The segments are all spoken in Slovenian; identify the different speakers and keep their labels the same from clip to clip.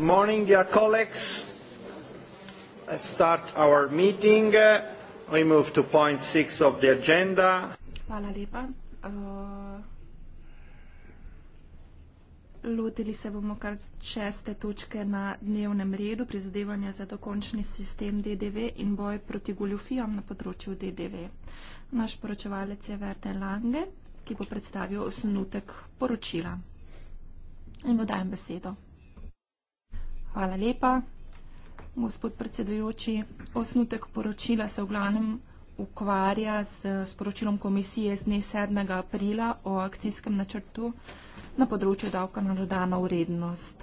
Speaker 1: morning, dear colleagues. Let's start our meeting. We move to point six of the agenda.
Speaker 2: Hvala lepa. Uh, lotili se bomo kar šeste točke na dnevnem redu, prizadevanja za dokončni sistem DDV in boj proti goljofijam na področju DDV. Naš poročevalec je Verde Lange, ki bo predstavil osnutek poročila. In mu dajem besedo. Hvala lepa. Gospod predsedujoči, osnutek poročila se v glavnem ukvarja s sporočilom komisije z dne 7. aprila o akcijskem načrtu na področju davka na dodano vrednost.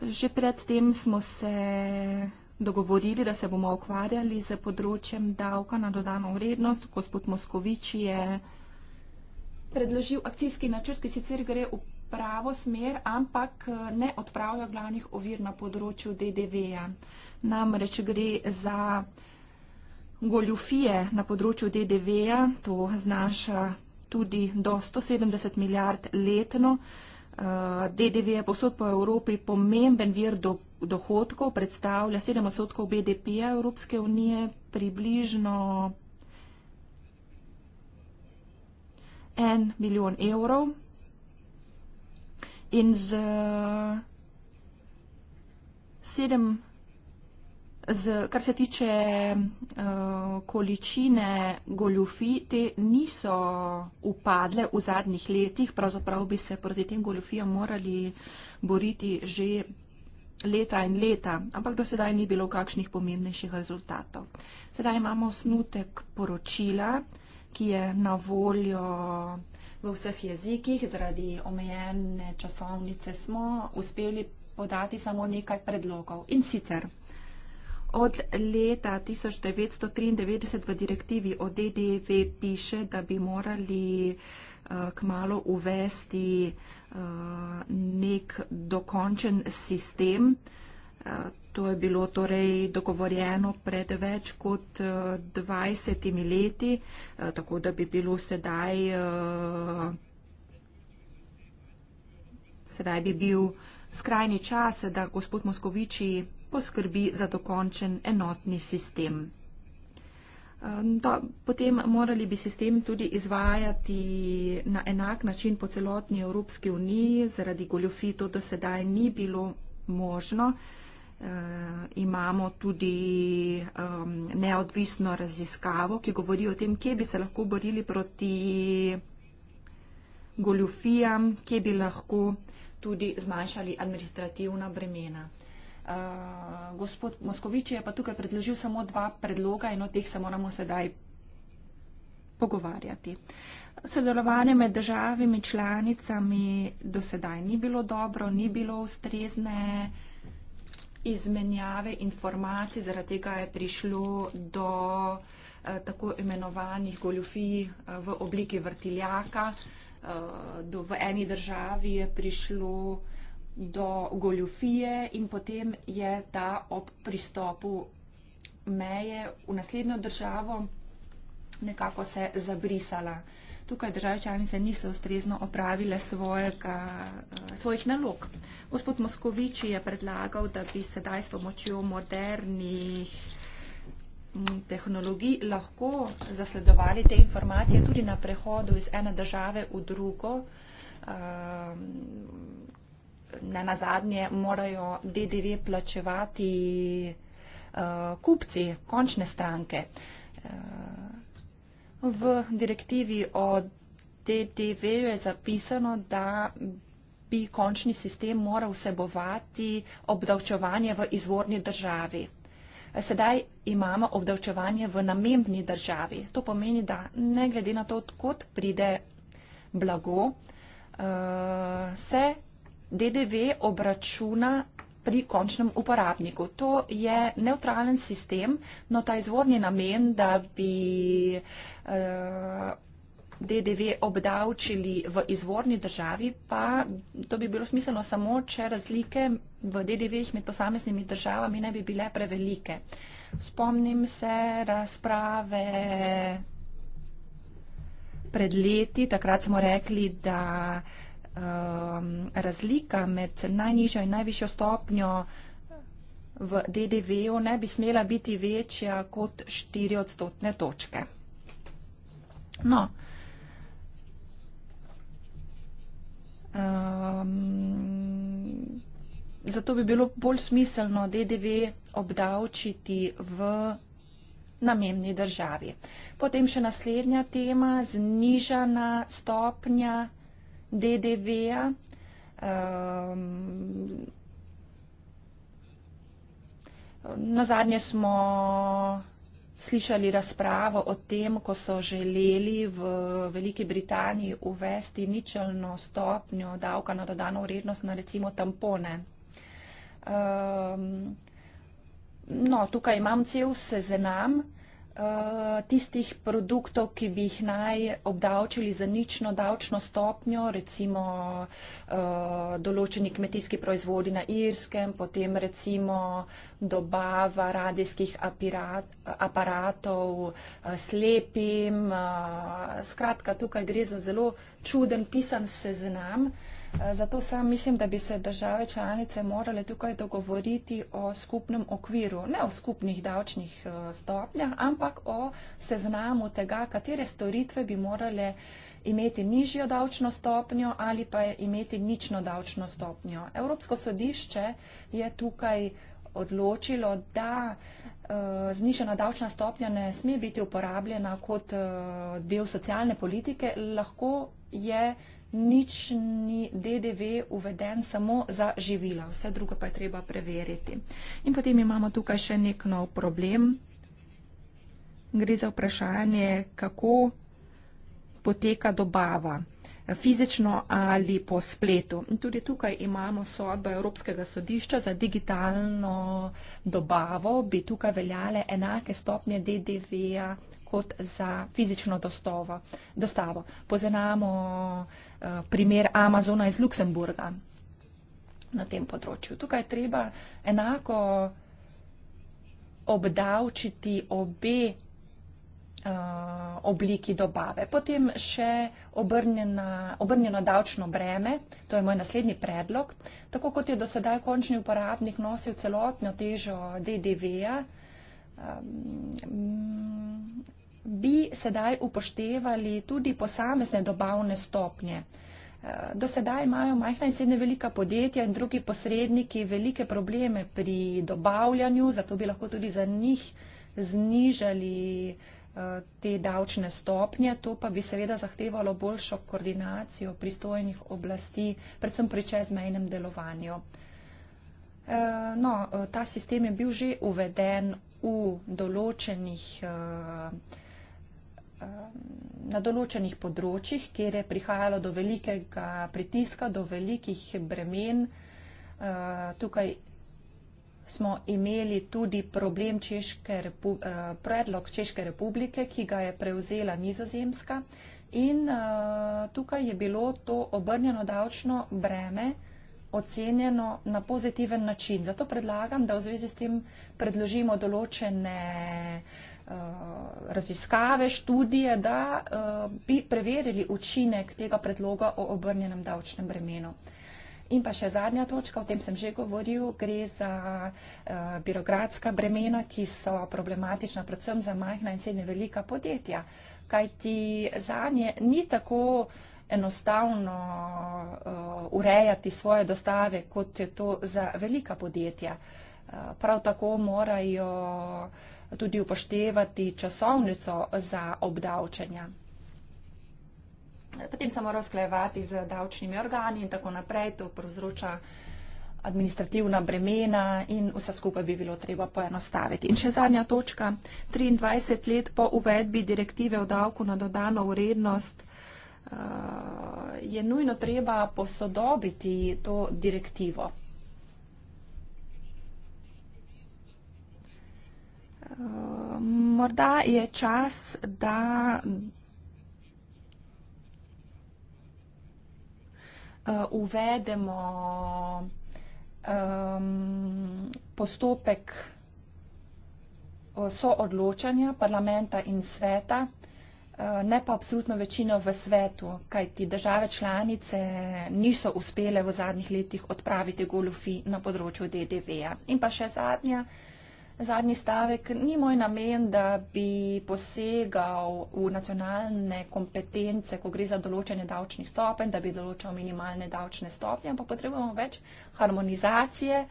Speaker 2: Že predtem smo se dogovorili, da se bomo ukvarjali z področjem davka na dodano vrednost. Gospod Moskovič je predložil akcijski načrt, ki sicer gre v pravo smer, ampak eh, ne odpravljajo glavnih ovir na področju DDV-ja. Namreč gre za goljufije na področju DDV-ja, to znaša tudi do 170 milijard letno. Eh, DDV je posod po Evropi pomemben vir do, dohodkov, predstavlja 7 odstotkov BDP-ja Evropske unije, približno 1 milijon evrov in z sedem, z, kar se tiče uh, količine goljufi, te niso upadle v zadnjih letih, pravzaprav bi se proti tem goljufijam morali boriti že leta in leta, ampak do sedaj ni bilo kakšnih pomembnejših rezultatov. Sedaj imamo snutek poročila, ki je na voljo v vseh jezikih, zaradi omejene časovnice smo uspeli podati samo nekaj predlogov. In sicer od leta 1993 v direktivi o DDV piše, da bi morali eh, kmalo uvesti eh, nek dokončen sistem eh, To je bilo torej dogovorjeno pred več kot 20 eh, leti, eh, tako da bi bilo sedaj, eh, sedaj bi bil skrajni čas, da gospod Moskoviči poskrbi za dokončen enotni sistem. Da, potem morali bi sistem tudi izvajati na enak način po celotni Evropski uniji, zaradi goljofito do sedaj ni bilo možno. Uh, Uh, imamo tudi um, neodvisno raziskavo, ki govori o tem, kje bi se lahko borili proti goljufijam, kje bi lahko tudi zmanjšali administrativna bremena. Uh, gospod Moskovič je pa tukaj predložil samo dva predloga in o teh se moramo sedaj pogovarjati. Sodelovanje med državami članicami do sedaj ni bilo dobro, ni bilo ustrezne. Uh, izmenjave informacij, zaradi tega je prišlo do eh, tako imenovanih goljufij eh, v obliki vrtiljaka. Eh, do v eni državi je prišlo do goljufije in potem je ta ob pristopu meje v naslednjo državo nekako se zabrisala tukaj države članice niso ustrezno opravile svojega, eh, svojih nalog. Gospod Moskoviči je predlagal, da bi sedaj s pomočjo modernih mm, tehnologij lahko zasledovali te informacije tudi na prehodu iz ene države v drugo. Eh, ne na zadnje morajo DDV plačevati eh, kupci, končne stranke. V direktivi o DDV je zapisano, da bi končni sistem moral vsebovati obdavčevanje v izvorni državi. Sedaj imamo obdavčevanje v namembni državi. To pomeni, da ne glede na to, odkot pride blago, eh, se DDV obračuna pri končnem uporabniku. To je neutralen sistem, no ta izvorni namen, da bi uh, eh, DDV obdavčili v izvorni državi, pa to bi bilo smiselno samo, če razlike v DDV-jih med posameznimi državami ne bi bile prevelike. Spomnim se razprave pred leti, takrat smo rekli, da uh, Um, razlika med najnižjo in najvišjo stopnjo v DDV-ju ne bi smela biti večja kot 4 odstotne točke. No, um, zato bi bilo bolj smiselno DDV obdavčiti v namenni državi. Potem še naslednja tema, znižana stopnja. DDV-ja. Um, na zadnje smo slišali razpravo o tem, ko so želeli v Veliki Britaniji uvesti ničelno stopnjo davka na dodano vrednost na recimo tampone. Um, no, tukaj imam cel seznam. Eh, tistih produktov, ki bi jih naj obdavčili za nično davčno stopnjo, recimo eh, določeni kmetijski proizvodi na Irskem, potem recimo dobava radijskih aparatov eh, slepim. Skratka, tukaj gre za zelo čuden pisan seznam. Zato sam mislim, da bi se države članice morale tukaj dogovoriti o skupnem okviru, ne o skupnih davčnih eh, stopnjah, ampak o seznamu tega, katere storitve bi morale imeti nižjo davčno stopnjo ali pa imeti nično davčno stopnjo. Evropsko sodišče je tukaj odločilo, da eh, znižena davčna stopnja ne sme biti uporabljena kot eh, del socialne politike, lahko je nič ni DDV uveden samo za živila, vse drugo pa je treba preveriti. In potem imamo tukaj še nek nov problem. Gre za vprašanje, kako poteka dobava fizično ali po spletu. In tudi tukaj imamo sodbo Evropskega sodišča za digitalno dobavo, bi tukaj veljale enake stopnje DDV-ja kot za fizično dostavo. dostavo. Poznamo uh, primer Amazona iz Luksemburga na tem področju. Tukaj treba enako obdavčiti obe Eh, obliki dobave. Potem še obrnjena, obrnjeno davčno breme, to je moj naslednji predlog. Tako kot je do sedaj končni uporabnik nosil celotno težo DDV-ja, ehm, bi sedaj upoštevali tudi posamezne dobavne stopnje. Eh, do sedaj imajo majhna in srednja velika podjetja in drugi posredniki velike probleme pri dobavljanju, zato bi lahko tudi za njih znižali uh, te davčne stopnje. To pa bi seveda zahtevalo boljšo koordinacijo pristojnih oblasti, predvsem pri čezmejnem delovanju. E, no, e, ta sistem je bil že uveden v določenih, e, na določenih področjih, kjer je prihajalo do velikega pritiska, do velikih bremen. Tukaj smo imeli tudi problem Češke, eh, predlog Češke republike, ki ga je prevzela nizozemska. In eh, tukaj je bilo to obrnjeno davčno breme ocenjeno na pozitiven način. Zato predlagam, da v zvezi s tem predložimo določene eh, raziskave, študije, da bi preverili učinek tega predloga o obrnjenem davčnem bremenu. In pa še zadnja točka, o tem sem že govoril, gre za eh, birokratska bremena, ki so problematična predvsem za majhna in srednje velika podjetja. Kaj ti zadnje ni tako enostavno uh, urejati svoje dostave, kot je to za velika podjetja. Uh, prav tako morajo tudi upoštevati časovnico za obdavčanja potem se mora usklajevati z davčnimi organi in tako naprej. To povzroča administrativna bremena in vse skupaj bi bilo treba poenostaviti. In še zadnja točka. 23 let po uvedbi direktive o davku na dodano vrednost eh, je nujno treba posodobiti to direktivo. Eh, morda je čas, da uh, uvedemo um, postopek eh, soodločanja parlamenta in sveta, uh, ne pa absolutno večino v svetu, kajti države članice niso uspele v zadnjih letih odpraviti golofi na področju DDV-ja. In pa še zadnja. Zadnji stavek ni moj namen, da bi posegal v nacionalne kompetence, ko gre za določanje davčnih stopenj, da bi določal minimalne davčne stopnje, ampak potrebujemo več harmonizacije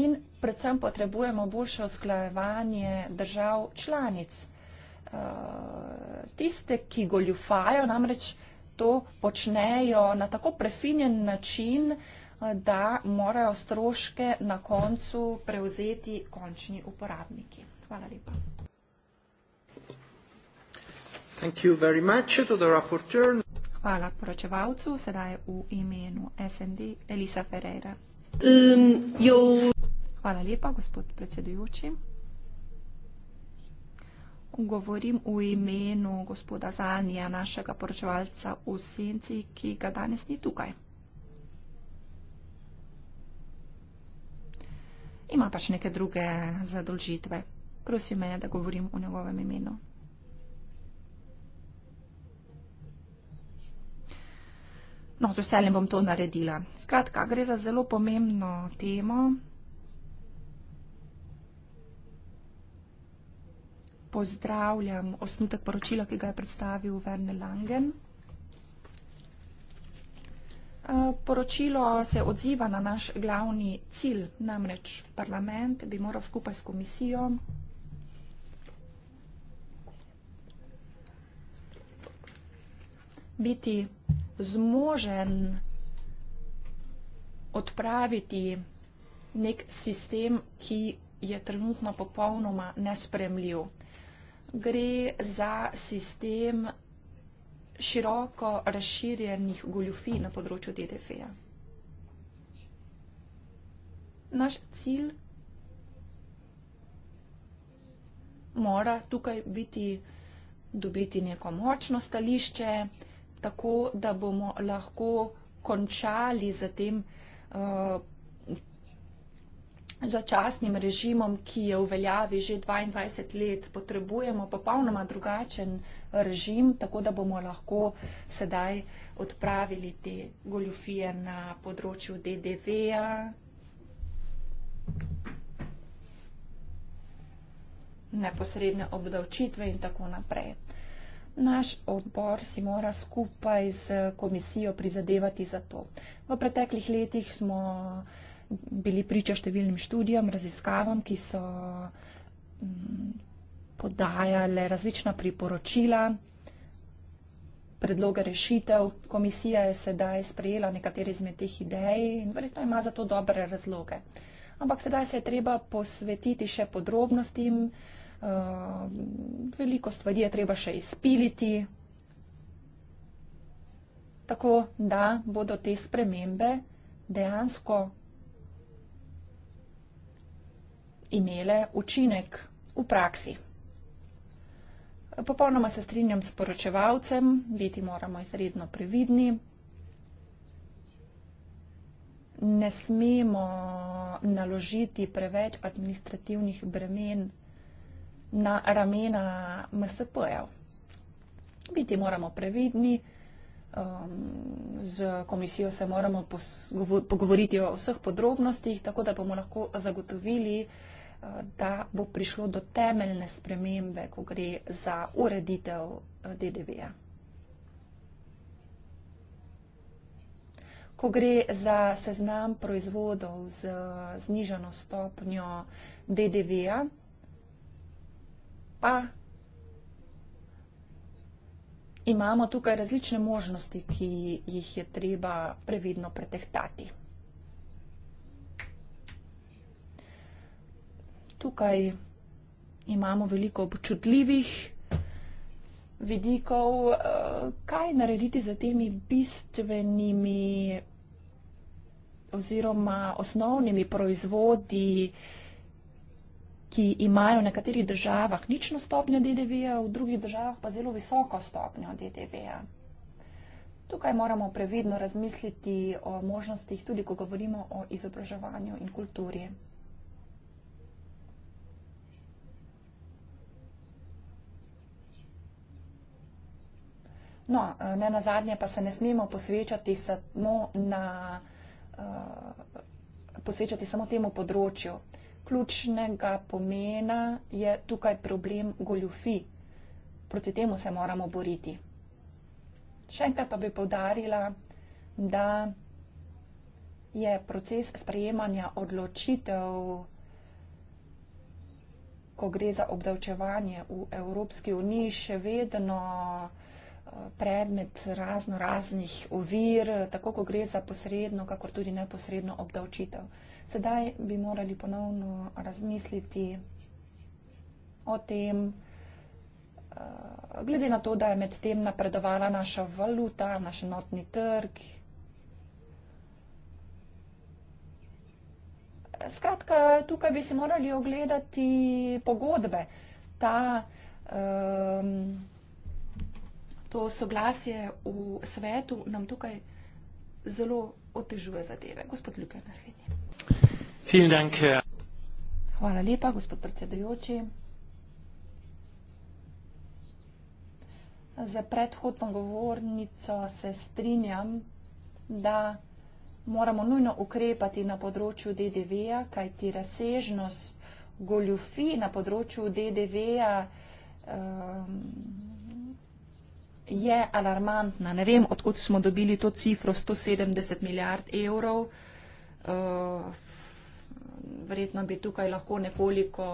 Speaker 2: in predvsem potrebujemo boljše usklajevanje držav članic. Eh, tiste, ki goljufajo, namreč to počnejo na tako prefinjen način, da morajo stroške na koncu prevzeti končni uporabniki. Hvala lepa. Hvala poročevalcu, sedaj v imenu SND Elisa Ferreira. Um, Hvala lepa, gospod predsedujoči. Govorim v imenu gospoda Zanija, našega poročevalca v senci, ki ga danes ni tukaj. ima pač neke druge zadolžitve. Prosi me, da govorim v njegovem imenu. No, z veseljem bom to naredila. Skratka, gre za zelo pomembno temo. Pozdravljam osnutek poročila, ki ga je predstavil Verne Langen. Eh, poročilo se odziva na naš glavni cilj, namreč parlament bi moral skupaj s komisijo biti zmožen odpraviti nek sistem, ki je trenutno popolnoma nespremljiv. Gre za sistem, široko razširjenih goljufij na področju DDF-ja. Naš cilj mora tukaj biti dobiti neko močno stališče, tako da bomo lahko končali z tem uh, začasnim režimom, ki je v veljavi že 22 let. Potrebujemo popolnoma drugačen uh, režim, tako da bomo lahko sedaj odpravili te goljufije na področju DDV-ja. neposredne obdavčitve in tako naprej. Naš odbor si mora skupaj z komisijo prizadevati za to. V preteklih letih smo bili priča številnim študijam, raziskavam, ki so mm, podajale različna priporočila, predloge rešitev. Komisija je sedaj sprejela nekateri izmed teh idej in verjetno ima za to dobre razloge. Ampak sedaj se je treba posvetiti še podrobnostim, ehm, veliko stvari je treba še izpiliti. Tako da bodo te spremembe dejansko imele učinek v praksi. Popolnoma se strinjam s poročevalcem, biti moramo izredno previdni. Ne smemo naložiti preveč administrativnih bremen na ramena MSP-jev. Biti moramo previdni, um, z komisijo se moramo pogovoriti o vseh podrobnostih, tako da bomo lahko zagotovili, da bomo lahko zagotovili, Eh, da bo prišlo do temeljne spremembe, ko gre za ureditev eh, DDV-ja. Ko gre za seznam proizvodov z eh, znižano stopnjo DDV-ja, pa imamo tukaj različne možnosti, ki jih je treba previdno pretehtati. tukaj imamo veliko občutljivih vidikov, eh, kaj narediti za temi bistvenimi oziroma osnovnimi proizvodi, ki imajo v nekaterih državah nično stopnjo DDV-ja, v drugih državah pa zelo visoko stopnjo DDV-ja. Tukaj moramo previdno razmisliti o možnostih, tudi ko govorimo o izobraževanju in kulturi. No, eh, ne na zadnje pa se ne smemo posvečati samo, na, eh, posvečati samo temu področju. Ključnega pomena je tukaj problem goljufi. Proti temu se moramo boriti. Še enkrat pa bi povdarila, da je proces sprejemanja odločitev, ko gre za obdavčevanje v Evropski uniji, še vedno predmet razno raznih ovir, tako ko gre za posredno, kakor tudi neposredno obdavčitev. Sedaj bi morali ponovno razmisliti o tem, eh, glede na to, da je med tem napredovala naša valuta, naš enotni trg. Skratka, tukaj bi si morali ogledati pogodbe, ta um, to soglasje v svetu nam tukaj zelo otežuje zadeve. Gospod Ljuke, naslednji. Hvala lepa, gospod predsedujoči. Za predhodno govornico se strinjam, da moramo nujno ukrepati na področju DDV-ja, kajti razsežnost goljufi na področju DDV-ja um, ehm, je alarmantna. Ne vem, odkud smo dobili to cifro 170 milijard evrov. Eh, verjetno bi tukaj lahko nekoliko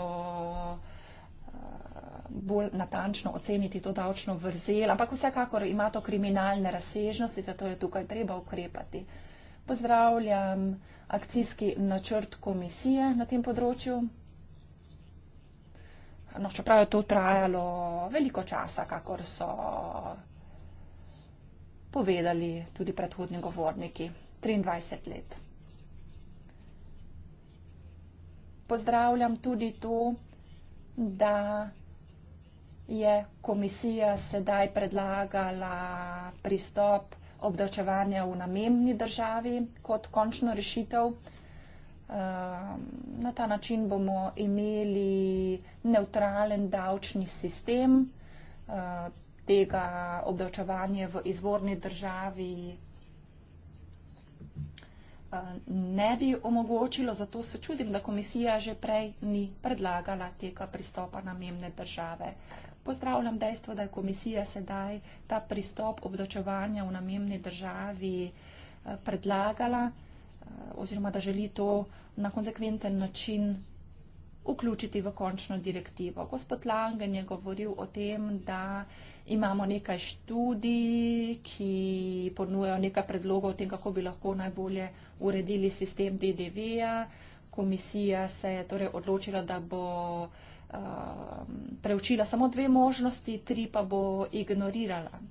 Speaker 2: eh, bolj natančno oceniti to davčno vrzel, ampak vsekakor ima to kriminalne razsežnosti, zato je tukaj treba ukrepati. Pozdravljam akcijski načrt komisije na tem področju. No, čeprav je to trajalo veliko časa, kakor so povedali tudi predhodni govorniki, 23 let. Pozdravljam tudi to, da je komisija sedaj predlagala pristop obdavčevanja v namemni državi kot končno rešitev. Ehm, na ta način bomo imeli neutralen davčni sistem. Ehm, tega obdavčevanja v izvorni državi ehm, ne bi omogočilo, zato se čudim, da komisija že prej ni predlagala tega pristopa namemne države. Pozdravljam dejstvo, da je komisija sedaj ta pristop obdavčevanja v namemni državi eh, predlagala. Eh, oziroma da želi to na konsekventen način vključiti v končno direktivo. Gospod Langen je govoril o tem, da imamo nekaj študij, ki ponujajo nekaj predlogov o tem, kako bi lahko najbolje uredili sistem DDV-ja. Komisija se je torej odločila, da bo uh, preučila samo dve možnosti, tri pa bo ignorirala.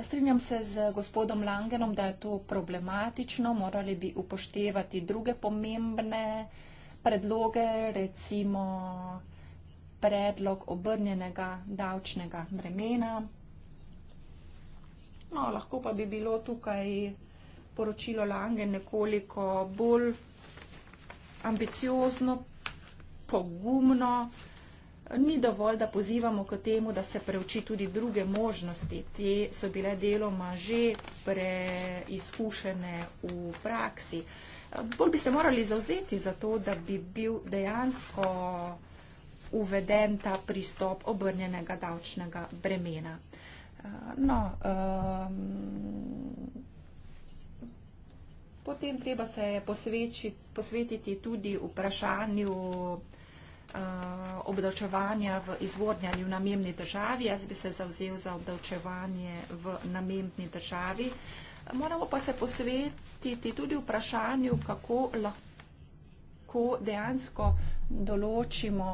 Speaker 2: Strinjam se z gospodom Langenom, da je to problematično. Morali bi upoštevati druge pomembne predloge, recimo predlog obrnjenega davčnega bremena. No, lahko pa bi bilo tukaj poročilo Lange nekoliko bolj ambiciozno, pogumno. Ni dovolj, da pozivamo k temu, da se preuči tudi druge možnosti. Te so bile deloma že preizkušene v praksi. Bolj bi se morali zauzeti za to, da bi bil dejansko uveden ta pristop obrnjenega davčnega bremena. No, um, potem treba se posvečiti, posvetiti tudi vprašanju, Eh, obdavčevanja v izvorni ali v namembni državi. Jaz bi se zauzel za obdavčevanje v namembni državi. Moramo pa se posvetiti tudi vprašanju, kako lahko dejansko določimo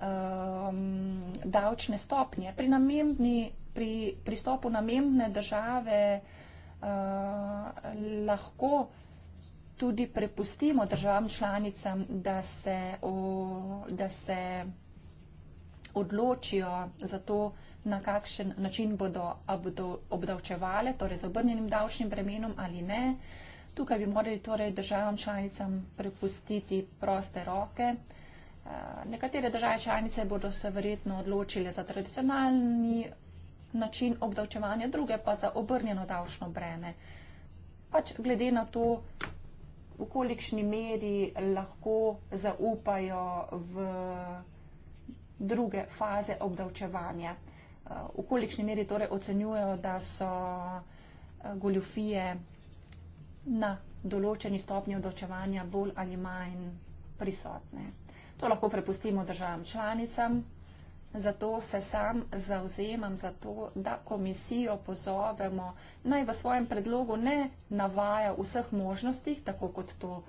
Speaker 2: um, davčne stopnje. Pri, namembni, pri pristopu namembne države uh, lahko tudi prepustimo državam članicam, da se, o, da se odločijo za to, na kakšen način bodo, bodo obdavčevale, torej z obrnjenim davčnim bremenom ali ne. Tukaj bi morali torej državam članicam prepustiti proste roke. Eh, nekatere države članice bodo se verjetno odločile za tradicionalni način obdavčevanja, druge pa za obrnjeno davčno breme. Pač glede na to, v kolikšni meri lahko zaupajo v druge faze obdavčevanja, eh, v kolikšni meri torej ocenjujejo, da so eh, goljofije na določeni stopnji obdavčevanja bolj ali manj prisotne. To lahko prepustimo državam članicam. Zato se sam zauzemam za to, da komisijo pozovemo, naj v svojem predlogu ne navaja vseh možnostih, tako kot to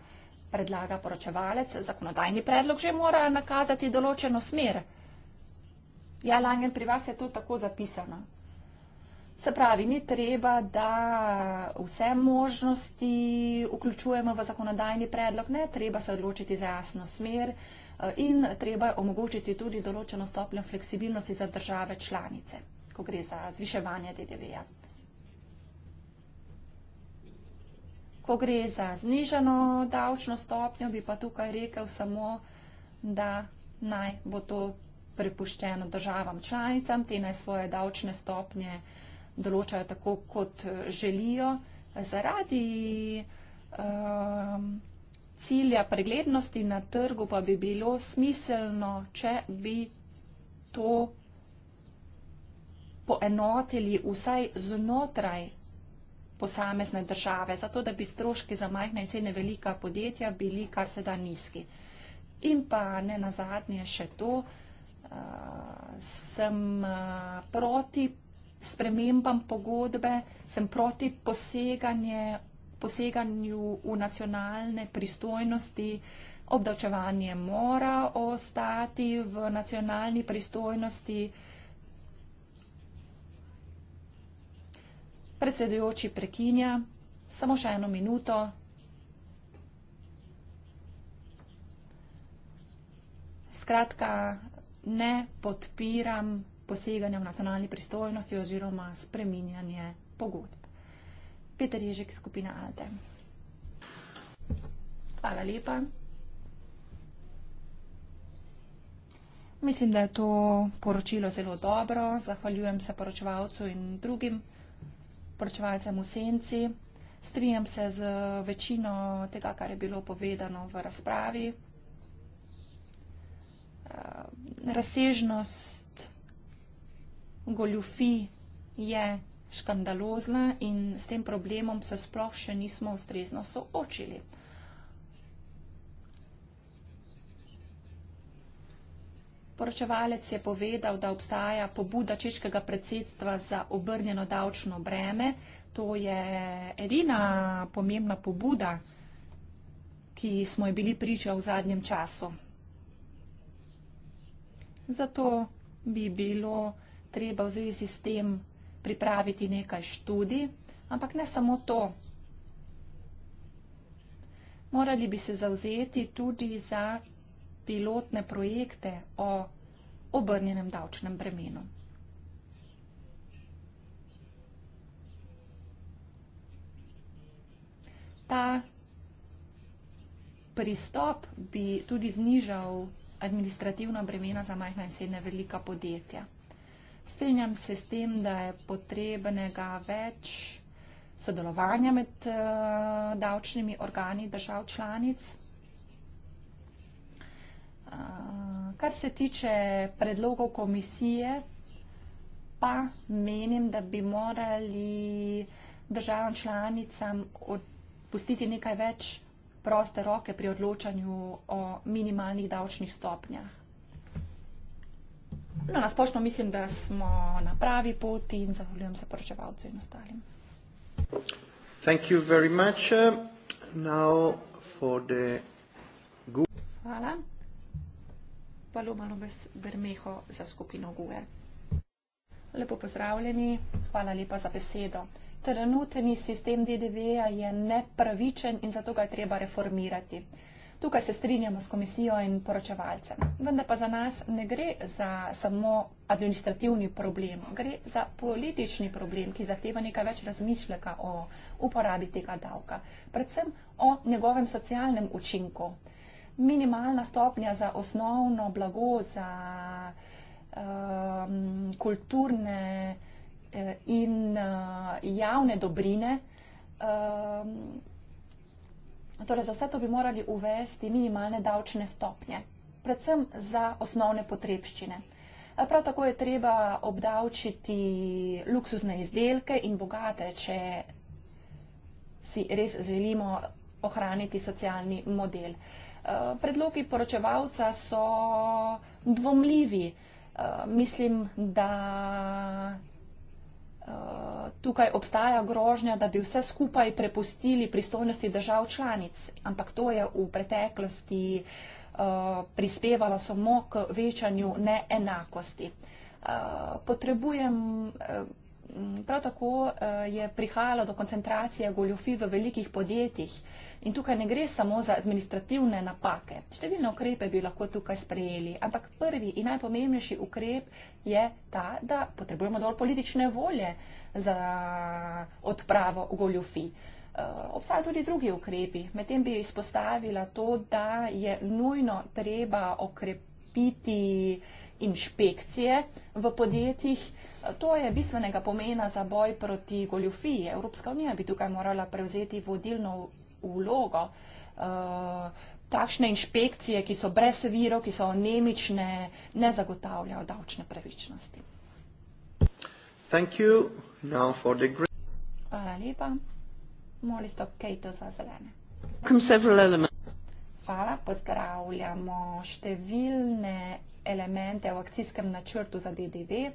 Speaker 2: predlaga poročevalec. Zakonodajni predlog že mora nakazati določeno smer. Ja, Langen, pri vas je to tako zapisano. Se pravi, ni treba, da vse možnosti vključujemo v zakonodajni predlog, ne, treba se odločiti za jasno smer in treba je omogočiti tudi določeno stopnjo fleksibilnosti za države članice, ko gre za zviševanje DDV-ja. Ko gre za znižano davčno stopnjo, bi pa tukaj rekel samo, da naj bo to prepuščeno državam članicam, te naj svoje davčne stopnje določajo tako, kot želijo. Zaradi um, cilja preglednosti na trgu pa bi bilo smiselno, če bi to poenotili vsaj znotraj posamezne države, zato da bi stroški za majhne in srednje velika podjetja bili kar se da nizki. In pa ne nazadnje še to, uh, sem uh, proti spremembam pogodbe, sem proti poseganje poseganju v nacionalne pristojnosti obdavčevanje mora ostati v nacionalni pristojnosti. Predsedujoči prekinja, samo še eno minuto. Skratka, ne podpiram poseganja v nacionalni pristojnosti oziroma spreminjanje pogodb. Peter Ježek, skupina Alte. Hvala lepa. Mislim, da je to poročilo zelo dobro. Zahvaljujem se poročevalcu in drugim poročevalcem v senci. Strinjam se z večino tega, kar je bilo povedano v razpravi. Razsežnost goljufi je škandalozna in s tem problemom se sploh še nismo ustrezno soočili. Poročevalec je povedal, da obstaja pobuda češkega predsedstva za obrnjeno davčno breme. To je edina pomembna pobuda, ki smo jo bili priča v zadnjem času. Zato bi bilo treba v zvezi s tem pripraviti nekaj študij, ampak ne samo to. Morali bi se zauzeti tudi za pilotne projekte o obrnjenem davčnem bremenu. Ta pristop bi tudi znižal administrativna bremena za majhna in srednja velika podjetja. Strenjam se s tem, da je potrebnega več sodelovanja med uh, davčnimi organi držav članic. Uh, kar se tiče predlogov komisije, pa menim, da bi morali državam članicam odpustiti nekaj več proste roke pri odločanju o minimalnih davčnih stopnjah. No, nasplošno mislim, da smo na pravi poti in zahvaljujem se poročevalcu in ostalim.
Speaker 1: Uh, the... E.
Speaker 2: Hvala. Paloma Lobes Bermeho za skupino GUE. Lepo pozdravljeni, hvala lepa za besedo. Trenutni sistem DDV-ja je nepravičen in zato ga je treba reformirati. Tukaj se strinjamo s komisijo in poročevalcem. Vendar pa za nas ne gre za samo administrativni problem, gre za politični problem, ki zahteva nekaj več razmišljaka o uporabi tega davka. Predvsem o njegovem socialnem učinku. Minimalna stopnja za osnovno blago, za um, kulturne eh, in uh, javne dobrine. Um, No, torej, za vse to bi morali uvesti minimalne davčne stopnje, predvsem za osnovne potrebščine. Prav tako je treba obdavčiti luksuzne izdelke in bogate, če si res želimo ohraniti socialni model. Predlogi poročevalca so dvomljivi. Mislim, da Eh, tukaj obstaja grožnja, da bi vse skupaj prepustili pristojnosti držav članic, ampak to je v preteklosti eh, prispevalo samo k večanju neenakosti. Eh, potrebujem, prav tako je prihajalo do koncentracije goljofi v velikih podjetjih, In tukaj ne gre samo za administrativne napake. Številne ukrepe bi lahko tukaj sprejeli, ampak prvi in najpomembnejši ukrep je ta, da potrebujemo dovolj politične volje za odpravo goljofi. Eh, obstajajo tudi drugi ukrepi. Medtem bi izpostavila to, da je nujno treba okrepiti inšpekcije v podjetjih, To je bistvenega pomena za boj proti goljofiji. Evropska unija bi tukaj morala prevzeti vodilno vlogo. Eh, takšne inšpekcije, ki so brez virov, ki so anemične, ne zagotavljajo davčne pravičnosti. Hvala lepa. Moli sto Kejto za
Speaker 3: zelene.
Speaker 2: Hvala, pozdravljamo številne elemente v akcijskem načrtu za DDV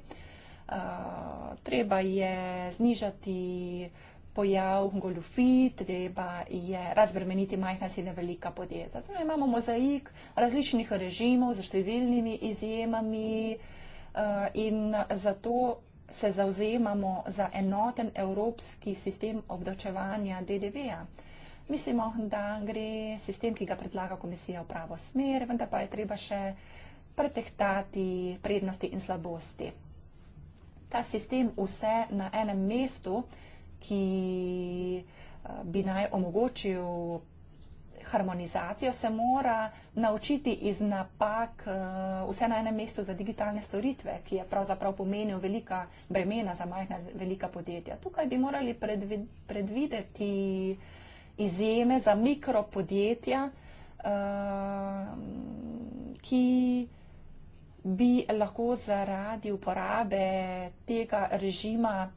Speaker 2: treba je znižati pojav goljufi, treba je razbremeniti majhna sedem velika podjetja. Zdaj imamo mozaik različnih režimov za številnimi izjemami eh, in zato se zauzemamo za enoten evropski sistem obdočevanja DDV-ja. Mislimo, da gre sistem, ki ga predlaga komisija v pravo smer, vendar pa je treba še pretehtati prednosti in slabosti ta sistem vse na enem mestu, ki eh, bi naj omogočil harmonizacijo, se mora naučiti iz napak eh, vse na enem mestu za digitalne storitve, ki je pravzaprav pomenil velika bremena za majhna velika podjetja. Tukaj bi morali predvideti izjeme za mikropodjetja, eh, ki bi lahko zaradi uporabe tega režima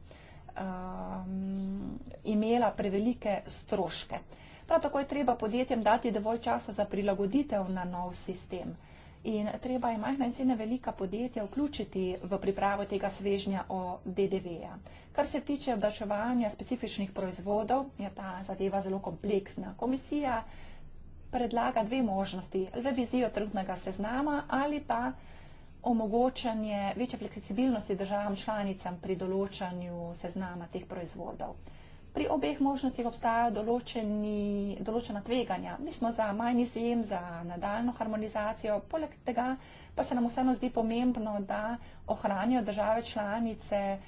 Speaker 2: um, imela prevelike stroške. Prav tako je treba podjetjem dati dovolj časa za prilagoditev na nov sistem. In treba je majhna in cena velika podjetja vključiti v pripravo tega svežnja o DDV-ja. Kar se tiče obdačevanja specifičnih proizvodov, je ta zadeva zelo kompleksna. Komisija predlaga dve možnosti, revizijo trenutnega seznama ali pa omogočanje večje fleksibilnosti državam članicam pri določanju seznama teh proizvodov. Pri obeh možnostih obstajajo določena tveganja. Mi smo za manj izjem, za nadaljno harmonizacijo, poleg tega pa se nam vseeno zdi pomembno, da ohranijo države članice eh,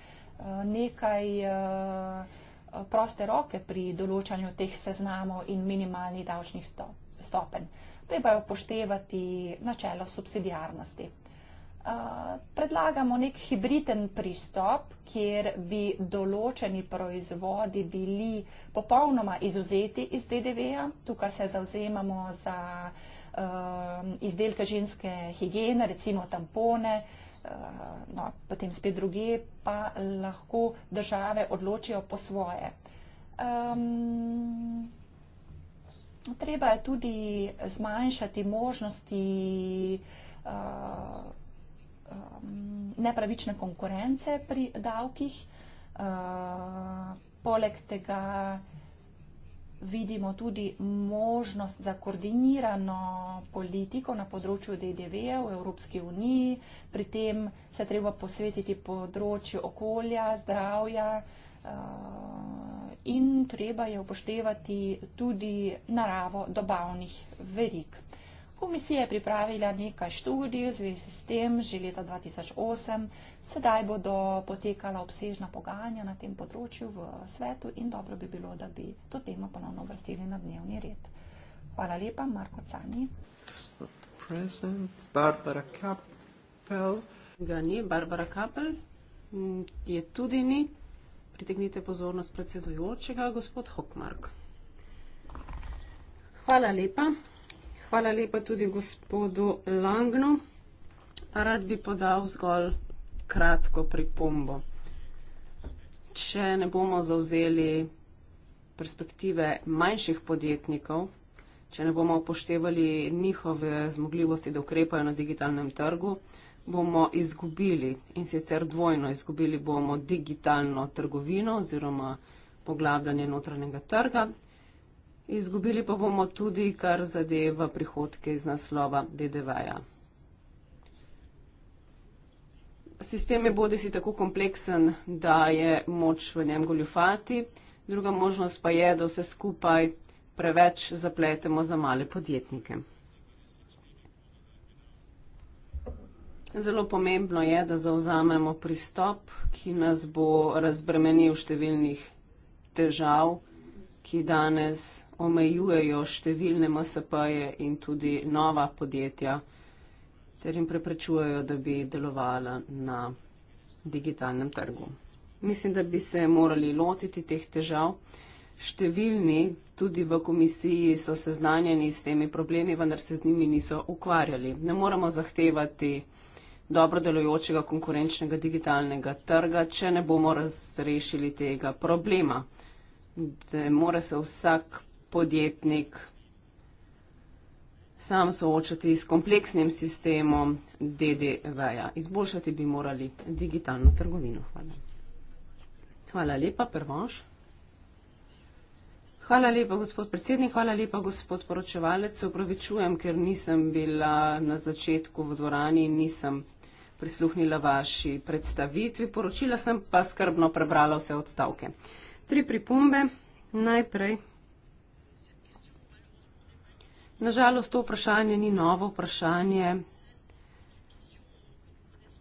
Speaker 2: nekaj eh, proste roke pri določanju teh seznamov in minimalnih davčnih stopenj. Treba je upoštevati načelo subsidijarnosti. Eh, predlagamo nek hibriden pristop, kjer bi določeni proizvodi bili popolnoma izuzeti iz DDV-ja. Tukaj se zauzemamo za ehm, izdelke ženske higiene, recimo tampone, eh, no, potem spet druge, pa lahko države odločijo po svoje. Ehm, treba je tudi zmanjšati možnosti eh, Um, nepravične konkurence pri davkih. Uh, poleg tega vidimo tudi možnost za koordinirano politiko na področju DDV-ja v Evropski uniji. Pri tem se treba posvetiti področju okolja, zdravja uh, in treba je upoštevati tudi naravo dobavnih verik. Komisija je pripravila nekaj študij v zvezi s tem že leta 2008. Sedaj bodo potekala obsežna pogajanja na tem področju v svetu in dobro bi bilo, da bi to temo ponovno vrstili na dnevni red. Hvala lepa, Marko Cani.
Speaker 3: Ga ni, Barbara Kapel, mm, je tudi ni. Pritegnite pozornost predsedujočega, gospod Hokmark. Hvala lepa. Hvala lepa tudi gospodu Langnu. Rad bi podal zgolj kratko pripombo. Če ne bomo zauzeli perspektive manjših podjetnikov, če ne bomo upoštevali njihove zmogljivosti, da ukrepajo na digitalnem trgu, bomo izgubili in sicer dvojno izgubili bomo digitalno trgovino oziroma poglabljanje notranjega trga Izgubili pa bomo tudi, kar zadeva prihodke iz naslova DDV-ja. Sistem je bodi si tako kompleksen, da je moč v njem goljufati, druga možnost pa je, da vse skupaj preveč zapletemo za male podjetnike. Zelo pomembno je, da zauzamemo pristop, ki nas bo razbremenil številnih težav, ki danes omejujejo številne MSP-je in tudi nova podjetja, ter jim preprečujejo, da bi delovala na digitalnem trgu. Mislim, da bi se morali lotiti teh težav. Številni tudi v komisiji so seznanjeni s temi problemi, vendar se z njimi niso ukvarjali. Ne moramo zahtevati dobro delojočega konkurenčnega digitalnega trga, če ne bomo razrešili tega problema. De, mora se vsak podjetnik, sam soočati s kompleksnim sistemom DDV-ja. Izboljšati bi morali digitalno trgovino. Hvala. Hvala lepa, Prvonš. Hvala lepa, gospod predsednik, hvala lepa, gospod poročevalec. Se upravičujem, ker nisem bila na začetku v dvorani in nisem prisluhnila vaši predstavitvi. Poročila sem pa skrbno prebrala vse odstavke. Tri pripombe. Najprej Nažalost, to vprašanje ni novo vprašanje.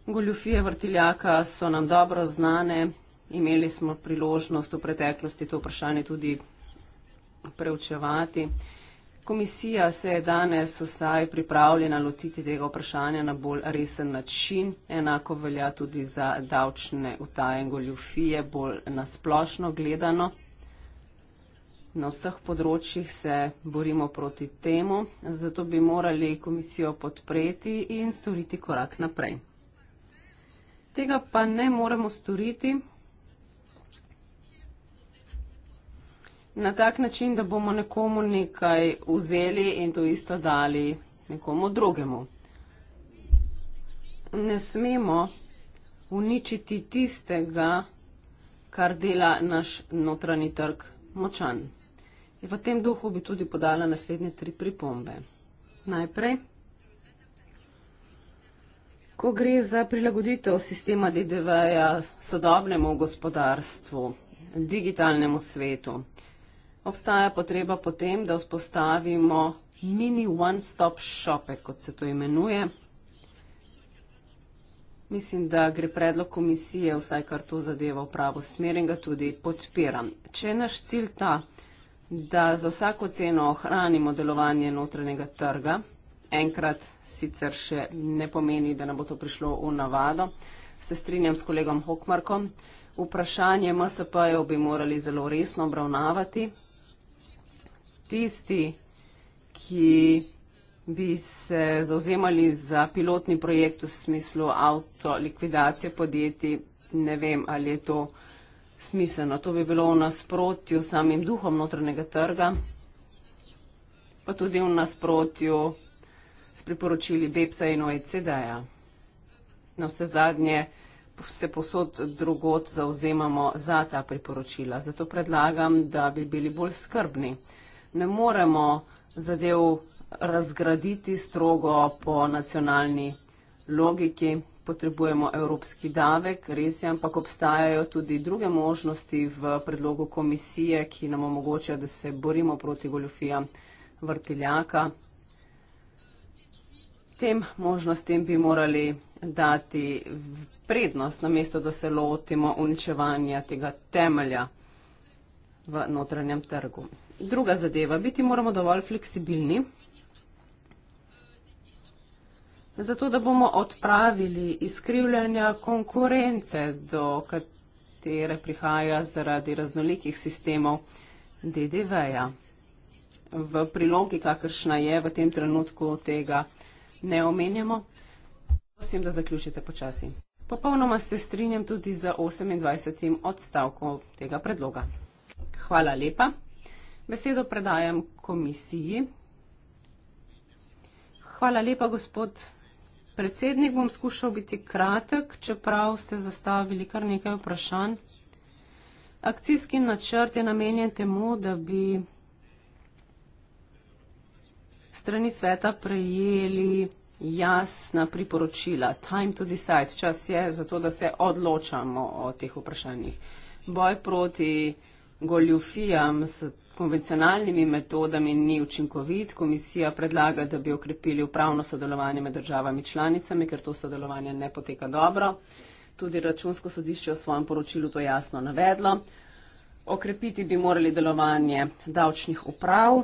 Speaker 3: Goljufije vrtiljaka so nam dobro znane. Imeli smo priložnost v preteklosti to vprašanje tudi preučevati. Komisija se je danes vsaj pripravljena lotiti tega vprašanja na bolj resen način. Enako velja tudi za davčne utajen goljufije, bolj nasplošno gledano na vseh področjih se borimo proti temu, zato bi morali komisijo podpreti in storiti korak naprej. Tega pa ne moremo storiti na tak način, da bomo nekomu nekaj vzeli in to isto dali nekomu drugemu. Ne smemo uničiti tistega, kar dela naš notranji trg močan. V tem duhu bi tudi podala naslednje tri pripombe. Najprej, ko gre za prilagoditev sistema DDV-ja sodobnemu gospodarstvu, digitalnemu svetu, obstaja potreba potem, da vzpostavimo mini one-stop shope, kot se to imenuje. Mislim, da gre predlog komisije vsaj kar to zadeva v pravo smer in ga tudi podpiram. Če je naš cilj ta, da za vsako ceno ohranimo delovanje notranjega trga. Enkrat sicer še ne pomeni, da nam bo to prišlo v navado. Se strinjam s kolegom Hokmarkom. Vprašanje MSP-jev bi morali zelo resno obravnavati. Tisti, ki bi se zauzemali za pilotni projekt v smislu avto likvidacije podjetij, ne vem, ali je to vprašanje smiselno. To bi bilo v nasprotju s samim duhom notranjega trga, pa tudi v nasprotju s priporočili BEPSA in OECD-ja. Na vse zadnje se posod drugot zauzemamo za ta priporočila. Zato predlagam, da bi bili bolj skrbni. Ne moremo zadev razgraditi strogo po nacionalni logiki potrebujemo evropski davek, res je, ampak obstajajo tudi druge možnosti v predlogu komisije, ki nam omogočajo, da se borimo proti goljofijam vrtiljaka. Tem možnostem bi morali dati prednost, namesto da se lotimo uničevanja tega temelja v notranjem trgu. Druga zadeva, biti moramo dovolj fleksibilni zato da bomo odpravili izkrivljanja konkurence, do katere prihaja zaradi raznolikih sistemov DDV-ja. V prilogi, kakršna je v tem trenutku, tega ne omenjamo. Prosim, da zaključite počasi. Popolnoma se strinjam tudi za 28. odstavkom tega predloga. Hvala lepa. Besedo predajam komisiji. Hvala lepa, gospod predsednik, bom skušal biti kratek, čeprav ste zastavili kar nekaj vprašanj. Akcijski načrt je namenjen temu, da bi strani sveta prejeli jasna priporočila. Time to decide. Čas je za to, da se odločamo o teh vprašanjih. Boj proti goljufijam, konvencionalnimi metodami ni učinkovit. Komisija predlaga, da bi okrepili upravno sodelovanje med državami članicami, ker to sodelovanje ne poteka dobro. Tudi računsko sodišče v svojem poročilu to jasno navedlo. Okrepiti bi morali delovanje davčnih uprav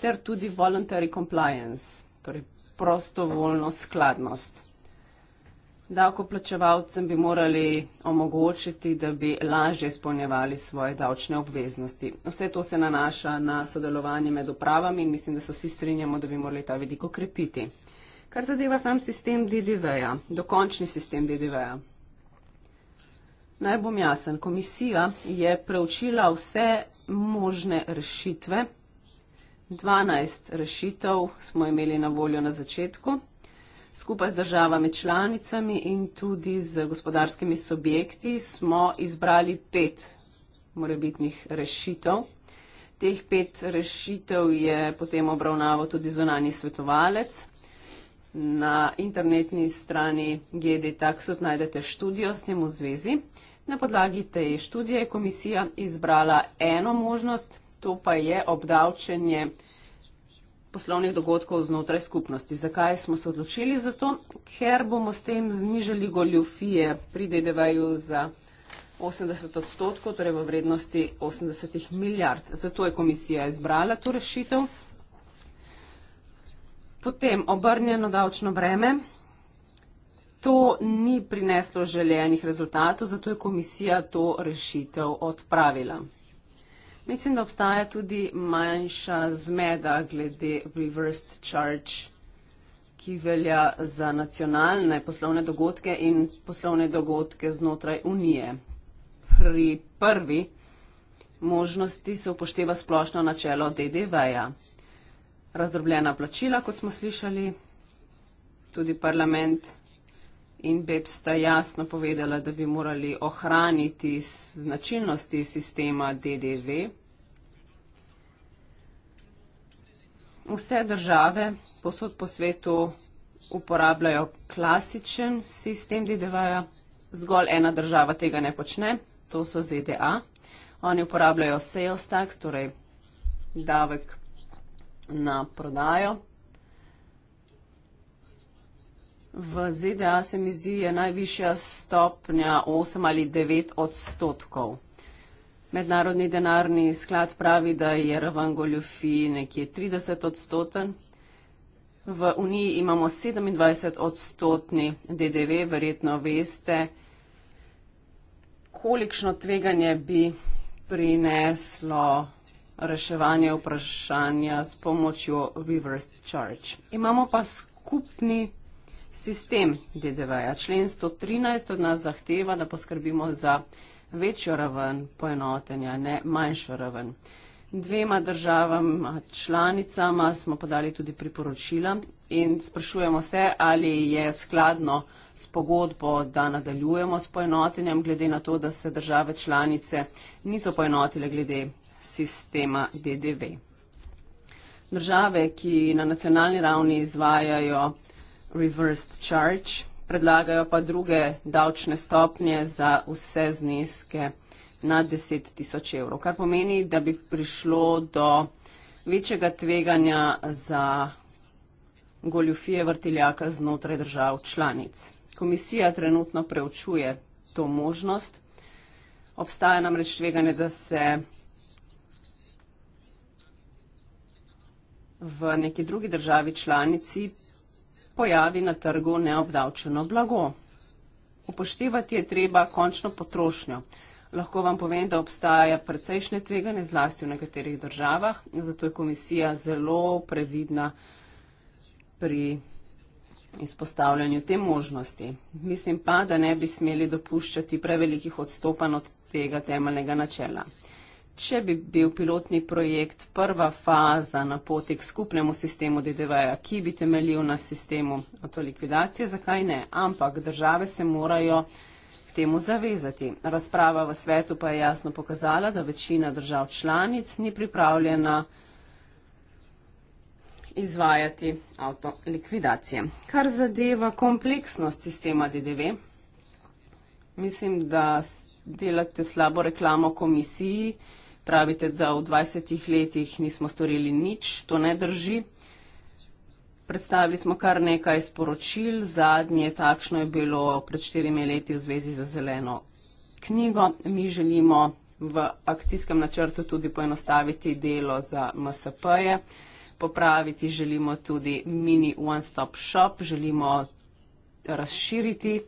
Speaker 3: ter tudi voluntary compliance, torej prostovoljno skladnost. Davkoplačevalcem bi morali omogočiti, da bi lažje izpolnjevali svoje davčne obveznosti. Vse to se nanaša na sodelovanje med upravami in mislim, da se vsi strinjamo, da bi morali ta vidik okrepiti. Kar zadeva sam sistem DDV-ja, dokončni sistem DDV-ja. Naj bom jasen, komisija je preučila vse možne rešitve. 12 rešitev smo imeli na voljo na začetku. Skupaj z državami članicami in tudi z gospodarskimi subjekti smo izbrali pet morebitnih rešitev. Teh pet rešitev je potem obravnaval tudi zonani svetovalec. Na internetni strani GD Taksut najdete študijo s tem v zvezi. Na podlagi te študije je komisija izbrala eno možnost, to pa je obdavčenje poslovnih dogodkov znotraj skupnosti. Zakaj smo se odločili za to? Ker bomo s tem znižali goljofije pri DDV-ju za 80 odstotkov, torej v vrednosti 80 milijard. Zato je komisija izbrala to rešitev. Potem obrnjeno davčno breme. To ni prineslo željenih rezultatov, zato je komisija to rešitev odpravila. Mislim, da obstaja tudi manjša zmeda glede reversed charge, ki velja za nacionalne poslovne dogodke in poslovne dogodke znotraj Unije. Pri prvi možnosti se upošteva splošno načelo DDV-ja. Razdrobljena plačila, kot smo slišali, tudi parlament in Beb sta jasno povedala, da bi morali ohraniti značilnosti sistema DDV. Vse države posod po svetu uporabljajo klasičen sistem DDV-ja, zgolj ena država tega ne počne, to so ZDA. Oni uporabljajo sales tax, torej davek na prodajo. V ZDA se mi zdi, je najvišja stopnja 8 ali 9 odstotkov. Mednarodni denarni sklad pravi, da je raven goljofij nekje 30 odstoten. V Uniji imamo 27 odstotni DDV, verjetno veste, kolikšno tveganje bi prineslo reševanje vprašanja s pomočjo reverse charge. Imamo pa skupni sistem DDV-ja. Člen 113 od nas zahteva, da poskrbimo za večjo raven poenotenja, ne manjšo raven. Dvema državama članicama smo podali tudi priporočila in sprašujemo se, ali je skladno s pogodbo, da nadaljujemo s poenotenjem, glede na to, da se države članice niso poenotile glede sistema DDV. Države, ki na nacionalni ravni izvajajo reversed charge, predlagajo pa druge davčne stopnje za vse zneske na 10 tisoč evrov, kar pomeni, da bi prišlo do večjega tveganja za goljufije vrtiljaka znotraj držav članic. Komisija trenutno preučuje to možnost. Obstaja namreč tveganje, da se v neki drugi državi članici pojavi na trgu neobdavčeno blago. Upoštevati je treba končno potrošnjo. Lahko vam povem, da obstaja precejšnje tveganje zlasti v nekaterih državah, zato je komisija zelo previdna pri izpostavljanju te možnosti. Mislim pa, da ne bi smeli dopuščati prevelikih odstopanj od tega temeljnega načela če bi bil pilotni projekt prva faza na poti k skupnemu sistemu DDV-ja, ki bi temeljil na sistemu avtolikvidacije, zakaj ne? Ampak države se morajo k temu zavezati. Razprava v svetu pa je jasno pokazala, da večina držav članic ni pripravljena izvajati avtolikvidacije. Kar zadeva kompleksnost sistema DDV, mislim, da delate slabo reklamo komisiji, pravite, da v 20 letih nismo storili nič, to ne drži. Predstavili smo kar nekaj sporočil, zadnje takšno je bilo pred štirimi leti v zvezi za zeleno knjigo. Mi želimo v akcijskem načrtu tudi poenostaviti delo za MSP-je, popraviti želimo tudi mini one-stop shop, želimo razširiti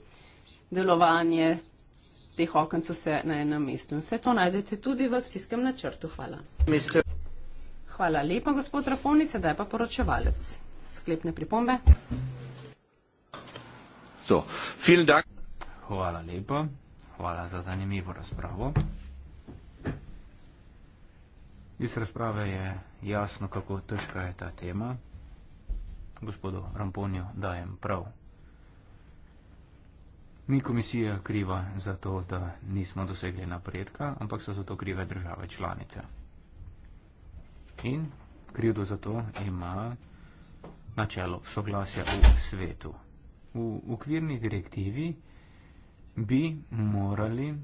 Speaker 3: delovanje teh okn so se na enem mestu. Vse to najdete tudi v akcijskem načrtu. Hvala. Hvala lepa, gospod Rafoni, sedaj pa poročevalec. Sklepne pripombe.
Speaker 4: So. Hvala lepa, hvala za zanimivo razpravo. Iz razprave je jasno, kako težka je ta tema. Gospodu Ramponju dajem prav ni komisija kriva za to, da nismo dosegli napredka, ampak so za to krive države članice. In krivdo za to ima načelo soglasja v svetu. V ukvirni direktivi bi morali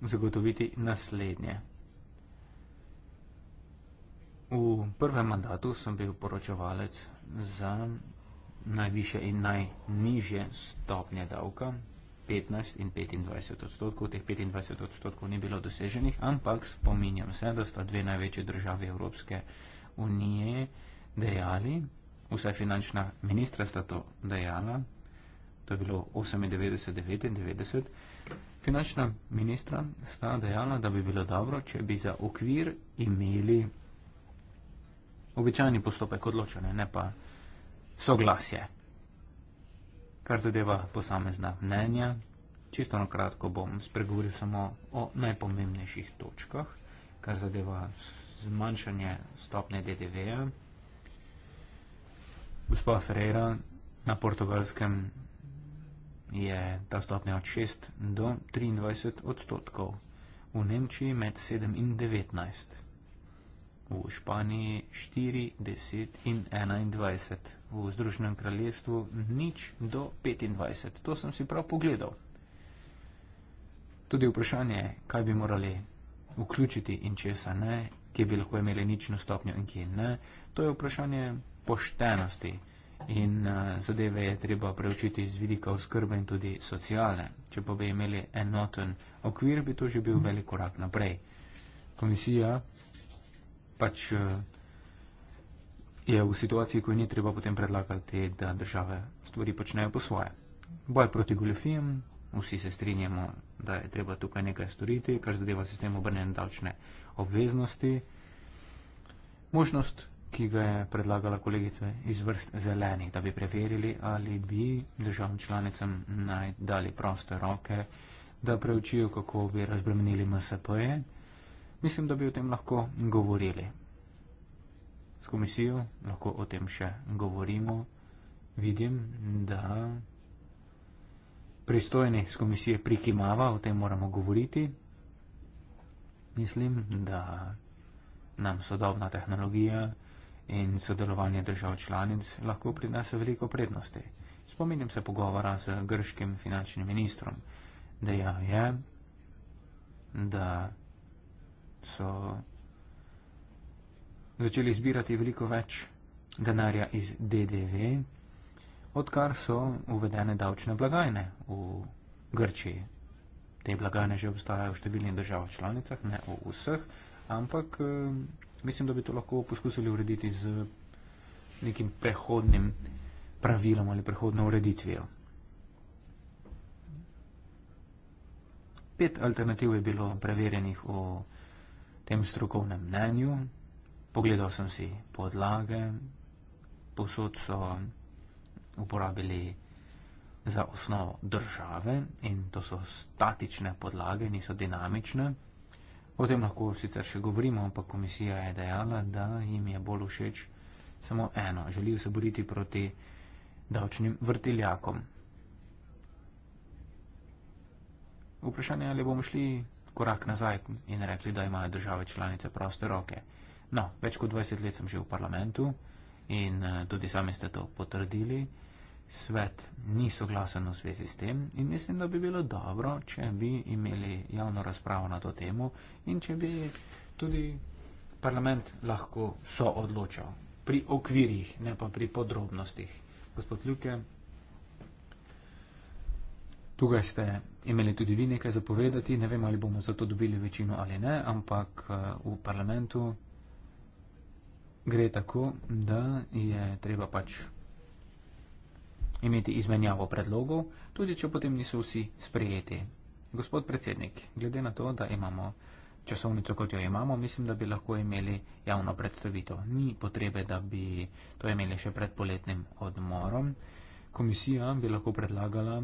Speaker 4: zagotoviti naslednje. V prvem mandatu sem bil poročevalec za najviše in najnižje stopnje davka, 15 in 25 odstotkov. Teh 25 odstotkov ni bilo doseženih, ampak spominjam se, da sta dve največji državi Evropske unije dejali, vsa finančna ministra sta to dejala, to je bilo 98-99, finančna ministra sta dejala, da bi bilo dobro, če bi za okvir imeli običajni postopek odločanja, ne pa soglasje kar zadeva posamezna mnenja. Čisto na kratko bom spregovoril samo o najpomembnejših točkah, kar zadeva zmanjšanje stopne DDV-ja. Gospod Ferreira na portugalskem je ta stopnja od 6 do 23 odstotkov, v Nemčiji med 7 in 19 odstotkov v Španiji 4, 10 in 21, v Združenem kraljestvu nič do 25. To sem si prav pogledal. Tudi vprašanje, kaj bi morali vključiti in česa ne, kje bi lahko imeli nično stopnjo in kje ne, to je vprašanje poštenosti. In eh, zadeve je treba preučiti z vidika oskrbe in tudi socialne. Če pa bi imeli enoten okvir, bi to že bil velik korak naprej. Komisija pač eh, je v situaciji, ko ni treba potem predlagati, da države stvari počnejo po svoje. Boj proti goljofijem, vsi se strinjamo, da je treba tukaj nekaj storiti, kar zadeva sistem obrnjene davčne obveznosti. Možnost, ki ga je predlagala kolegica iz vrst zelenih, da bi preverili, ali bi državam članicam naj dali proste roke, da preučijo, kako bi razbremenili MSP-je. -e mislim, da bi o tem lahko govorili. S komisijo lahko o tem še govorimo. Vidim, da pristojni z komisije prikimava, o tem moramo govoriti. Mislim, da nam sodobna tehnologija in sodelovanje držav članic lahko prinese veliko prednosti. Spominjam se pogovora z grškim finančnim ministrom. Dejal je, da so začeli zbirati veliko več denarja iz DDV, odkar so uvedene davčne blagajne v Grčiji. Te blagajne že obstajajo v številnih državah članicah, ne v vseh, ampak eh, mislim, da bi to lahko poskusili urediti z nekim prehodnim pravilom ali prehodno ureditvijo. Pet alternativ je bilo preverjenih v Grčiji tem strokovnem mnenju, pogledal sem si podlage, posod so uporabili za osnovo države in to so statične podlage, niso dinamične. O tem lahko sicer še govorimo, ampak komisija je dejala, da jim je bolj všeč samo eno, želijo se boriti proti davčnim vrtiljakom. Vprašanje, ali bomo šli korak nazaj in rekli, da imajo države članice proste roke. No, več kot 20 let sem že v parlamentu in eh, tudi sami ste to potrdili. Svet ni soglasen v zvezi s tem in mislim, da bi bilo dobro, če bi imeli javno razpravo na to temo in če bi tudi parlament lahko soodločal pri okvirjih, ne pa pri podrobnostih. Gospod Ljuke, Tukaj ste imeli tudi vi nekaj zapovedati, ne vem, ali bomo za to dobili večino ali ne, ampak eh, v parlamentu gre tako, da je treba pač imeti izmenjavo predlogov, tudi če potem niso vsi sprejeti. Gospod predsednik, glede na to, da imamo časovnico, kot jo imamo, mislim, da bi lahko imeli javno predstavitev. Ni potrebe, da bi to imeli še pred poletnim odmorom. Komisija bi lahko predlagala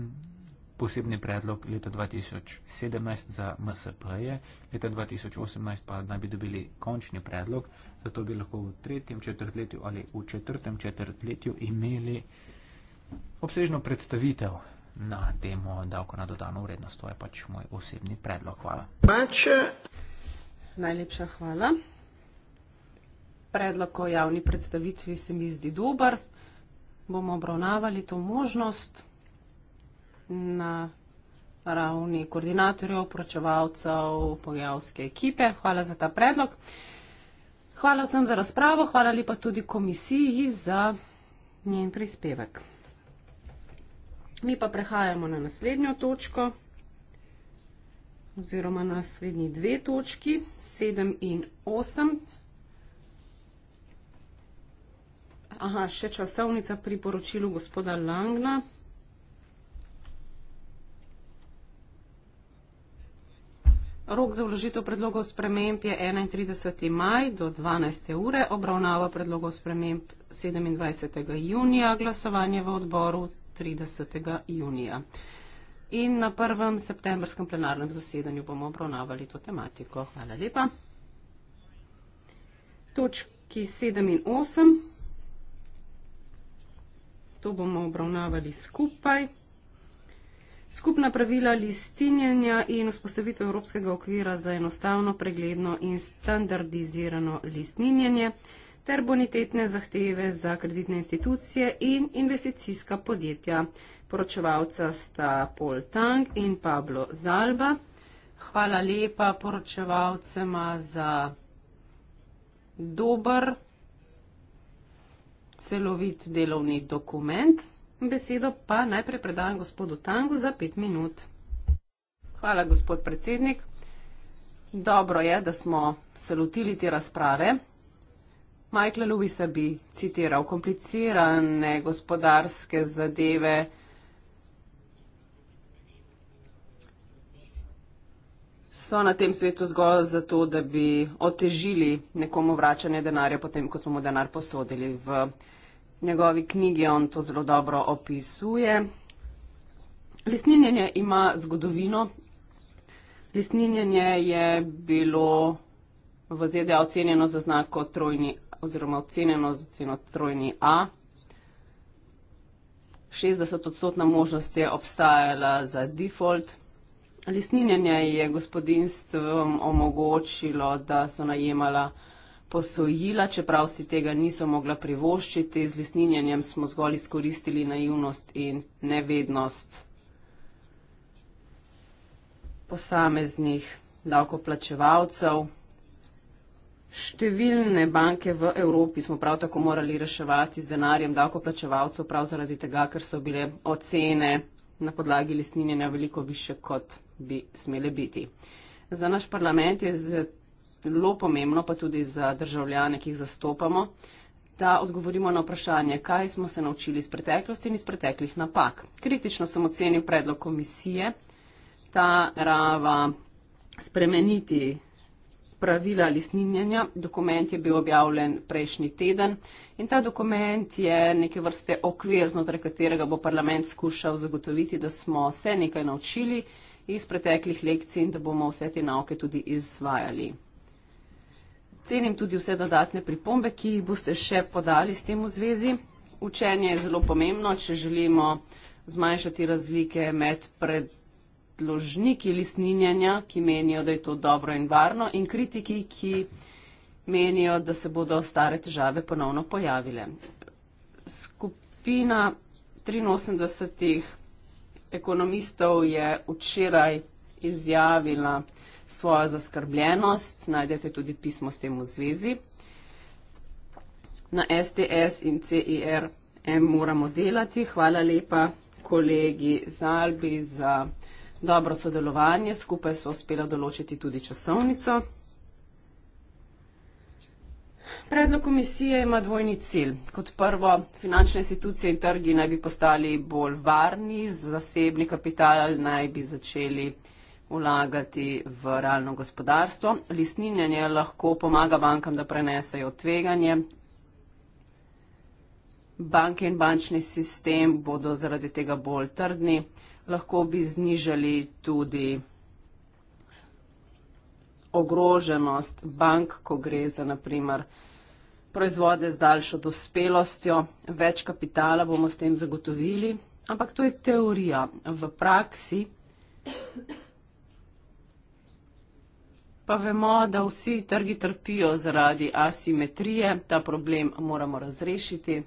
Speaker 4: posebni predlog leta 2017 za MSP-je, leta 2018 pa naj bi dobili končni predlog, zato bi lahko v tretjem četrtletju ali v četrtem četrtletju imeli obsežno predstavitev na temo davko na dodano vrednost. To je pač moj osebni predlog. Hvala.
Speaker 3: Mače. Najlepša hvala. Predlog o javni predstavitvi se mi zdi dober. Bomo obravnavali to možnost na ravni koordinatorjev, poročevalcev, pogajalske ekipe. Hvala za ta predlog. Hvala vsem za razpravo, hvala lepa tudi komisiji za njen prispevek. Mi pa prehajamo na naslednjo točko oziroma na naslednji dve točki, 7 in 8. Aha, še časovnica pri poročilu gospoda Langna. Rok za vložitev predlogov sprememb je 31. maj do 12. ure, obravnava predlogov sprememb 27. junija, glasovanje v odboru 30. junija. In na prvem septembrskem plenarnem zasedanju bomo obravnavali to tematiko. Hvala lepa. Točki 7 in 8. To bomo obravnavali skupaj skupna pravila listinjenja in vzpostavitev Evropskega okvira za enostavno, pregledno in standardizirano listinjenje ter bonitetne zahteve za kreditne institucije in investicijska podjetja. Poročevalca sta Paul Tang in Pablo Zalba. Hvala lepa poročevalcema za dober, celovit delovni dokument. Besedo pa najprej predajam gospodu Tangu za pet minut. Hvala, gospod predsednik. Dobro je, da smo se lotili te razprave. Michael Lewis bi citiral komplicirane gospodarske zadeve. So na tem svetu zgolj zato, da bi otežili nekomu vračanje denarja, potem ko smo mu denar posodili. V njegovi knjigi on to zelo dobro opisuje. Lesninjenje ima zgodovino. Lesninjenje je bilo v ZDA ocenjeno za znako trojni oziroma ocenjeno z oceno trojni A. 60 odstotna možnost je obstajala za default. Lesninjenje je gospodinstvom omogočilo, da so najemala posojila, čeprav si tega niso mogla privoščiti, z lesninjenjem smo zgolj izkoristili naivnost in nevednost posameznih davkoplačevalcev. Številne banke v Evropi smo prav tako morali reševati z denarjem davkoplačevalcev, prav zaradi tega, ker so bile ocene na podlagi lesninjenja veliko više, kot bi smele biti. Za naš parlament je zelo pomembno, pa tudi za državljane, ki jih zastopamo, da odgovorimo na vprašanje, kaj smo se naučili iz preteklosti in iz preteklih napak. Kritično sem ocenil predlog komisije, ta rava spremeniti pravila lisninjanja. Dokument je bil objavljen prejšnji teden in ta dokument je neke vrste okvir, znotraj katerega bo parlament skušal zagotoviti, da smo se nekaj naučili iz preteklih lekcij in da bomo vse te nauke tudi izvajali. Cenim tudi vse dodatne pripombe, ki jih boste še podali s tem v zvezi. Učenje je zelo pomembno, če želimo zmanjšati razlike med predložniki lisninjanja, ki menijo, da je to dobro in varno, in kritiki, ki menijo, da se bodo stare težave ponovno pojavile. Skupina 83 ekonomistov je včeraj izjavila, svojo zaskrbljenost. Najdete tudi pismo s tem v zvezi. Na STS in CIRM moramo delati. Hvala lepa kolegi Zalbi za dobro sodelovanje. Skupaj smo uspela določiti tudi časovnico. Predlog komisije ima dvojni cilj. Kot prvo, finančne institucije in trgi naj bi postali bolj varni, zasebni kapital naj bi začeli vlagati v realno gospodarstvo. Lisninjanje lahko pomaga bankam, da prenesejo tveganje. Banke in bančni sistem bodo zaradi tega bolj trdni. Lahko bi znižali tudi ogroženost bank, ko gre za naprimer proizvode z daljšo dospelostjo. Več kapitala bomo s tem zagotovili, ampak to je teorija. V praksi pa vemo, da vsi trgi trpijo zaradi asimetrije, ta problem moramo razrešiti.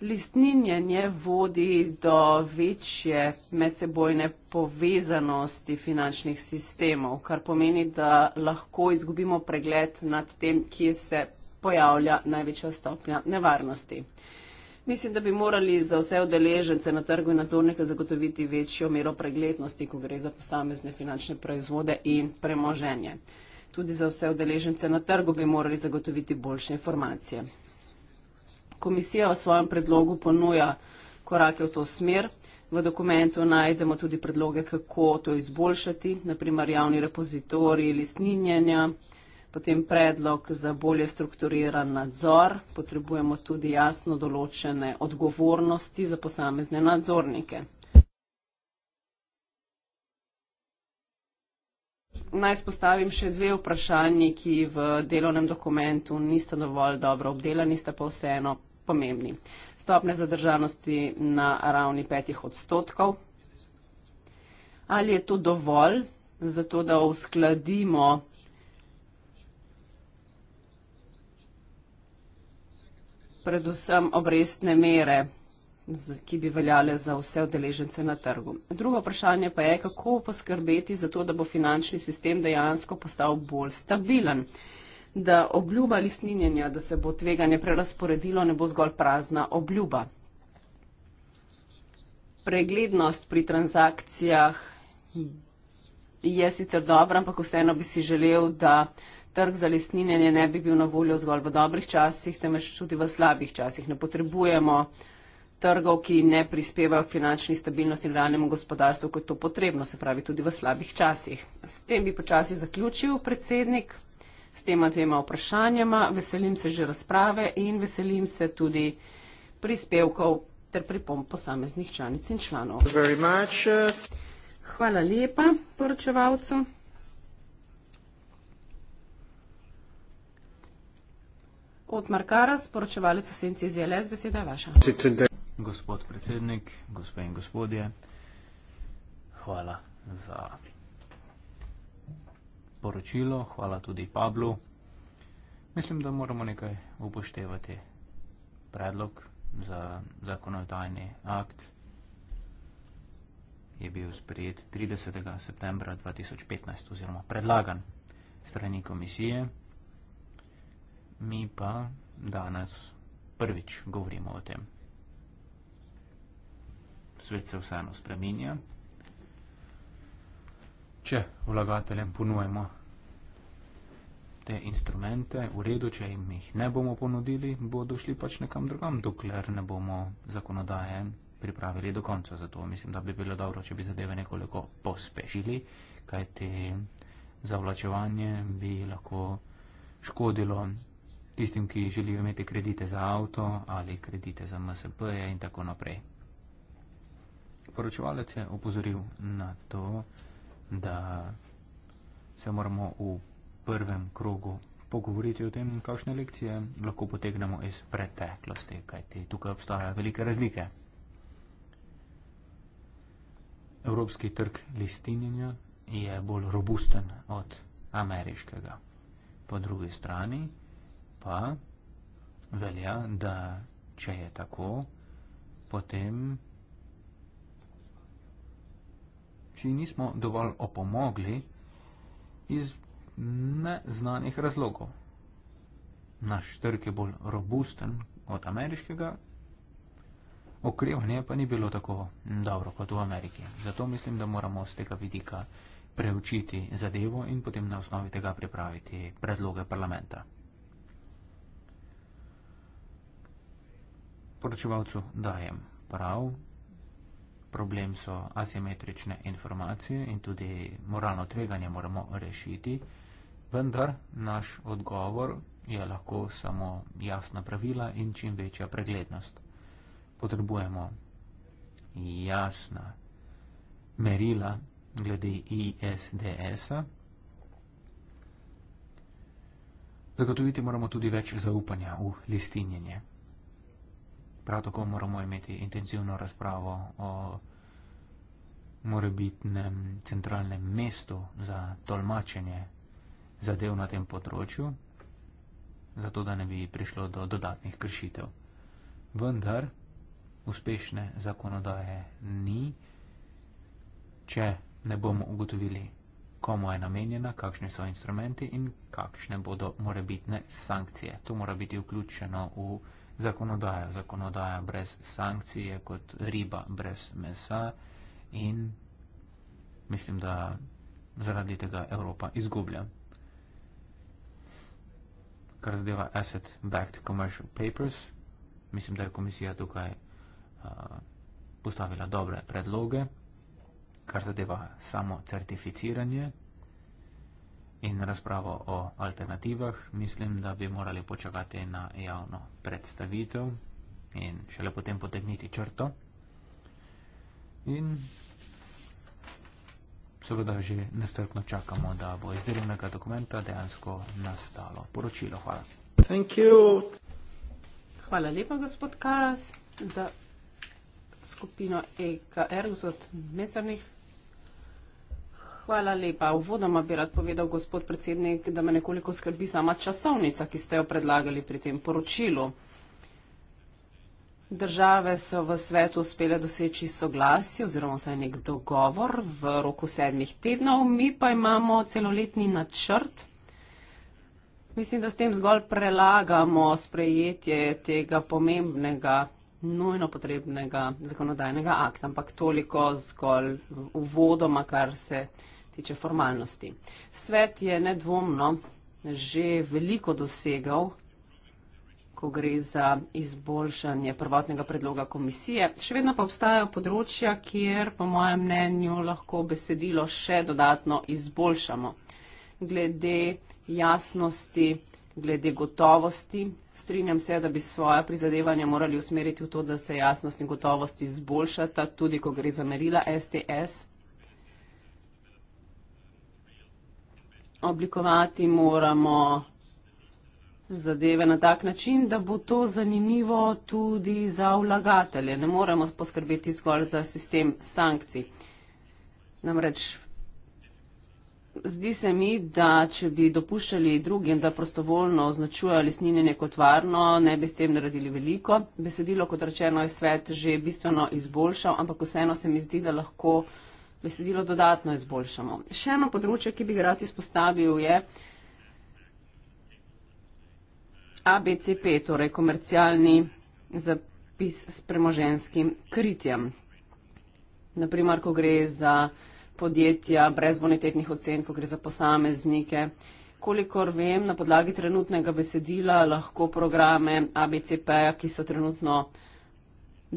Speaker 3: Listninjenje vodi do večje medsebojne povezanosti finančnih sistemov, kar pomeni, da lahko izgubimo pregled nad tem, kje se pojavlja največja stopnja nevarnosti. Mislim, da bi morali za vse odeležence na trgu in nadzornike zagotoviti večjo mero preglednosti, ko gre za posamezne finančne proizvode in premoženje. Tudi za vse odeležence na trgu bi morali zagotoviti boljše informacije. Komisija v svojem predlogu ponuja korake v to smer. V dokumentu najdemo tudi predloge, kako to izboljšati, naprimer javni repozitori, listninjenja, Potem predlog za bolje strukturiran nadzor, potrebujemo tudi jasno določene odgovornosti za posamezne nadzornike. Naj spostavim še dve vprašanji, ki v delovnem dokumentu nista dovolj dobro obdelani, sta pa vseeno pomembni. Stopne zadržanosti na ravni petih odstotkov. Ali je to dovolj, zato da uskladimo predvsem obrestne mere, ki bi veljale za vse odeležence na trgu. Drugo vprašanje pa je, kako poskrbeti za to, da bo finančni sistem dejansko postal bolj stabilen, da obljuba listninjenja, da se bo tveganje prerasporedilo, ne bo zgolj prazna obljuba. Preglednost pri transakcijah je sicer dobra, ampak vseeno bi si želel, da trg za lesninjenje ne bi bil na voljo zgolj v dobrih časih, temveč tudi v slabih časih. Ne potrebujemo trgov, ki ne prispevajo k finančni stabilnosti in realnemu gospodarstvu, kot je to potrebno, se pravi tudi v slabih časih. S tem bi počasi zaključil predsednik, s tema dvema vprašanjama. Veselim se že razprave in veselim se tudi prispevkov ter pripomb posameznih članic in članov. Hvala lepa poročevalcu. Otmar Karas, poročevalec v senci ZLS, beseda je vaša.
Speaker 4: Gospod predsednik, gospe in gospodje, hvala za poročilo, hvala tudi Pablu. Mislim, da moramo nekaj upoštevati predlog za zakonodajni akt. Je bil sprejet 30. septembra 2015 oziroma predlagan strani komisije mi pa danes prvič govorimo o tem. Svet se vseeno spreminja. Če vlagateljem ponujemo te instrumente, v redu, če jim jih ne bomo ponudili, bodo šli pač nekam drugam, dokler ne bomo zakonodaje pripravili do konca. Zato mislim, da bi bilo dobro, če bi zadeve nekoliko pospešili, kajti zavlačevanje bi lahko škodilo tistim, ki želijo imeti kredite za avto ali kredite za MSP in tako naprej. Poročevalec je opozoril na to, da se moramo v prvem krogu pogovoriti o tem, kakšne lekcije lahko potegnemo iz preteklosti, kajti tukaj obstajajo velike razlike. Evropski trg listinjenja je bolj robusten od ameriškega. Po drugi strani pa velja, da če je tako, potem si nismo dovolj opomogli iz neznanih razlogov. Naš trg je bolj robusten od ameriškega, okrevanje pa ni bilo tako dobro kot v Ameriki. Zato mislim, da moramo z tega vidika preučiti zadevo in potem na osnovi tega pripraviti predloge parlamenta. poročevalcu dajem prav. Problem so asimetrične informacije in tudi moralno tveganje moramo rešiti, vendar naš odgovor je lahko samo jasna pravila in čim večja preglednost. Potrebujemo jasna merila glede ISDS-a. Zagotoviti moramo tudi več zaupanja v listinjenje. Prav tako moramo imeti intenzivno razpravo o morebitnem centralnem mestu za tolmačenje zadev na tem področju, zato da ne bi prišlo do dodatnih kršitev. Vendar uspešne zakonodaje ni, če ne bomo ugotovili, komu je namenjena, kakšni so instrumenti in kakšne bodo morebitne sankcije. To mora biti vključeno v zakonodajo. Zakonodaja brez sankcij je kot riba brez mesa in mislim, da zaradi tega Evropa izgublja. Kar zadeva asset-backed commercial papers, mislim, da je komisija tukaj uh, postavila dobre predloge, kar zadeva samo certificiranje in razpravo o alternativah, mislim, da bi morali počakati na javno predstavitev in šele potem potegniti črto. In seveda že nestrpno čakamo, da bo iz delovnega dokumenta dejansko nastalo poročilo. Hvala.
Speaker 3: Thank you. Hvala lepa, gospod Karas, za skupino EKR, gospod Mesernih. Hvala lepa. Uvodoma bi rad povedal, gospod predsednik, da me nekoliko skrbi sama časovnica, ki ste jo predlagali pri tem poročilu. Države so v svetu uspele doseči soglasje oziroma vsaj nek dogovor v roku sedmih tednov, mi pa imamo celoletni načrt. Mislim, da s tem zgolj prelagamo sprejetje tega pomembnega, nujno potrebnega zakonodajnega akta, ampak toliko zgolj uvodoma, kar se tiče formalnosti. Svet je nedvomno že veliko dosegal, ko gre za izboljšanje prvotnega predloga komisije. Še vedno pa obstajajo področja, kjer po mojem mnenju lahko besedilo še dodatno izboljšamo. Glede jasnosti, glede gotovosti, strinjam se, da bi svoja prizadevanja morali usmeriti v to, da se jasnost in gotovost izboljšata, tudi ko gre za merila STS. oblikovati moramo zadeve na tak način, da bo to zanimivo tudi za vlagatelje. Ne moremo poskrbeti zgolj za sistem sankcij. Namreč, zdi se mi, da če bi dopuščali drugim, da prostovoljno označujejo lesninjenje kot varno, ne bi s tem naredili veliko. Besedilo, kot rečeno, je svet že bistveno izboljšal, ampak vseeno se mi zdi, da lahko besedilo dodatno izboljšamo. Še eno področje, ki bi ga rad izpostavil, je ABCP, torej komercialni zapis s premoženskim kritjem. Naprimer, ko gre za podjetja brez bonitetnih ocen, ko gre za posameznike. Kolikor vem, na podlagi trenutnega besedila lahko programe ABCP, ki so trenutno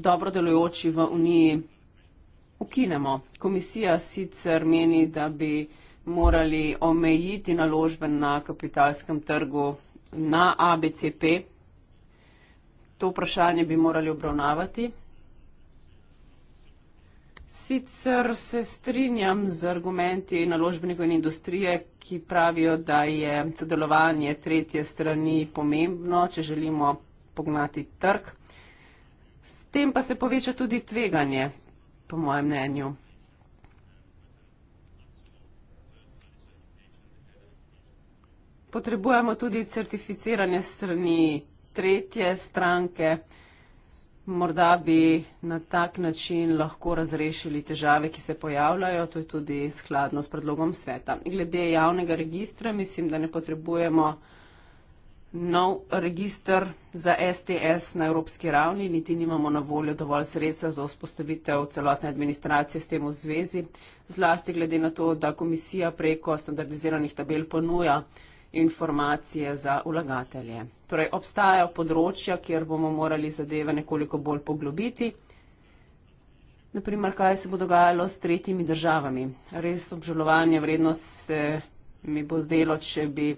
Speaker 3: dobro delujoči v Uniji, ukinemo. Komisija sicer meni, da bi morali omejiti naložbe na kapitalskem trgu na ABCP. To vprašanje bi morali obravnavati. Sicer se strinjam z argumenti naložbenega in industrije, ki pravijo, da je sodelovanje tretje strani pomembno, če želimo pognati trg. S tem pa se poveča tudi tveganje, po mojem mnenju. Potrebujemo tudi certificiranje strani tretje stranke. Morda bi na tak način lahko razrešili težave, ki se pojavljajo, to je tudi skladno s predlogom sveta. Glede javnega registra mislim, da ne potrebujemo nov registr za STS na evropski ravni, niti nimamo na voljo dovolj sredstev za vzpostavitev celotne administracije s tem v zvezi, zlasti glede na to, da komisija preko standardiziranih tabel ponuja informacije za vlagatelje. Torej, obstajajo področja, kjer bomo morali zadeve nekoliko bolj poglobiti. Naprimer, kaj se bo dogajalo s tretjimi državami. Res obžalovanje vrednost se mi bo zdelo, če bi.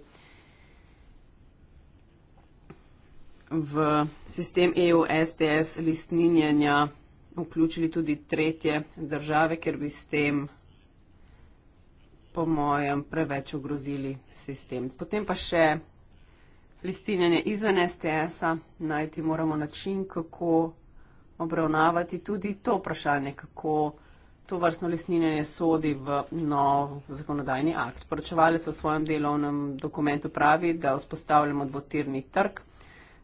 Speaker 3: v sistem EU-STS listninjenja vključili tudi tretje države, ker bi s tem, po mojem, preveč ogrozili sistem. Potem pa še listinjenje izven STS-a. Najti moramo način, kako obravnavati tudi to vprašanje, kako to vrstno listinjenje sodi v nov zakonodajni akt. Poročevalec v svojem delovnem dokumentu pravi, da vzpostavljamo dvotirni trg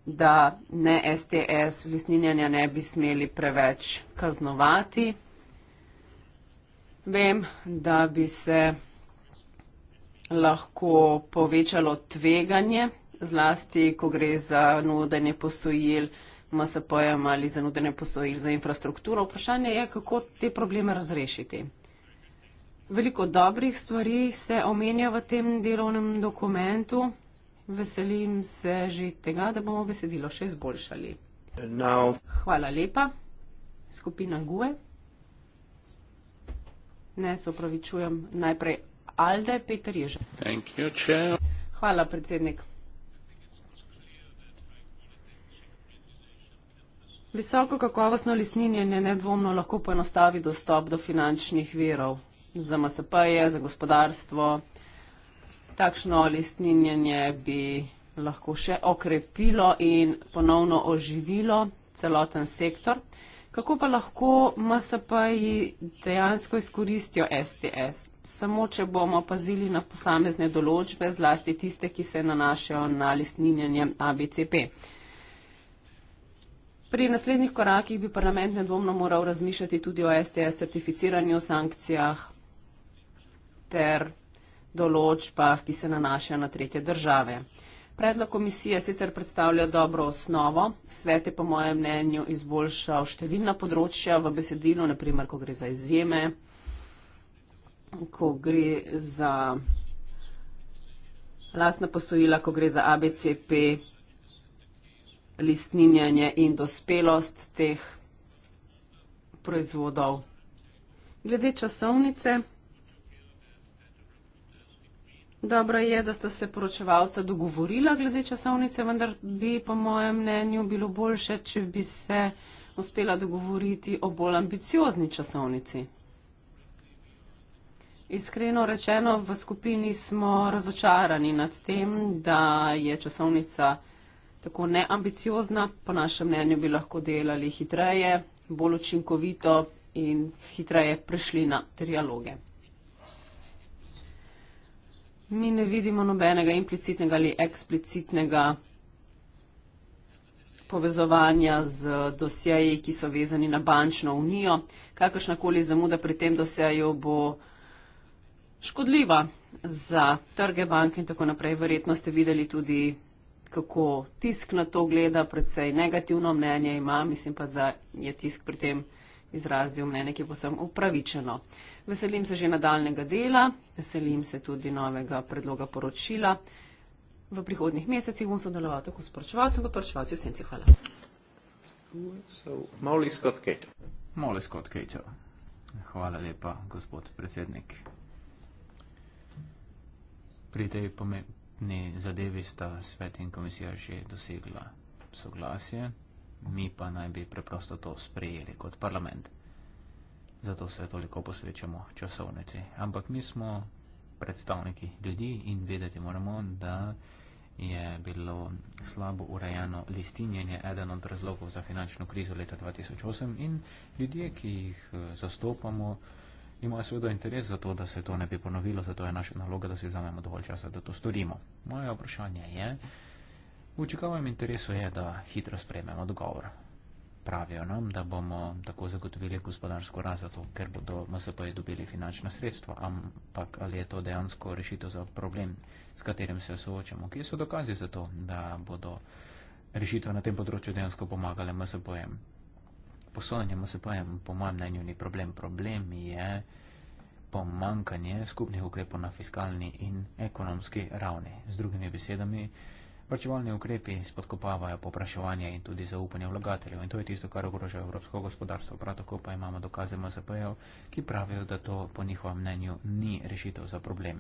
Speaker 3: da ne STS lesninjanja ne bi smeli preveč kaznovati. Vem, da bi se lahko povečalo tveganje, zlasti, ko gre za nudenje posojil MSP-jem ali za nudenje posojil za infrastrukturo. Vprašanje je, kako te probleme razrešiti. Veliko dobrih stvari se omenja v tem delovnem dokumentu, Veselim se že tega, da bomo besedilo še izboljšali. Now. Hvala lepa, skupina GUE. Ne se opravičujem, najprej Alde, Peter Ježe. Hvala, predsednik. Visoko kakovostno lisninjenje nedvomno lahko poenostavi dostop do finančnih verov za MSP-je, za gospodarstvo takšno listninjenje bi lahko še okrepilo in ponovno oživilo celoten sektor. Kako pa lahko MSP-ji dejansko izkoristijo STS? Samo, če bomo pazili na posamezne določbe, zlasti tiste, ki se nanašajo na listninjenje ABCP. Pri naslednjih korakih bi parlament nedvomno moral razmišljati tudi o STS certificiranju, sankcijah ter določbah, ki se nanašajo na tretje države. Predlog komisije sicer predstavlja dobro osnovo, svet je po mojem mnenju izboljšal številna področja v besedilu, naprimer, ko gre za izjeme, ko gre za lastna posojila, ko gre za ABCP, listninjanje in dospelost teh proizvodov. Glede časovnice. Dobro je, da sta se poročevalca dogovorila glede časovnice, vendar bi, po mojem mnenju, bilo boljše, če bi se uspela dogovoriti o bolj ambiciozni časovnici. Iskreno rečeno, v skupini smo razočarani nad tem, da je časovnica tako neambiciozna. Po našem mnenju bi lahko delali hitreje, bolj učinkovito in hitreje prišli na trialoge. Mi ne vidimo nobenega implicitnega ali eksplicitnega povezovanja z dosjeji, ki so vezani na bančno unijo. Kakršnakoli zamuda pri tem dosjeju bo škodljiva za trge banke in tako naprej. Verjetno ste videli tudi, kako tisk na to gleda, predvsej negativno mnenje ima, mislim pa, da je tisk pri tem izrazil mnenje, ki je posebno upravičeno. Veselim se že nadaljnega dela, veselim se tudi novega predloga poročila. V prihodnih mesecih bom sodeloval tako s poročevalcem kot poročevalcem v senci. Hvala.
Speaker 4: Molly Scott Cato. Hvala lepa, gospod predsednik. Pri tej pomembni zadevi sta svet in komisija že dosegla soglasje, mi pa naj bi preprosto to sprejeli kot parlament zato se toliko posvečamo časovnici. Ampak mi smo predstavniki ljudi in vedeti moramo, da je bilo slabo urejeno listinjenje eden od razlogov za finančno krizo leta 2008 in ljudje, ki jih eh, zastopamo, imajo seveda interes za to, da se to ne bi ponovilo, zato je naša naloga, da si vzamemo dovolj časa, da to storimo. Moje vprašanje je, v čakavem interesu je, da hitro sprejmemo odgovor pravijo nam, da bomo tako zagotovili gospodarsko rast, zato ker bodo MSP-ji dobili finančna sredstva, ampak ali je to dejansko rešitev za problem, s katerim se soočamo? Kje so dokazi za to, da bodo rešitve na tem področju dejansko pomagale MSP-jem? Posojanje MSP-jem, po mojem mnenju, ni problem. Problem je pomankanje skupnih ukrepov na fiskalni in ekonomski ravni. Z drugimi besedami, Vrčevalni ukrepi spodkopavajo poprašovanje in tudi zaupanje vlagateljev in to je tisto, kar ogroža evropsko gospodarstvo. Prav tako pa imamo dokaze MSP-jev, ki pravijo, da to po njihovem mnenju ni rešitev za problem.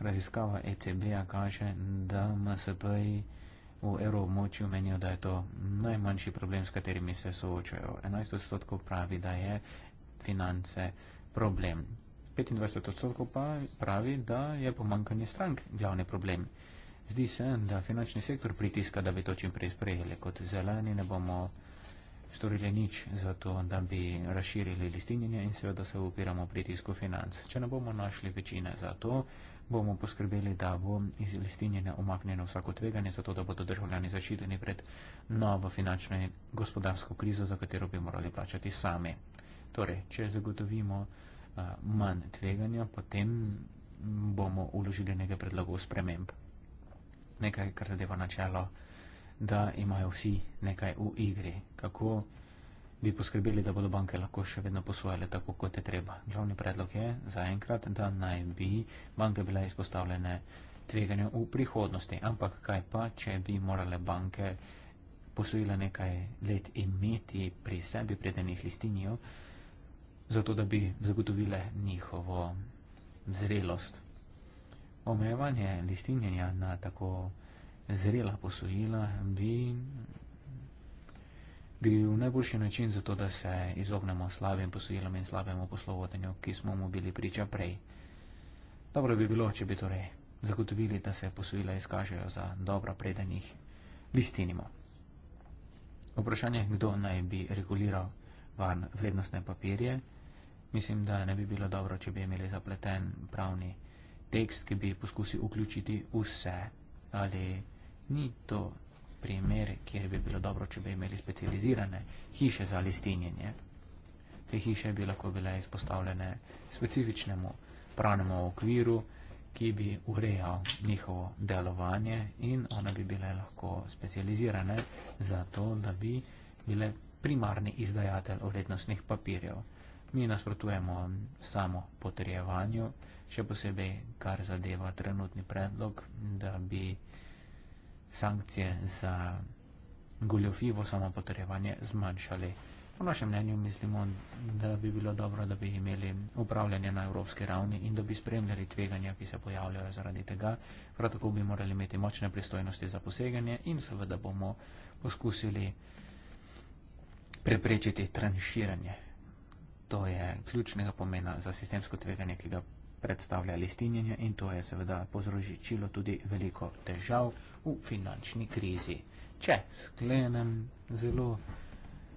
Speaker 4: Raziskava ECB-a kaže, da MSP-ji v evroobmočju menijo, da je to najmanjši problem, s katerimi se soočajo. 11 odstotkov pravi, da je finance problem. 25 odstotkov pa pravi, da je pomankanje strank glavni problem. Zdi se, da finančni sektor pritiska, da bi to čim prej sprejeli. Kot zeleni ne bomo storili nič za to, da bi razširili listinjenje in seveda se upiramo pritisku financ. Če ne bomo našli večine za to, bomo poskrbeli, da bo iz listinjenja omaknjeno vsako tveganje, zato da bodo državljani zaščiteni pred novo finančno in gospodarsko krizo, za katero bi morali plačati sami. Torej, če zagotovimo uh, manj tveganja, potem bomo uložili nekaj predlogov sprememb nekaj, kar zadeva načelo, da imajo vsi nekaj v igri. Kako bi poskrbeli, da bodo banke lahko še vedno posojale tako, kot je treba? Glavni predlog je zaenkrat, da naj bi banke bile izpostavljene tveganju v prihodnosti. Ampak kaj pa, če bi morale banke posojila nekaj let imeti pri sebi predenih listinjev, zato da bi zagotovile njihovo zrelost omejevanje listinjenja na tako zrela posojila bi bil najboljši način za to, da se izognemo slabim posojilom in slabemu poslovodenju, ki smo mu bili priča prej. Dobro bi bilo, če bi torej zagotovili, da se posojila izkažejo za dobro predanih listinimo. Vprašanje, kdo naj bi reguliral van vrednostne papirje, mislim, da ne bi bilo dobro, če bi imeli zapleten pravni sistem tekst, ki bi poskusil vključiti vse. Ali ni to primer, kjer bi bilo dobro, če bi imeli specializirane hiše za listinjenje? Te hiše bi lahko bile izpostavljene specifičnemu pravnemu okviru, ki bi urejal njihovo delovanje in one bi bile lahko specializirane za to, da bi bile primarni izdajatelj vrednostnih papirjev. Mi nasprotujemo samo potrjevanju, še posebej kar zadeva trenutni predlog, da bi sankcije za goljofivo samo potrjevanje zmanjšali. Po našem mnenju mislimo, da bi bilo dobro, da bi imeli upravljanje na evropski ravni in da bi spremljali tveganja, ki se pojavljajo zaradi tega. Prav tako bi morali imeti močne pristojnosti za poseganje in seveda bomo poskusili preprečiti tranširanje To je ključnega pomena za sistemsko tveganje, ki ga predstavlja listinjenje in to je seveda povzročilo tudi veliko težav v finančni krizi. Če sklenem zelo.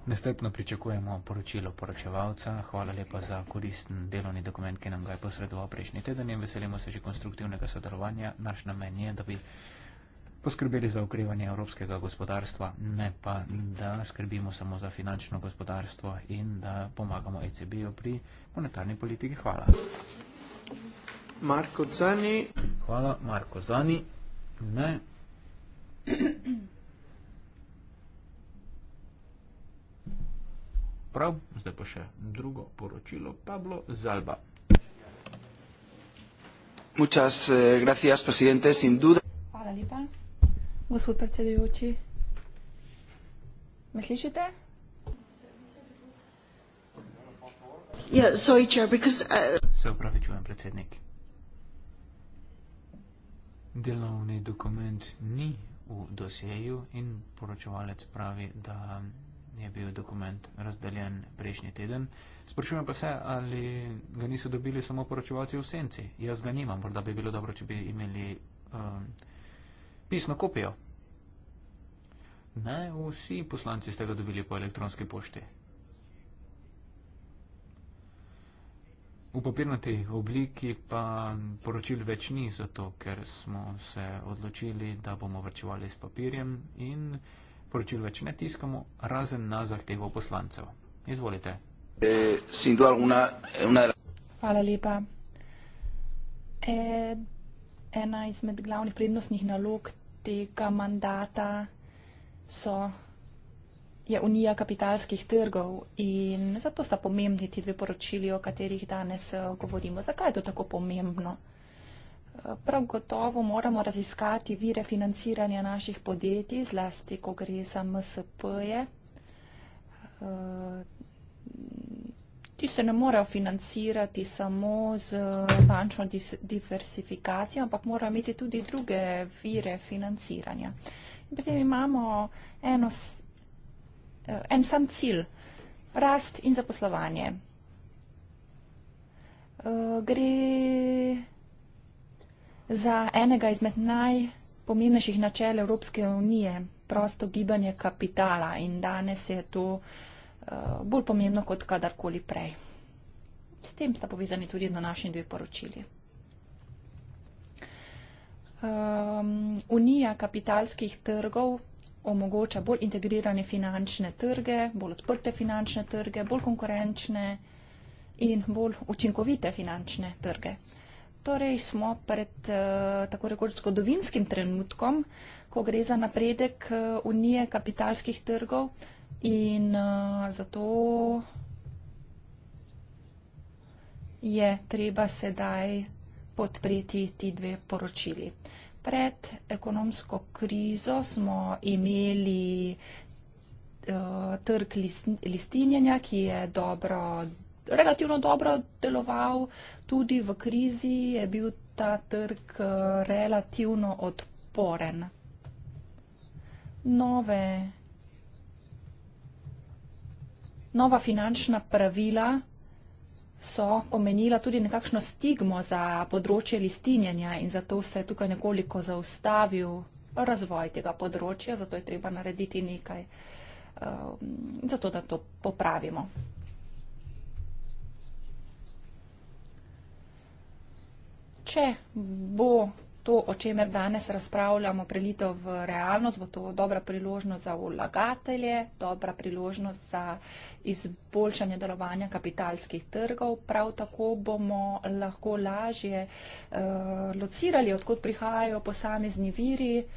Speaker 4: Nestrpno pričakujemo poročilo poročevalca. Hvala lepa za koristen delovni dokument, ki nam ga je posredoval prejšnji teden in veselimo se že konstruktivnega sodelovanja. Naš namen je, da bi poskrbeli za okrevanje evropskega gospodarstva, ne pa, da skrbimo samo za finančno gospodarstvo in da pomagamo ECB-ju pri monetarni politiki. Hvala. Marko Zani. Hvala, Marko Zani. Ne. Prav, zdaj pa še drugo poročilo. Pablo Zalba.
Speaker 1: Muchas eh, gracias, presidente. Sin duda.
Speaker 2: Hvala lepa. Gospod predsedujoči, me slišite? Ja, uh,
Speaker 4: se upravičujem, predsednik. Delovni dokument ni v dosjeju in poročevalec pravi, da je bil dokument razdeljen prejšnji teden. Sprašujem pa se, ali ga niso dobili samo poročevalci v senci. Jaz ga nimam, morda bi bilo dobro, če bi imeli... Um, pisno kopijo. Ne, vsi poslanci ste ga dobili po elektronski pošti. V papirnati obliki pa poročil več ni, zato ker smo se odločili, da bomo vrčevali s papirjem in poročil več ne tiskamo, razen na zahtevo poslancev. Izvolite. Eh, eh,
Speaker 2: Hvala lepa. Eh, ena izmed glavnih prednostnih nalog tega mandata so, je unija kapitalskih trgov in zato sta pomembni ti dve poročili, o katerih danes eh, govorimo. Zakaj je to tako pomembno? Eh, prav gotovo moramo raziskati vire financiranja naših podjetij, zlasti, ko gre za MSP-je. Eh, Ti se ne morejo financirati samo z bančno diversifikacijo, ampak morajo imeti tudi druge vire financiranja. In potem imamo eno, eh, en sam cilj, rast in zaposlovanje. Eh, gre za enega izmed najpomembnejših načel Evropske unije, prosto gibanje kapitala in danes je to uh, Eh, bolj pomembno kot kadarkoli prej. S tem sta povezani tudi na naši dve poročili. Um, unija kapitalskih trgov omogoča bolj integrirane finančne trge, bolj odprte finančne trge, bolj konkurenčne in bolj učinkovite finančne trge. Torej smo pred uh, tako rekoč zgodovinskim trenutkom, ko gre za napredek uh, unije kapitalskih trgov, uh, In uh, zato je treba sedaj podpreti ti dve poročili. Pred ekonomsko krizo smo imeli uh, trg list, listinjenja, ki je dobro, relativno dobro deloval. Tudi v krizi je bil ta trg uh, relativno odporen. Nove Nova finančna pravila so pomenila tudi nekakšno stigmo za področje listinjenja in zato se je tukaj nekoliko zaustavil razvoj tega področja, zato je treba narediti nekaj, um, zato da to popravimo. Če bo to, o čemer danes razpravljamo, prelito v realnost, bo to dobra priložnost za vlagatelje, dobra priložnost za izboljšanje delovanja kapitalskih trgov. Prav tako bomo lahko lažje uh, locirali, odkot prihajajo posamezni viri uh,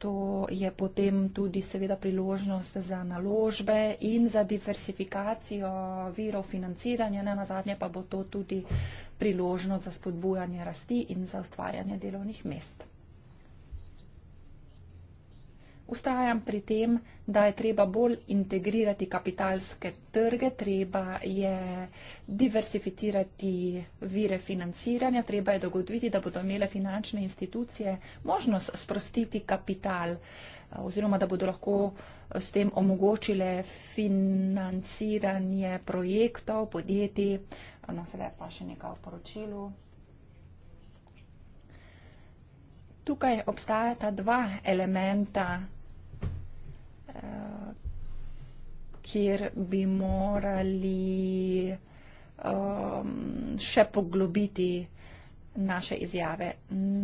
Speaker 2: to je potem tudi seveda priložnost za naložbe in za diversifikacijo virov financiranja. Ne na zadnje pa bo to tudi priložnost za spodbujanje rasti in za ustvarjanje delovnih mest ustrajam pri tem, da je treba bolj integrirati kapitalske trge, treba je diversificirati vire financiranja, treba je dogoditi, da bodo imele finančne institucije možnost sprostiti kapital eh, oziroma da bodo lahko eh, s tem omogočile financiranje projektov, podjetij. No, sedaj pa še nekaj v poročilu. tukaj obstajata dva elementa, eh, kjer bi morali ehm, še poglobiti naše izjave.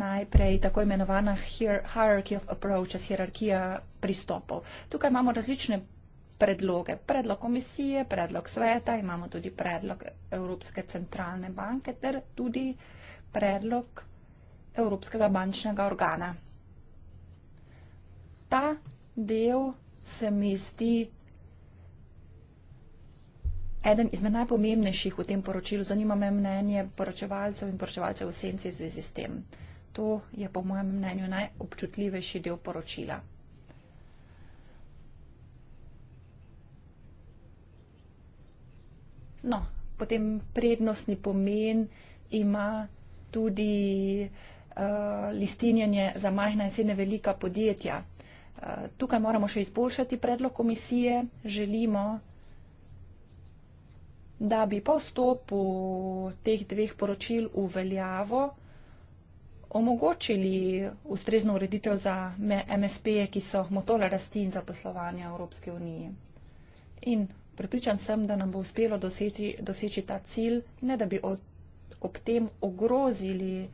Speaker 2: Najprej tako imenovana hierarchy of approaches, hierarchija pristopov. Tukaj imamo različne predloge. Predlog komisije, predlog sveta, imamo tudi predlog Evropske centralne banke ter tudi predlog Evropskega bančnega organa. Ta del se mi zdi eden izmed najpomembnejših v tem poročilu. Zanima me mnenje poročevalcev in poročevalcev v senci v zvezi s tem. To je po mojem mnenju najobčutljivejši del poročila. No, potem prednostni pomen ima tudi Eh, listinjenje za majhna in srednje velika podjetja. Eh, tukaj moramo še izboljšati predlog komisije. Želimo, da bi po vstopu teh dveh poročil v veljavo omogočili ustrezno ureditev za MSP-je, ki so motole rasti in zaposlovanja Evropske unije. In pripričan sem, da nam bo uspelo doseči, doseči ta cilj, ne da bi od, ob tem ogrozili uh,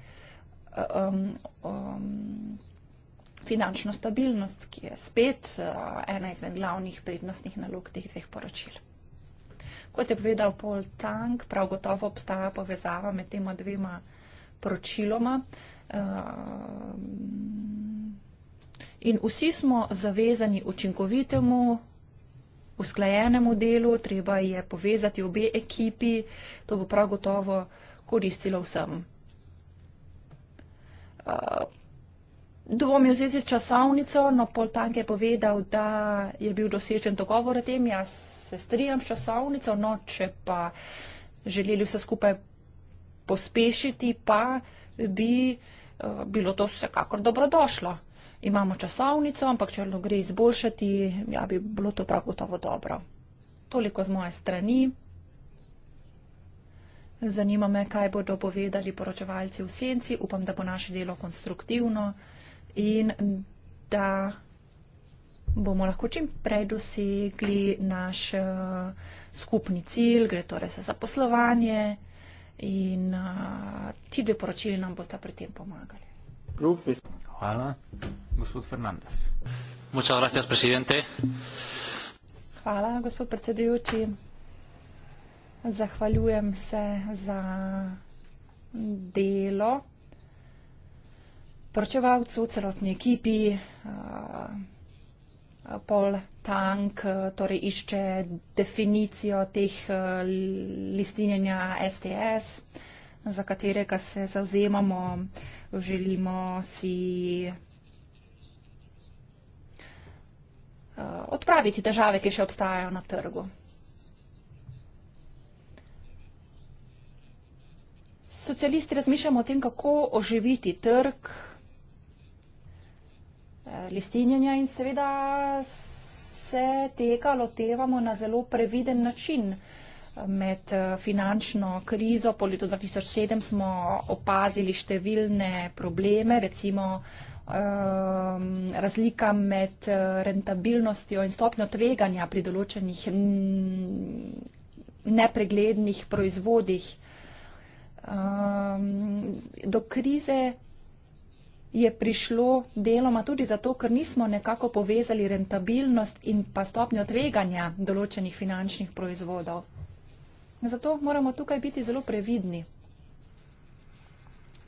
Speaker 2: um, um, finančno stabilnost, ki je spet uh, ena izmed glavnih prednostnih nalog teh dveh poročil. Kot je povedal Paul Tank, prav gotovo obstaja povezava med tema dvema poročiloma. Uh, in vsi smo zavezani učinkovitemu, usklajenemu delu, treba je povezati obe ekipi, to bo prav gotovo koristilo vsem uh, eh, dvomil v zvezi s časovnico, no pol tank je povedal, da je bil dosežen dogovor o tem, jaz se strijam s časovnico, no če pa želeli vse skupaj pospešiti, pa bi uh, bilo to vsekakor dobrodošlo. Imamo časovnico, ampak če lo gre izboljšati, ja, bi bilo to prav gotovo dobro. Toliko z moje strani. Zanima me, kaj bodo povedali poročevalci v senci. Upam, da bo naše delo konstruktivno in da bomo lahko čim prej dosegli naš uh, skupni cilj, gre torej za zaposlovanje in uh, ti dve poročili nam boste pri tem pomagali.
Speaker 4: Hvala, gospod Fernandez.
Speaker 2: Hvala, gospod predsedujoči zahvaljujem se za delo poročevalcu, celotni ekipi, Paul Tank torej išče definicijo teh listinjenja STS, za katerega se zauzemamo, želimo si odpraviti težave, ki še obstajajo na trgu. socialisti razmišljamo o tem, kako oživiti trg eh, listinjenja in seveda se tega lotevamo na zelo previden način. Med eh, finančno krizo po letu 2007 smo opazili številne probleme, recimo um, razlika med eh, rentabilnostjo in stopnjo tveganja pri določenih neprehlednih proizvodih. Um, do krize je prišlo deloma tudi zato, ker nismo nekako povezali rentabilnost in pa stopnjo tveganja določenih finančnih proizvodov. Zato moramo tukaj biti zelo previdni.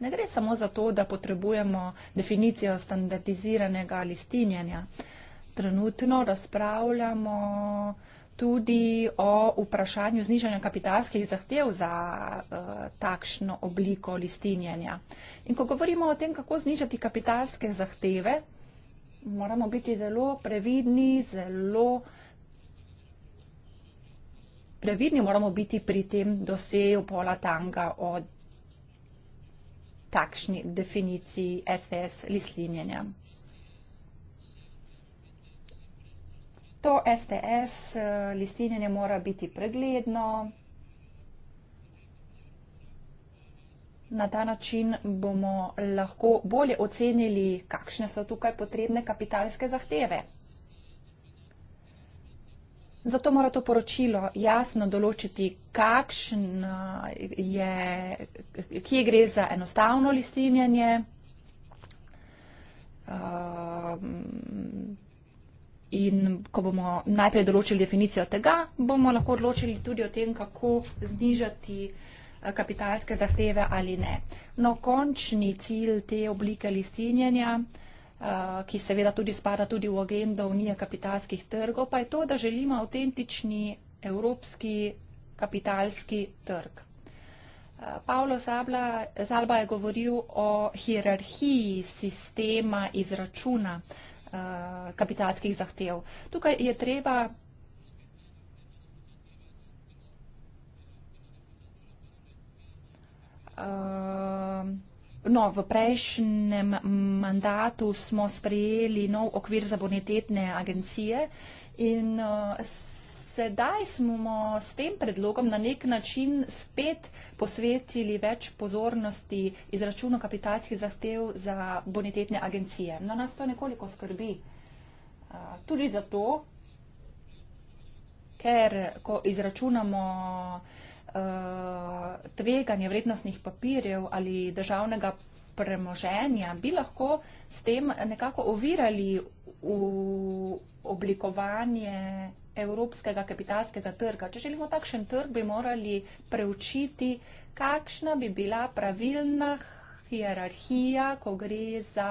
Speaker 2: Ne gre samo za to, da potrebujemo definicijo standardiziranega listinjanja. Trenutno razpravljamo tudi o vprašanju znižanja kapitalskih zahtev za uh, takšno obliko listinjanja. In ko govorimo o tem, kako znižati kapitalske zahteve, moramo biti zelo previdni, zelo previdni moramo biti pri tem doseju pola tanga o takšni definiciji SS listinjanja. to STS eh, listinjenje mora biti pregledno. Na ta način bomo lahko bolje ocenili, kakšne so tukaj potrebne kapitalske zahteve. Zato mora to poročilo jasno določiti, kakšen je, kje gre za enostavno listinjanje. Uh, In ko bomo najprej določili definicijo tega, bomo lahko odločili tudi o tem, kako znižati eh, kapitalske zahteve ali ne. No, končni cilj te oblike listinjenja, eh, ki seveda tudi spada tudi v agendo Unije kapitalskih trgov, pa je to, da želimo avtentični evropski kapitalski trg. Eh, Pavlo Zabla, Zalba je govoril o hierarhiji sistema izračuna. Eh, kapitalskih zahtev. Tukaj je treba eh, No, v prejšnjem mandatu smo sprejeli nov okvir za bonitetne agencije in eh, s sedaj smo s tem predlogom na nek način spet posvetili več pozornosti izračunu kapitalskih zahtev za bonitetne agencije. No, nas to nekoliko skrbi. Tudi zato, ker ko izračunamo tveganje vrednostnih papirjev ali državnega premoženja, bi lahko s tem nekako ovirali v oblikovanje evropskega kapitalskega trga. Če želimo takšen trg, bi morali preučiti, kakšna bi bila pravilna hierarhija, ko gre za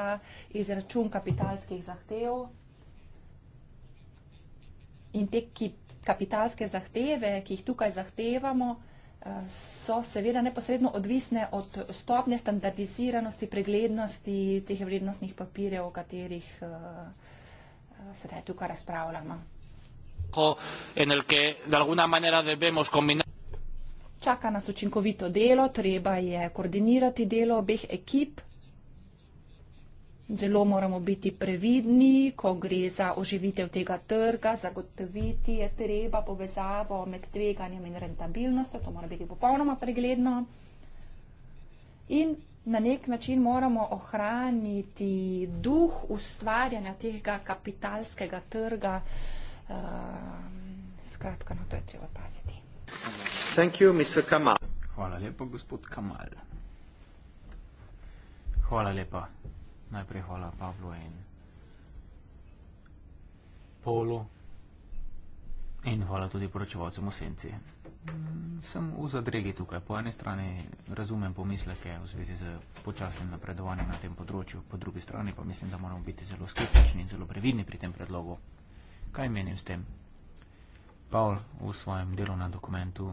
Speaker 2: izračun kapitalskih zahtev. In te ki, kapitalske zahteve, ki jih tukaj zahtevamo, eh, so seveda neposredno odvisne od stopnje standardiziranosti, preglednosti teh vrednostnih papirjev, o katerih uh, sedaj tukaj razpravljamo
Speaker 4: trabajo, en el que de alguna manera debemos combinar.
Speaker 2: Čaka nas učinkovito delo, treba je koordinirati delo obeh ekip. Zelo moramo biti previdni, ko gre za oživitev tega trga, zagotoviti je treba povezavo med tveganjem in rentabilnostjo, to mora biti popolnoma pregledno. In na nek način moramo ohraniti duh ustvarjanja tega kapitalskega trga. Ehm, skratka, na no, to je treba paziti.
Speaker 1: You, Hvala lepa, gospod Kamal.
Speaker 4: Hvala lepa. Najprej hvala Pavlu in Polu in hvala tudi poročevalcem v senci. Sem v zadregi tukaj. Po eni strani razumem pomisleke v zvezi z počasnim napredovanjem na tem področju, po drugi strani pa mislim, da moramo biti zelo skeptični in zelo previdni pri tem predlogu. Kaj menim s tem? Paul v svojem delovnem dokumentu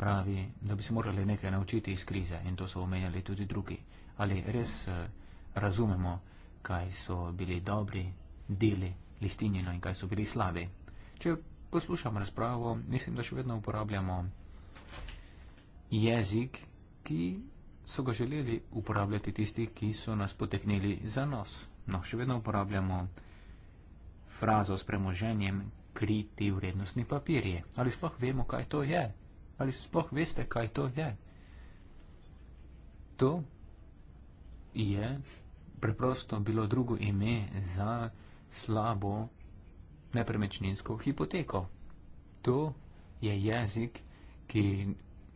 Speaker 4: pravi, da bi se morali nekaj naučiti iz krize in to so omenjali tudi drugi. Ali res eh, razumemo, kaj so bili dobri deli listinjeno in kaj so bili slabi? Če poslušam razpravo, mislim, da še vedno uporabljamo jezik, ki so ga želeli uporabljati tisti, ki so nas poteknili za nos. No, še vedno uporabljamo jezik, frazo s premoženjem kriti vrednostni papirje. Ali sploh vemo, kaj to je? Ali sploh veste, kaj to je? To je preprosto bilo drugo ime za slabo nepremečninsko hipoteko. To je jezik, ki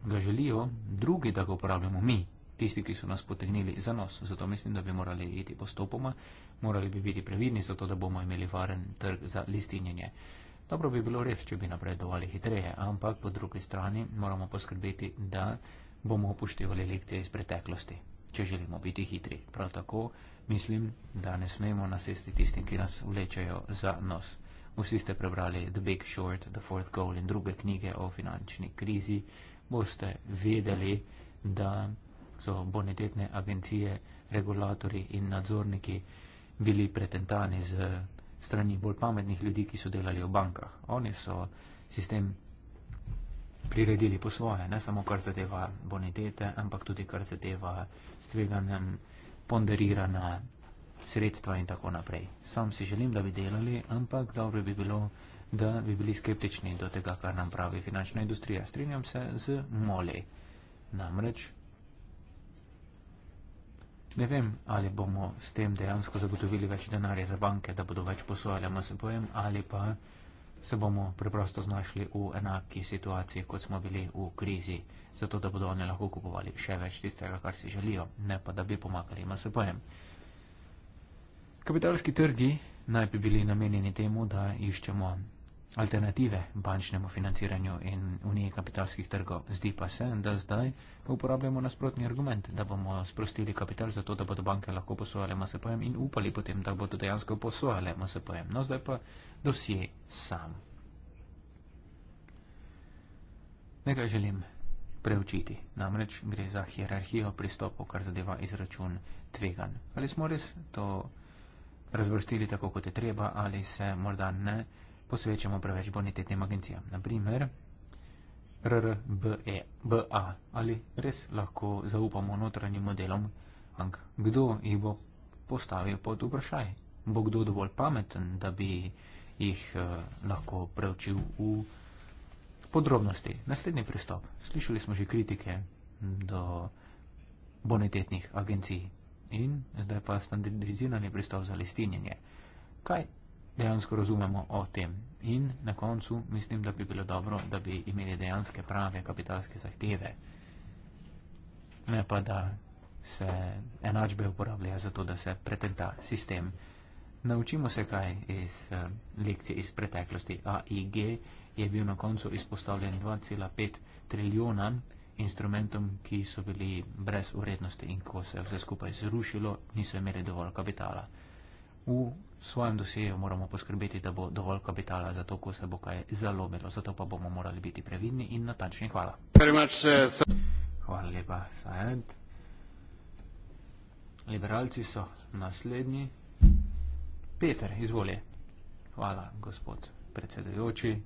Speaker 4: ga želijo drugi, da ga uporabljamo mi, tisti, ki so nas potegnili za nos. Zato mislim, da bi morali iti postopoma morali bi biti previdni, zato da bomo imeli varen trg za listinjenje. Dobro bi bilo res, če bi napredovali hitreje, ampak po drugi strani moramo poskrbeti, da bomo upoštevali lekcije iz preteklosti, če želimo biti hitri. Prav tako mislim, da ne smemo nasesti tistim, ki nas vlečajo za nos. Vsi ste prebrali The Big Short, The Fourth Goal in druge knjige o finančni krizi, boste vedeli, da so bonitetne agencije, regulatori in nadzorniki bili pretentani z strani bolj pametnih ljudi, ki so delali v bankah. Oni so sistem priredili po svoje, ne samo kar zadeva bonitete, ampak tudi kar zadeva stveganjem ponderirana sredstva in tako naprej. Sam si želim, da bi delali, ampak dobro bi bilo, da bi bili skeptični do tega, kar nam pravi finančna industrija. Strinjam se z molej. Namreč Ne vem, ali bomo s tem dejansko zagotovili več denarja za banke, da bodo več posojali MSP-jem, ali pa se bomo preprosto znašli v enaki situaciji, kot smo bili v krizi, zato da bodo oni lahko kupovali še več tistega, kar si želijo, ne pa da bi pomagali MSP-jem. Kapitalski trgi naj bi bili namenjeni temu, da iščemo alternative bančnemu financiranju in unije kapitalskih trgov. Zdi pa se, da zdaj uporabljamo nasprotni argument, da bomo sprostili kapital zato, da bodo banke lahko posojale MSP-jem in upali potem, da bodo dejansko posojale MSP-jem. No, zdaj pa dosje sam. Nekaj želim preučiti. Namreč gre za hierarhijo pristopov, kar zadeva izračun tvegan. Ali smo res to razvrstili tako, kot je treba, ali se morda ne posvečamo preveč bonitetnim agencijam. Naprimer, RBA e, ali res lahko zaupamo notranjim modelom, ampak kdo jih bo postavil pod vprašaj? Bo kdo dovolj pameten, da bi jih eh, lahko preučil v podrobnosti? Naslednji pristop. Slišali smo že kritike do bonitetnih agencij in zdaj pa standardizirani pristop za listinjenje. Kaj dejansko razumemo o tem. In na koncu mislim, da bi bilo dobro, da bi imeli dejansko prave kapitalske zahteve, ne pa da se enačbe uporabljajo za to, da se pretenta sistem. Naučimo se kaj iz uh, lekcije iz preteklosti. AIG je bil na koncu izpostavljen 2,5 trilijona instrumentom, ki so bili brez urednosti in ko se je vse skupaj zrušilo, niso imeli dovolj kapitala v svojem dosežu moramo poskrbeti, da bo dovolj kapitala za to, ko se bo kaj zalomilo. Zato pa bomo morali biti previdni in natančni. Hvala. Eh, Hvala lepa, Sajent. Liberalci so naslednji. Peter, izvolje. Hvala, gospod predsedujoči.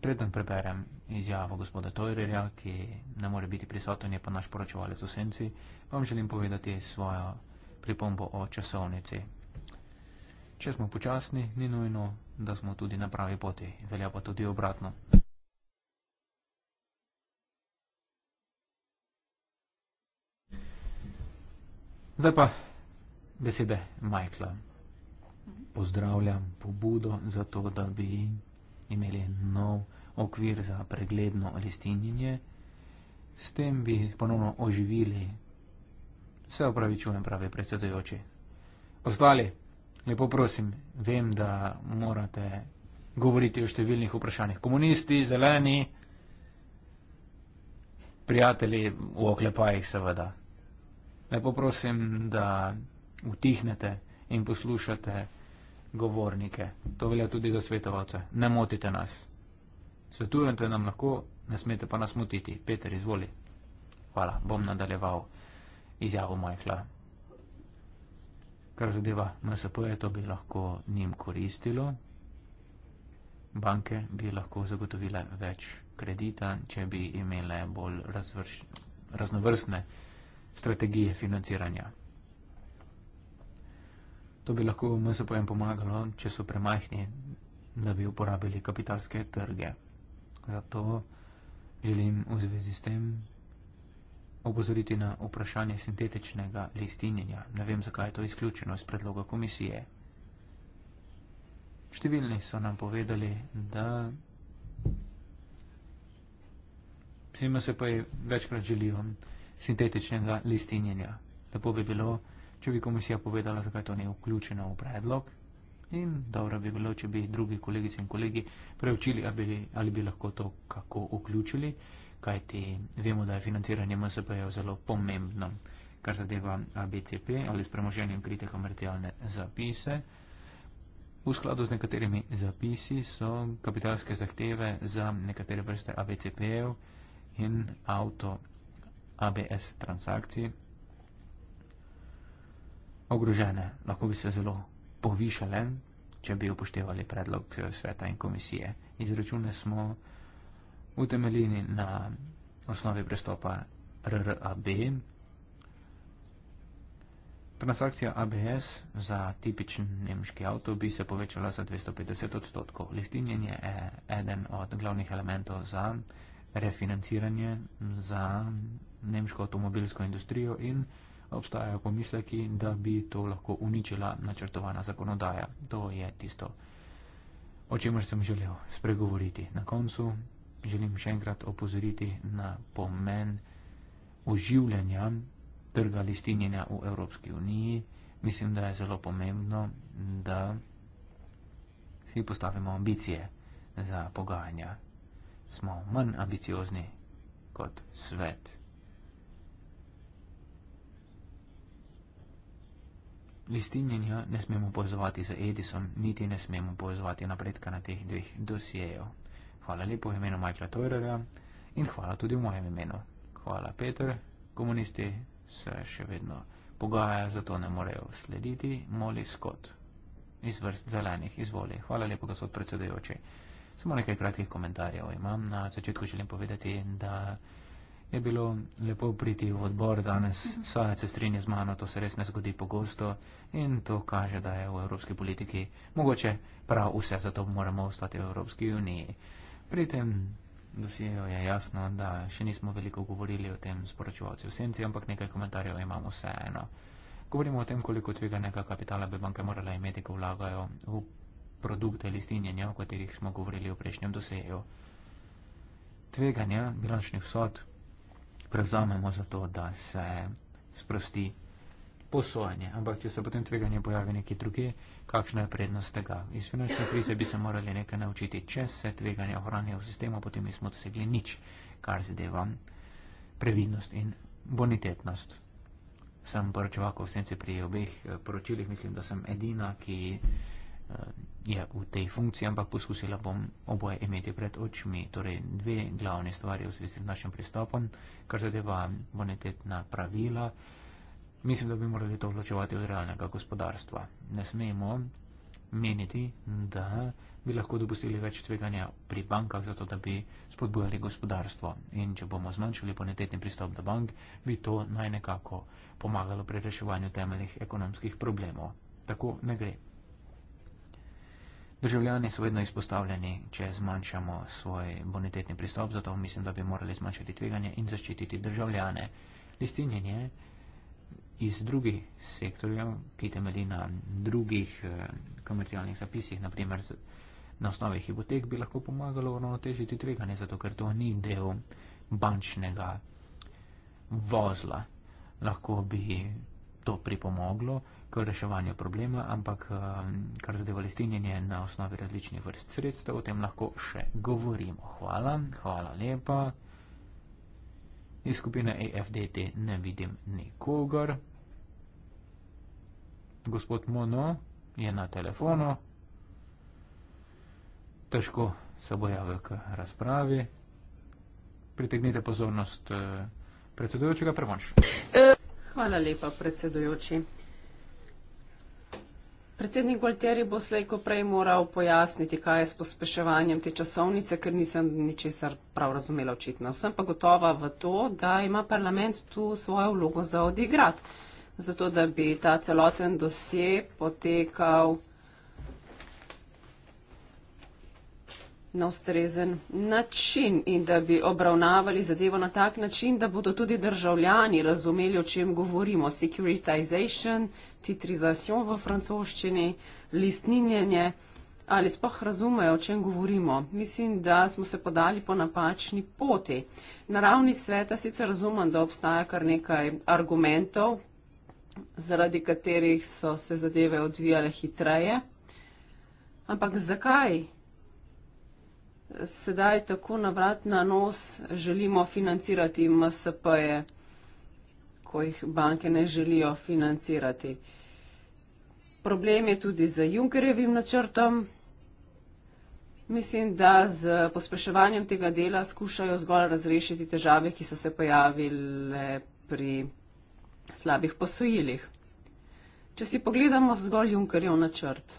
Speaker 4: Preden preberem izjavo gospoda Tojrerja, ki ne more biti prisoten, je pa naš poročevalec v senci, vam želim povedati svojo pripombo o časovnici. Če smo počasni, ni nujno, da smo tudi na pravi poti, velja pa tudi obratno. Zdaj pa besede Majkla. Pozdravljam pobudo za to, da bi imeli nov okvir za pregledno listinjenje. S tem bi ponovno oživili Se opravičujem, pravi predsedujoči. Ostali, lepo prosim, vem, da morate govoriti o številnih vprašanjih. Komunisti, zeleni, prijatelji v oklepajih seveda. Lepo prosim, da utihnete in poslušate govornike. To velja tudi za svetovalce. Ne motite nas. Svetujete nam lahko, ne smete pa nas motiti. Peter, izvoli. Hvala, bom nadaljeval izjavo Majkla. Kar zadeva MSP-je, to bi lahko njim koristilo. Banke bi lahko zagotovile več kredita, če bi imele bolj razvrš, raznovrstne strategije financiranja. To bi lahko MSP-jem pomagalo, če so premajhni, da bi uporabili kapitalske trge. Zato želim v zvezi s tem opozoriti na vprašanje sintetičnega listinjenja. Ne vem, zakaj je to izključeno iz predloga komisije. Številni so nam povedali, da Psima se pa je večkrat želijo sintetičnega listinjenja. Lepo bi bilo, če bi komisija povedala, zakaj to ni vključeno v predlog. In dobro bi bilo, če bi drugi kolegice in kolegi preučili, ali bi lahko to kako vključili kajti vemo, da je financiranje MSP-jev zelo pomembno, kar zadeva ABCP ali s premoženjem krite komercialne zapise. V skladu z nekaterimi zapisi so kapitalske zahteve za nekatere vrste ABCP-jev in avto ABS transakcij ogrožene. Lahko bi se zelo povišale, če bi upoštevali predlog eh, sveta in komisije. Izračune smo utemeljeni na osnovi prestopa RRAB. Transakcija ABS za tipičen nemški avto bi se povečala za 250 odstotkov. Listinjen je eden od glavnih elementov za refinanciranje za nemško avtomobilsko industrijo in obstajajo pomisleki, da bi to lahko uničila načrtovana zakonodaja. To je tisto, o čemer sem želel spregovoriti na koncu želim še enkrat opozoriti na pomen oživljanja trga listinjenja v Evropski uniji. Mislim, da je zelo pomembno, da si postavimo ambicije za pogajanja. Smo manj ambiciozni kot svet. Listinjenja ne smemo povezovati z Edison, niti ne smemo povezovati napredka na teh dveh dosijejev. Hvala lepo v imenu Majkla Tojrera in hvala tudi v mojem imenu. Hvala, Peter. Komunisti se še vedno pogajajo, zato ne morejo slediti. Moli Scott iz vrst zelenih izvoli. Hvala lepo, gospod predsedujoči. Samo nekaj kratkih komentarjev imam. Na začetku želim povedati, da je bilo lepo priti v odbor danes. Saj se strinja z mano, to se res ne zgodi pogosto in to kaže, da je v evropski politiki mogoče prav vse, zato moramo ostati v Evropski uniji. Pri tem, da si je jasno, da še nismo veliko govorili o tem sporočilcu v senci, ampak nekaj komentarjev imamo vseeno. Govorimo o tem, koliko tveganega kapitala bi banke morale imeti, ko vlagajo v produkte listinjenja, o katerih smo govorili v prejšnjem doseju. Tveganja bilančnih sod prevzamemo zato, da se sprosti posojanje, ampak če se potem tveganje pojavi nekje druge, kakšna je prednost tega. Iz finančne krize bi se morali nekaj naučiti. Če se tveganje ohranja v sistemu, potem nismo dosegli nič, kar zadeva previdnost in bonitetnost. Sem poročevalka v senci pri obeh eh, poročilih, mislim, da sem edina, ki eh, je v tej funkciji, ampak poskusila bom oboje imeti pred očmi. Torej, dve glavne stvari v zvezi z našim pristopom, kar zadeva bonitetna pravila. Mislim, da bi morali to vločevati od realnega gospodarstva. Ne smemo meniti, da bi lahko dopustili več tveganja pri bankah, zato da bi spodbujali gospodarstvo. In če bomo zmanjšali bonitetni pristop do bank, bi to naj nekako pomagalo pri reševanju temeljnih ekonomskih problemov. Tako ne gre. Državljani so vedno izpostavljeni, če zmanjšamo svoj bonitetni pristop, zato mislim, da bi morali zmanjšati tveganje in zaščititi državljane. Listinjenje iz drugih sektorjev, ki temelji na drugih eh, komercialnih zapisih, naprimer na osnovi hipotek, bi lahko pomagalo uravnotežiti tveganje, zato ker to ni del bančnega vozla. Lahko bi to pripomoglo k reševanju problema, ampak eh, kar zadeva listinjenje na osnovi različnih vrst sredstev, o tem lahko še govorimo. Hvala, hvala lepa. Iz skupine AFDT e ne vidim nikogar. Gospod Mono je na telefonu. Težko se bo javil k razpravi. Pritegnite pozornost eh, predsedujočega Prvonš.
Speaker 3: Hvala lepa, predsedujoči. Predsednik Gualtieri bo slejko prej moral pojasniti, kaj je s pospeševanjem te časovnice, ker nisem ničesar prav razumela očitno. Sem pa gotova v to, da ima parlament tu svojo vlogo za odigrati zato da bi ta celoten dosje potekal na ustrezen način in da bi obravnavali zadevo na tak način, da bodo tudi državljani razumeli, o čem govorimo. Securitization, titrizacijon v francoščini, listninjenje ali spoh razumejo, o čem govorimo. Mislim, da smo se podali po napačni poti. Na ravni sveta sicer razumem, da obstaja kar nekaj argumentov, zaradi katerih so se zadeve odvijale hitreje. Ampak zakaj sedaj tako navrat na nos želimo financirati MSP-je, ko jih banke ne želijo financirati? Problem je tudi z Junkerjevim načrtom. Mislim, da z pospeševanjem tega dela skušajo zgolj razrešiti težave, ki so se pojavile pri slabih posojilih. Če si pogledamo zgolj Junkerjev načrt.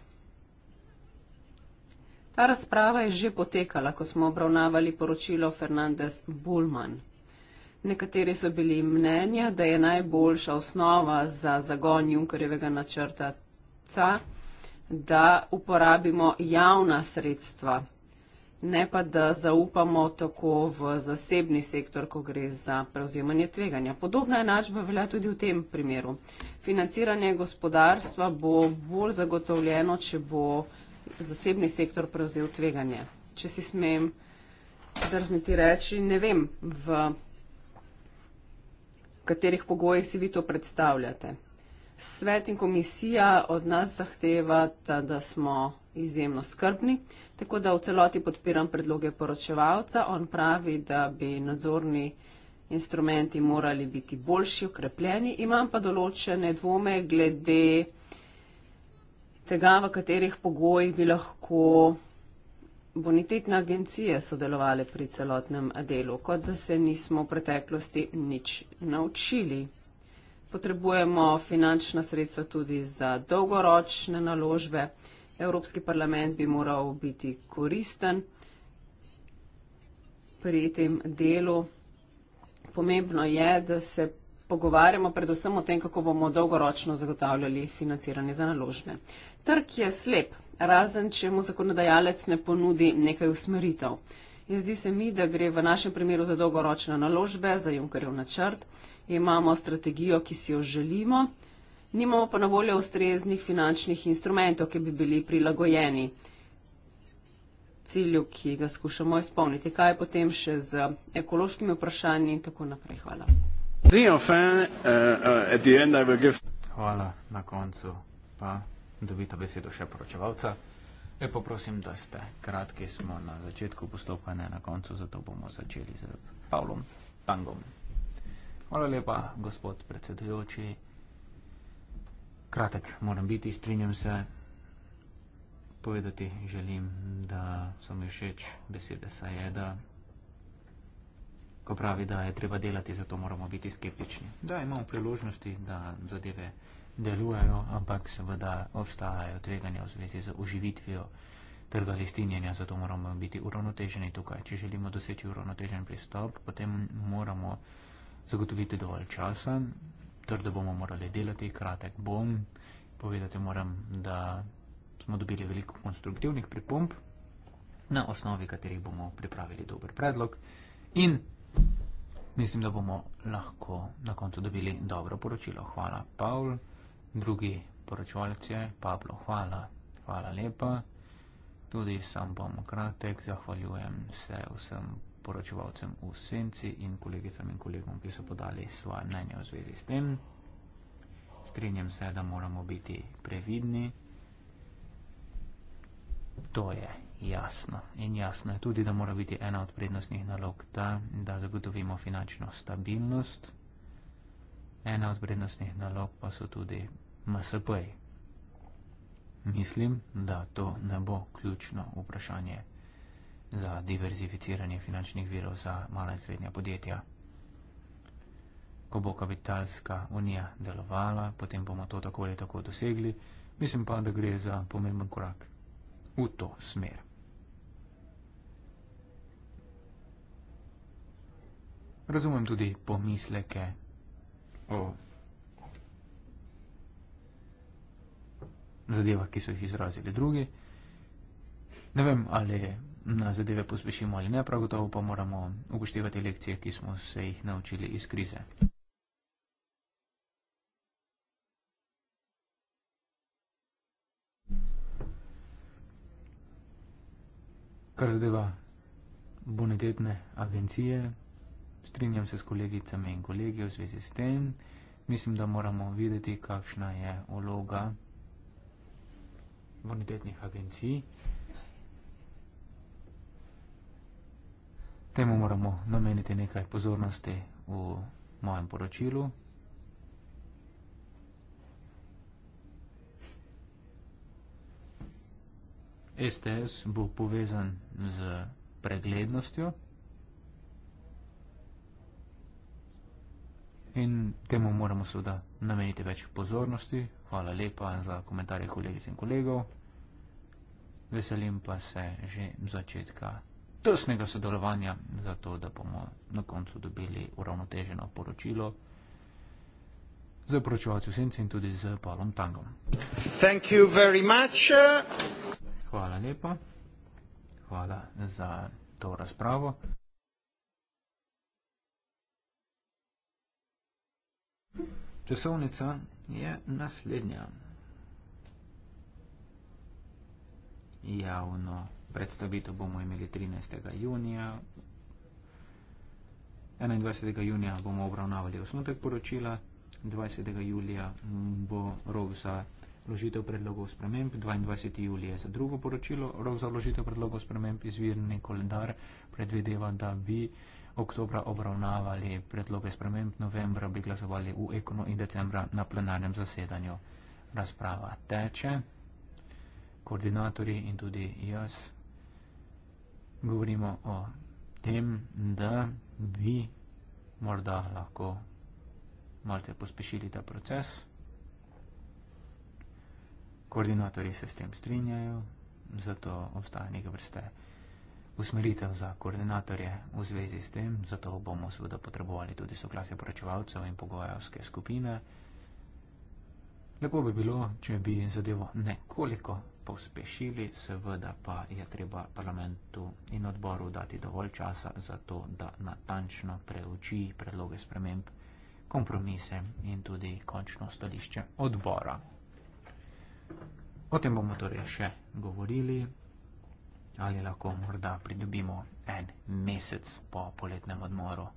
Speaker 3: Ta razprava je že potekala, ko smo obravnavali poročilo Fernandez Bullman. Nekateri so bili mnenja, da je najboljša osnova za zagon Junkerjevega načrta ta, da uporabimo javna sredstva ne pa da zaupamo tako v zasebni sektor, ko gre za prevzemanje tveganja. Podobna enačba velja tudi v tem primeru. Financiranje gospodarstva bo bolj zagotovljeno, če bo zasebni sektor prevzel tveganje. Če si smem drzniti reči, ne vem, v katerih pogojih si vi to predstavljate. Svet in komisija od nas zahtevata, da smo izjemno skrbni, Tako da v celoti podpiram predloge poročevalca. On pravi, da bi nadzorni instrumenti morali biti boljši, ukrepljeni. Imam pa določene dvome glede tega, v katerih pogojih bi lahko bonitetne agencije sodelovali pri celotnem delu, kot da se nismo v preteklosti nič naučili. Potrebujemo finančna sredstva tudi za dolgoročne naložbe. Evropski parlament bi moral biti koristen pri tem delu. Pomembno je, da se pogovarjamo predvsem o tem, kako bomo dolgoročno zagotavljali financiranje za naložbe. Trg je slep, razen če mu zakonodajalec ne ponudi nekaj usmeritev. In zdi se mi, da gre v našem primeru za dolgoročne naložbe, za Junkerjev načrt. Imamo strategijo, ki si jo želimo nimamo pa na voljo ustreznih finančnih instrumentov, ki bi bili prilagojeni cilju, ki ga skušamo izpolniti. Kaj je potem še z ekološkimi vprašanji in tako naprej? Hvala.
Speaker 4: Eh, eh, Hvala na koncu. Pa dobita besedo še poročevalca. Lepo prosim, da ste kratki, smo na začetku postopka, ne na koncu, zato bomo začeli z Pavlom Tangom. Hvala lepa, gospod predsedujoči kratek moram biti, strinjam se. Povedati želim, da so mi všeč besede, saj je, da ko pravi, da je treba delati, zato moramo biti skeptični. Da imamo priložnosti, da zadeve delujejo, ampak seveda obstajajo tveganja v zvezi z oživitvijo trga listinjenja, zato moramo biti uravnoteženi tukaj. Če želimo doseči uravnotežen pristop, potem moramo zagotoviti dovolj časa, trdo bomo morali delati, kratek bom. Povedati moram, da smo dobili veliko konstruktivnih pripomb, na osnovi katerih bomo pripravili dober predlog in mislim, da bomo lahko na koncu dobili dobro poročilo. Hvala, Paul. Drugi poročevalec je Pablo. Hvala, hvala lepa. Tudi sam bom kratek, zahvaljujem se vsem poročevalcem v senci in kolegicam in kolegom, ki so podali svoje mnenje v zvezi s tem. Strenjam se, da moramo biti previdni. To je jasno. In jasno je tudi, da mora biti ena od prednostnih nalog ta, da zagotovimo finančno stabilnost. Ena od prednostnih nalog pa so tudi MSP. Mislim, da to ne bo ključno vprašanje za diverzificiranje finančnih virov za mala in srednja podjetja. Ko bo kapitalska unija delovala, potem bomo to tako ali tako dosegli, mislim pa, da gre za pomemben korak v to smer. Razumem tudi pomisleke o zadevah, ki so jih izrazili drugi. Ne vem, ali na zadeve pospešimo ali ne, prav gotovo pa moramo upoštevati lekcije, ki smo se jih naučili iz krize. Kar zadeva bonitetne agencije, strinjam se s kolegicami in kolegi v zvezi s tem, mislim, da moramo videti, kakšna je uloga bonitetnih agencij. temu moramo nameniti nekaj pozornosti v mojem poročilu. STS bo povezan z preglednostjo in temu moramo seveda nameniti več pozornosti. Hvala lepa za komentarje kolegic in kolegov. Veselim pa se že začetka tesnega sodelovanja, zato da bomo na koncu dobili uravnoteženo poročilo z poročevalcem Senci in tudi z Paulom Tangom. Hvala lepa. Hvala za to razpravo. Časovnica je naslednja. Javno predstavitev bomo imeli 13. junija. 21. junija bomo obravnavali osnutek poročila, 20. julija bo rok za vložitev predlogov sprememb, 22. julija za drugo poročilo, rok za vložitev predlogov sprememb, izvirni koledar predvideva, da bi oktobra obravnavali predloge sprememb, novembra bi glasovali v ekonu in decembra na plenarnem zasedanju. Razprava teče, koordinatori in tudi jaz govorimo o tem, da bi morda lahko malce pospešili ta proces. Koordinatorji se s tem strinjajo, zato obstaja neke vrste usmeritev za koordinatorje v zvezi s tem, zato bomo seveda potrebovali tudi soglasje poračevalcev in pogojavske skupine. Lepo bi bilo, če bi zadevo nekoliko pospešili, seveda pa je treba parlamentu in odboru dati dovolj časa za to, da natančno preuči predloge sprememb, kompromise in tudi končno stališče odbora. O tem bomo torej še govorili, ali lahko morda pridobimo en mesec po poletnem odmoru.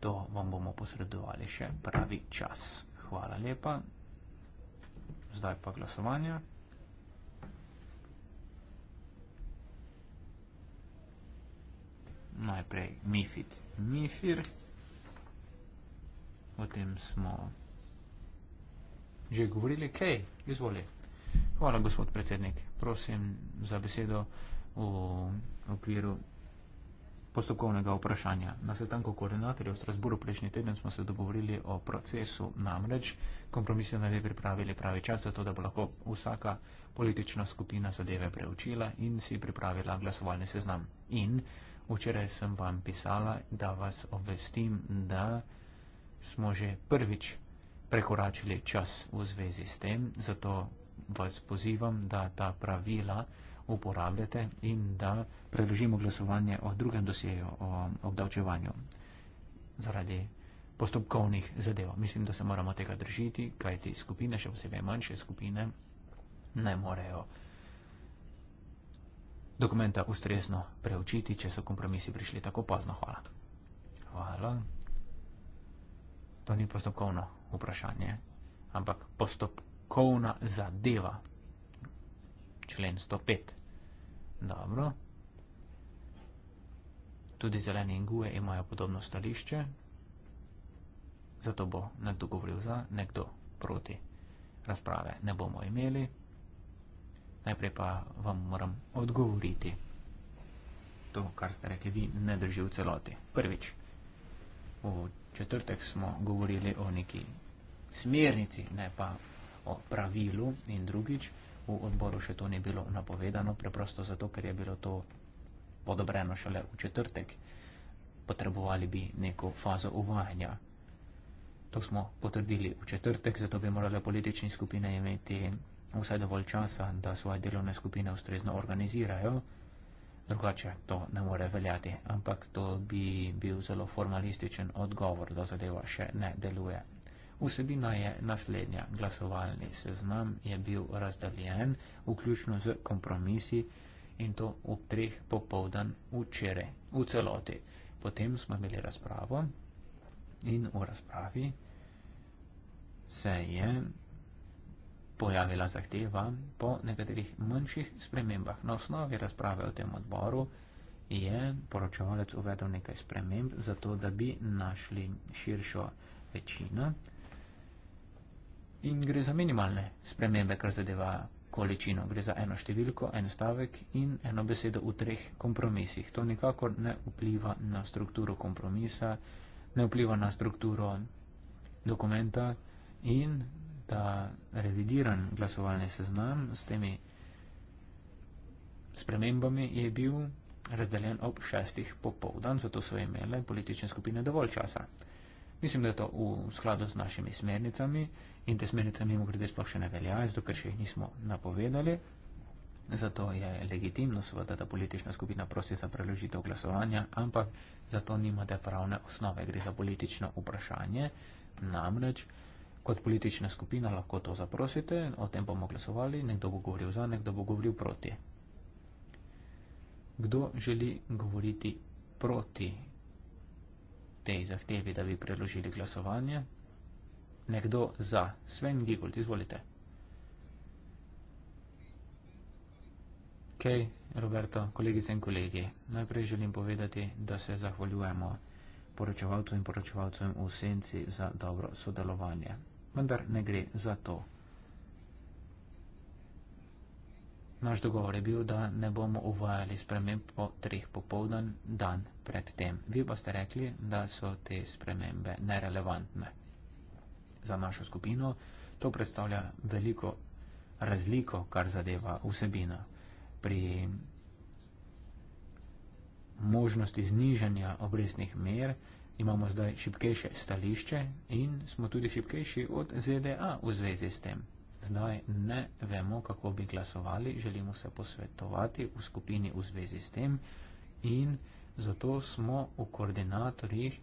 Speaker 4: To vam bomo posredovali še pravi čas. Hvala lepa. Zdaj pa glasovanje. najprej mifit mifir, potem smo že govorili, kaj, izvoli. Hvala, gospod predsednik. Prosim za besedo v okviru postopkovnega vprašanja. Na sestanku koordinatorjev v Strasburu prejšnji teden smo se dogovorili o procesu, namreč kompromise naj bi pripravili pravi čas, zato da bo lahko vsaka politična skupina zadeve preučila in si pripravila glasovalni seznam. In Včeraj sem vam pisala, da vas obvestim, da smo že prvič prekoračili čas v zvezi s tem, zato vas pozivam, da ta pravila uporabljate in da preložimo glasovanje o drugem dosjeju o obdavčevanju zaradi postopkovnih zadev. Mislim, da se moramo tega držiti, kajti skupine, še posebej manjše skupine, ne morejo dokumenta ustrezno preučiti, če so kompromisi prišli tako pozno. Hvala. Hvala. To ni postopkovno vprašanje, ampak postopkovna zadeva. Člen 105. Dobro. Tudi zeleni in guje imajo podobno stališče, zato bo nekdo govoril za, nekdo proti razprave. Ne bomo imeli najprej pa vam moram odgovoriti to, kar ste rekli, vi ne drži v celoti. Prvič, v četrtek smo govorili o neki smernici, ne pa o pravilu in drugič, v odboru še to ni bilo napovedano, preprosto zato, ker je bilo to podobreno šele v četrtek, potrebovali bi neko fazo uvajanja. To smo potrdili v četrtek, zato bi morale politične skupine imeti vsaj dovolj časa, da svoje delovne skupine ustrezno organizirajo. Drugače to ne more veljati, ampak to bi bil zelo formalističen odgovor, da zadeva še ne deluje. Vsebina je naslednja. Glasovalni seznam je bil razdaljen, vključno z kompromisi in to v treh popovdan včeraj, v celoti. Potem smo imeli razpravo in v razpravi se je pojavila zahteva po nekaterih manjših spremembah. Na osnovi razprave o tem odboru je poročevalec uvedel nekaj sprememb, zato da bi našli širšo večino. In gre za minimalne spremembe, kar zadeva količino. Gre za eno številko, en stavek in eno besedo v treh kompromisih. To nikakor ne vpliva na strukturo kompromisa, ne vpliva na strukturo dokumenta in ta revidiran glasovalni seznam s temi spremembami je bil razdeljen ob šestih popovdan, zato so imele politične skupine dovolj časa. Mislim, da je to v skladu z našimi smernicami in te smernice mimo grede sploh še ne velja, zato ker še jih nismo napovedali. Zato je legitimno seveda, da politična skupina prosi za preložitev glasovanja, ampak zato nimate pravne osnove, gre za politično vprašanje, namreč kot politična skupina lahko to zaprosite, o tem bomo glasovali, nekdo bo govoril za, nekdo bo govoril proti. Kdo želi govoriti proti tej zahtevi, da bi preložili glasovanje? Nekdo za. Sven Gigult, izvolite. Ok, Roberto, kolegice in kolegi, najprej želim povedati, da se zahvaljujemo poročevalcu in poročevalcu v senci za dobro sodelovanje vendar ne gre za to. Naš dogovor je bil, da ne bomo uvajali sprememb po treh popovdan dan predtem. Vi pa ste rekli, da so te spremembe nerelevantne. Za našo skupino to predstavlja veliko razliko, kar zadeva vsebino. Pri možnosti znižanja obresnih mer imamo zdaj šipkejše stališče in smo tudi šipkejši od ZDA v zvezi s tem. Zdaj ne vemo, kako bi glasovali, želimo se posvetovati v skupini v zvezi s tem in zato smo v koordinatorjih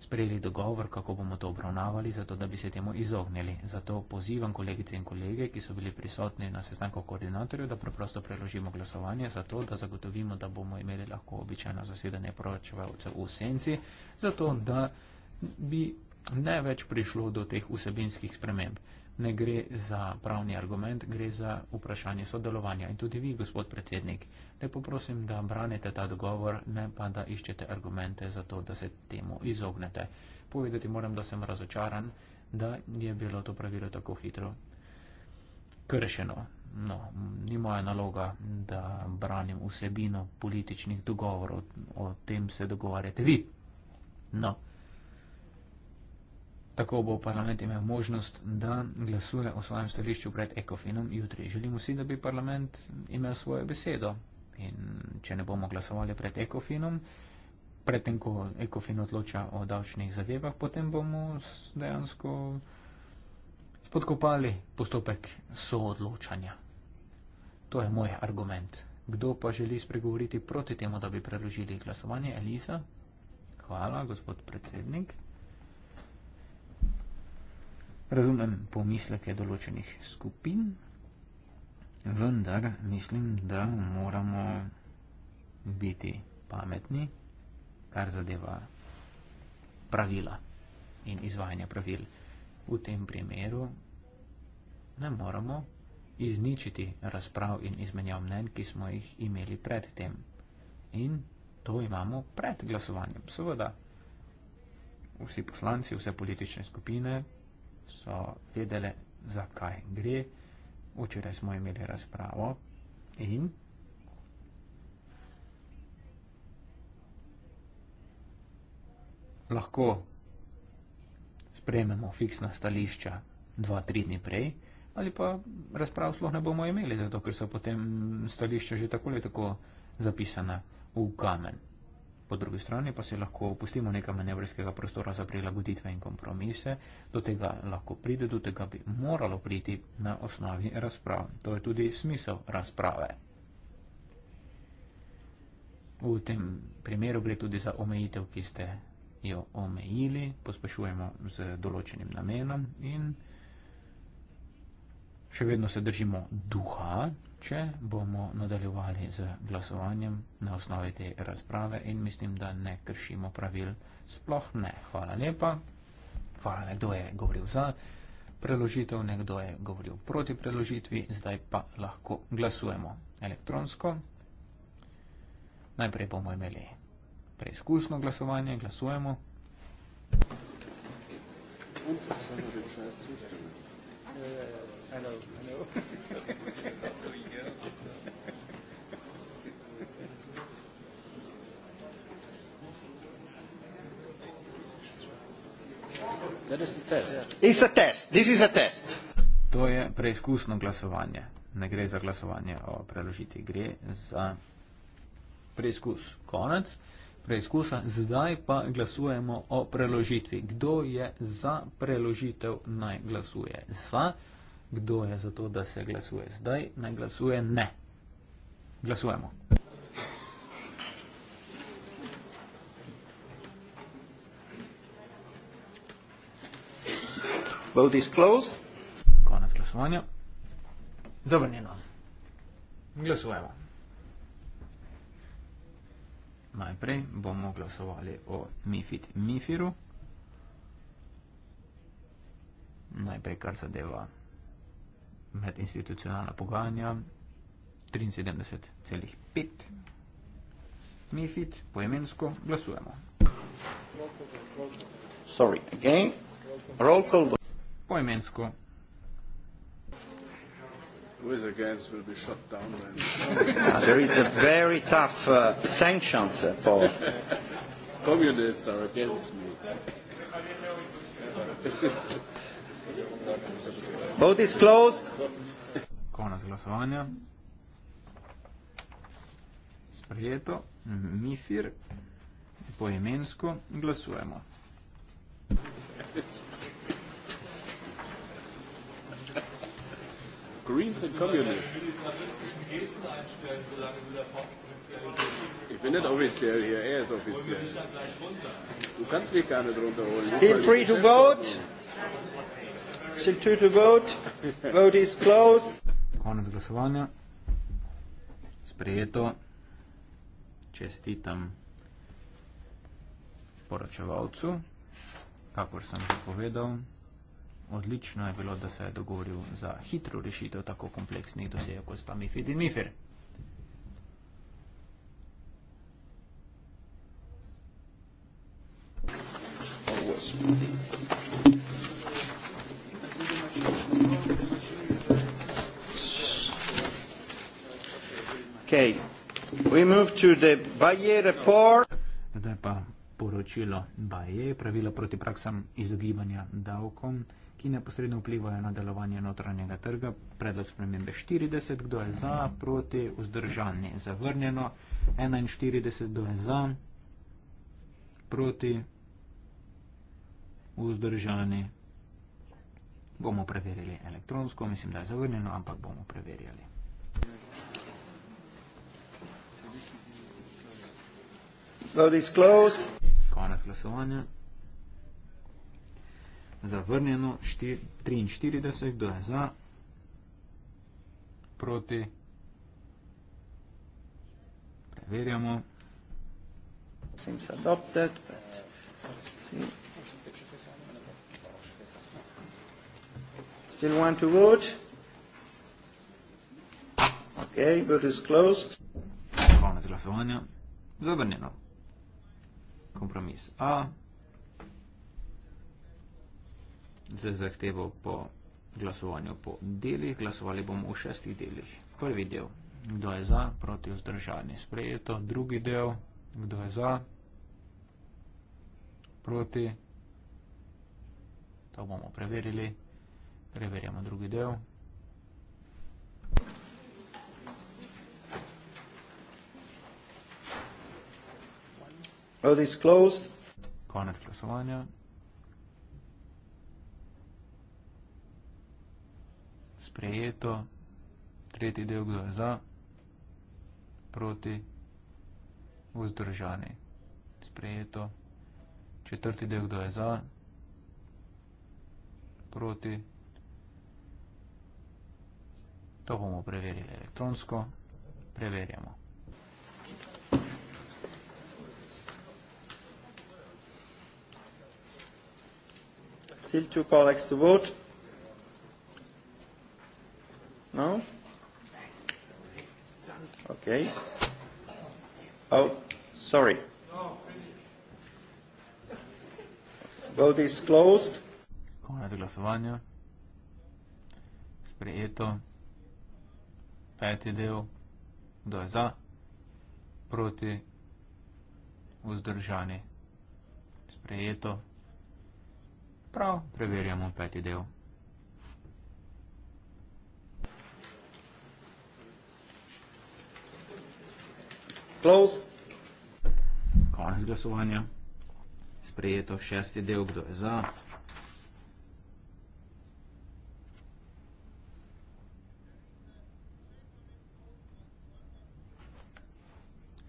Speaker 4: sprejeli dogovor, kako bomo to obravnavali, zato da bi se temu izognili. Zato pozivam kolegice in kolege, ki so bili prisotni na sestanku koordinatorjev, da preprosto preložimo glasovanje, zato da zagotovimo, da bomo imeli lahko običajno zasedanje proračevalcev v senci, zato da bi ne več prišlo do teh vsebinskih sprememb ne gre za pravni argument, gre za vprašanje sodelovanja. In tudi vi, gospod predsednik, te poprosim, da branite ta dogovor, ne pa da iščete argumente za to, da se temu izognete. Povedati moram, da sem razočaran, da je bilo to pravilo tako hitro kršeno. No, ni moja naloga, da branim vsebino političnih dogovorov, o tem se dogovarjate vi. No. Tako bo parlament imel možnost, da glasuje o svojem stališču pred ekofinom jutri. Želimo si, da bi parlament imel svojo besedo. In če ne bomo glasovali pred ekofinom, predtem, ko ekofin odloča o davčnih zadevah, potem bomo dejansko spodkopali postopek soodločanja. To je moj argument. Kdo pa želi spregovoriti proti temu, da bi preložili glasovanje? Elisa? Hvala, gospod predsednik. Razumem pomisleke določenih skupin, vendar mislim, da moramo biti pametni, kar zadeva pravila in izvajanje pravil. V tem primeru ne moramo izničiti razprav in izmenjav mnen, ki smo jih imeli pred tem. In to imamo pred glasovanjem. Seveda, vsi poslanci, vse politične skupine so vedele, zakaj gre. Včeraj smo imeli razpravo in lahko sprememo fiksna stališča dva, tri dni prej, ali pa razprav sploh ne bomo imeli, zato ker so potem stališča že tako ali tako zapisana v kamen po drugi strani pa se lahko opustimo nekaj manevrskega prostora za prilagoditve in kompromise, do tega lahko pride, do tega bi moralo priti na osnovi razprav. To je tudi smisel razprave. V tem primeru gre tudi za omejitev, ki ste jo omejili, pospešujemo z določenim namenom in še vedno se držimo duha, če bomo nadaljevali z glasovanjem na osnovi te razprave in mislim, da ne kršimo pravil. Sploh ne. Hvala lepa. Hvala, nekdo je govoril za preložitev, nekdo je govoril proti preložitvi, zdaj pa lahko glasujemo elektronsko. Najprej bomo imeli preizkusno glasovanje, glasujemo.
Speaker 1: Yeah, yeah, yeah. I know, I know. That's what you get.
Speaker 4: To je preizkusno glasovanje. Ne gre za glasovanje o preložiti, gre za preizkus. Konec preizkusa. Zdaj pa glasujemo o preložitvi. Kdo je za preložitev, naj glasuje. Za preložitev kdo je za to, da se glasuje. Zdaj ne glasuje ne. Glasujemo. Vote is closed. Konec glasovanja. Zavrnjeno. Glasujemo. Najprej bomo glasovali o Mifid Mifiru. Najprej kar zadeva medinstitucionalna pogajanja 73,5. MIFID poimensko glasujemo. Sorry, again. Roll call.
Speaker 1: Poimensko.
Speaker 3: Who is against
Speaker 5: will be shut down. Then.
Speaker 1: uh, ah, there is a very tough uh, sanctions for communists are against me.
Speaker 5: Vote is closed.
Speaker 4: Konec glasovanja. Sprejeto. Mifir. Poimensko glasujemo.
Speaker 1: Greens and Communists. Ich bin nicht offiziell hier,
Speaker 5: er ist offiziell. Du kannst mich gar nicht runterholen. Feel free to vote.
Speaker 1: Two to vote. Vote is closed. Konec glasovanja.
Speaker 4: Sprejeto. Čestitam poročevalcu, kakor sem že povedal. Odlično je bilo, da se je dogovoril za hitro rešitev tako kompleksnih dosejev kot sta Mifid in Mifir. Thank you.
Speaker 1: Okay. We move to the Bayer report.
Speaker 4: Zdaj pa poročilo Baje, pravila proti praksam izogibanja davkom, ki neposredno vplivajo na delovanje notranjega trga. Predlog spremembe 40, kdo je za, proti, vzdržan je zavrnjeno. 41, kdo je za, proti, vzdržan je zavrnjeno bomo preverili elektronsko, mislim, da je zavrnjeno, ampak bomo preverjali.
Speaker 1: Konec glasovanja.
Speaker 4: Zavrnjeno 43, kdo je za, proti, preverjamo.
Speaker 1: Seems adopted, but let's see. Still want to vote? Okay, vote is closed.
Speaker 4: Konec glasovanja. Zavrnjeno. Kompromis A. Z zahtevo po glasovanju po delih. Glasovali bomo v šestih delih. Prvi del. Kdo je za? Proti vzdržani. Sprejeto. Drugi del. Kdo je za? Proti. To bomo preverili. Preverjamo drugi del.
Speaker 1: Vote is closed. Konec glasovanja.
Speaker 4: Sprejeto. Tretji del, kdo je za, proti, vzdržani. Sprejeto. Četrti del, kdo je za, proti, vzdržani. To bomo preverili
Speaker 1: elektronsko.
Speaker 4: Preverjamo.
Speaker 1: Still two colleagues to vote. No? Okay. Oh, sorry. Vote is closed.
Speaker 4: Konec glasovanja.
Speaker 1: Sprejeto
Speaker 4: peti del, kdo je za, proti, vzdržani, sprejeto. Prav, preverjamo peti del. Konec glasovanja. Sprejeto šesti del, kdo je za.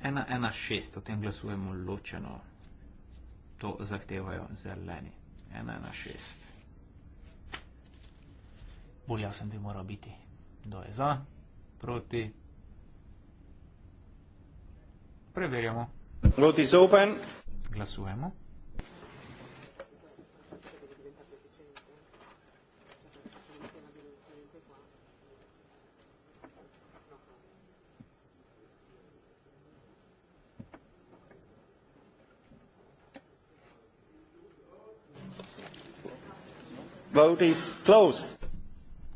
Speaker 4: 1,6, o tem glasujemo ločeno. To zahtevajo zeleni. 1,6. Bolj jasen bi moral biti. Kdo je za, proti. Preverjamo. Vote is open. Glasujemo. 1,6. vote is closed.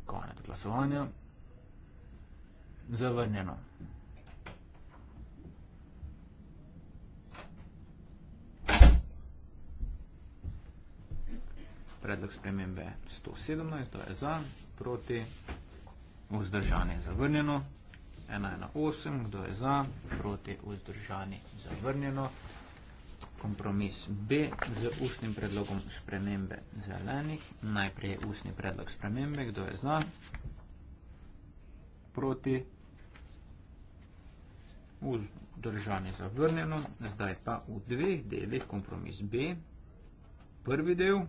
Speaker 4: Konec glasovanja. Zavrnjeno. Predlog spremembe 117, to je za, proti, vzdržanje zavrnjeno, 1 na 8, kdo je za, proti, vzdržanje zavrnjeno, kompromis B z ustnim predlogom spremembe zelenih. Najprej je ustni predlog spremembe, kdo je za? Proti. Vzdržanje zavrnjeno. Zdaj pa v dveh delih kompromis B. Prvi del,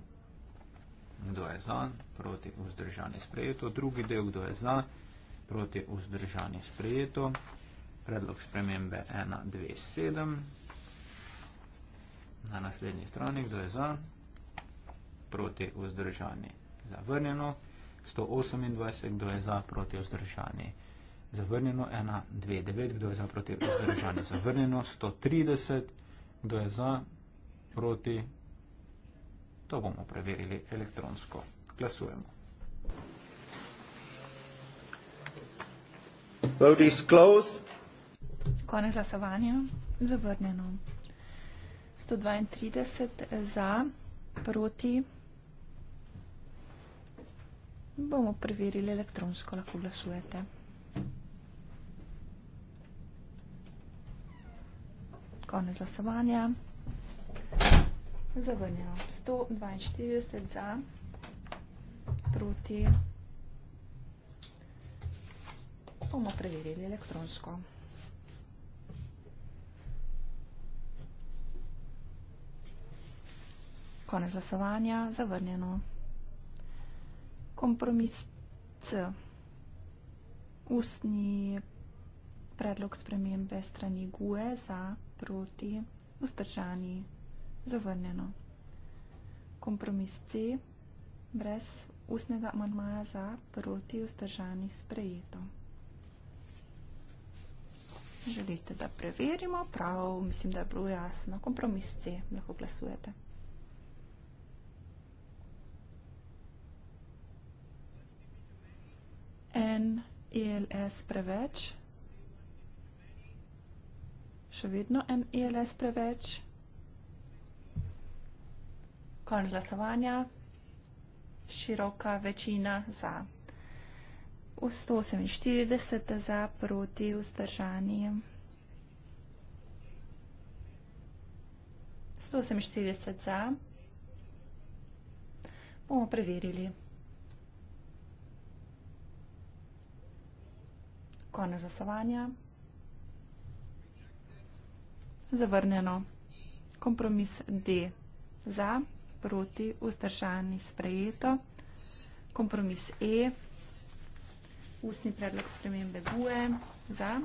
Speaker 4: kdo je za? Proti vzdržanje sprejeto. Drugi del, kdo je za? Proti vzdržanje sprejeto. Predlog spremembe 1, 2, 7 na naslednji strani, kdo je za, proti vzdržani, zavrnjeno, 128, kdo je za, proti vzdržani, zavrnjeno, 1, 2, 9, kdo je za, proti vzdržani, zavrnjeno, 130, kdo je za, proti, to bomo preverili elektronsko,
Speaker 1: glasujemo. Vote is closed.
Speaker 2: Konec glasovanja. Zavrnjeno. 132 za, proti. Bomo preverili elektronsko, lahko glasujete. Konec glasovanja. Zavrnjeno. 142 za, proti. Bomo preverili elektronsko. Konec glasovanja, zavrnjeno. Kompromis C. Ustni predlog spremembe strani GUE za proti vzdržani, zavrnjeno. Kompromis C. Brez ustnega amandmaja za proti vzdržani sprejeto. Želite, da preverimo? Prav, mislim, da je bilo jasno. Kompromis C. Lahko glasujete. en ELS preveč. Še vedno en ELS preveč. Konč glasovanja. Široka večina za. 148 za proti vzdržanjem. 148 za. Bomo preverili. Konec glasovanja. Zavrnjeno. Kompromis D. Za, proti, vzdržani, sprejeto. Kompromis E. Ustni predlog spremembe GUE. Za,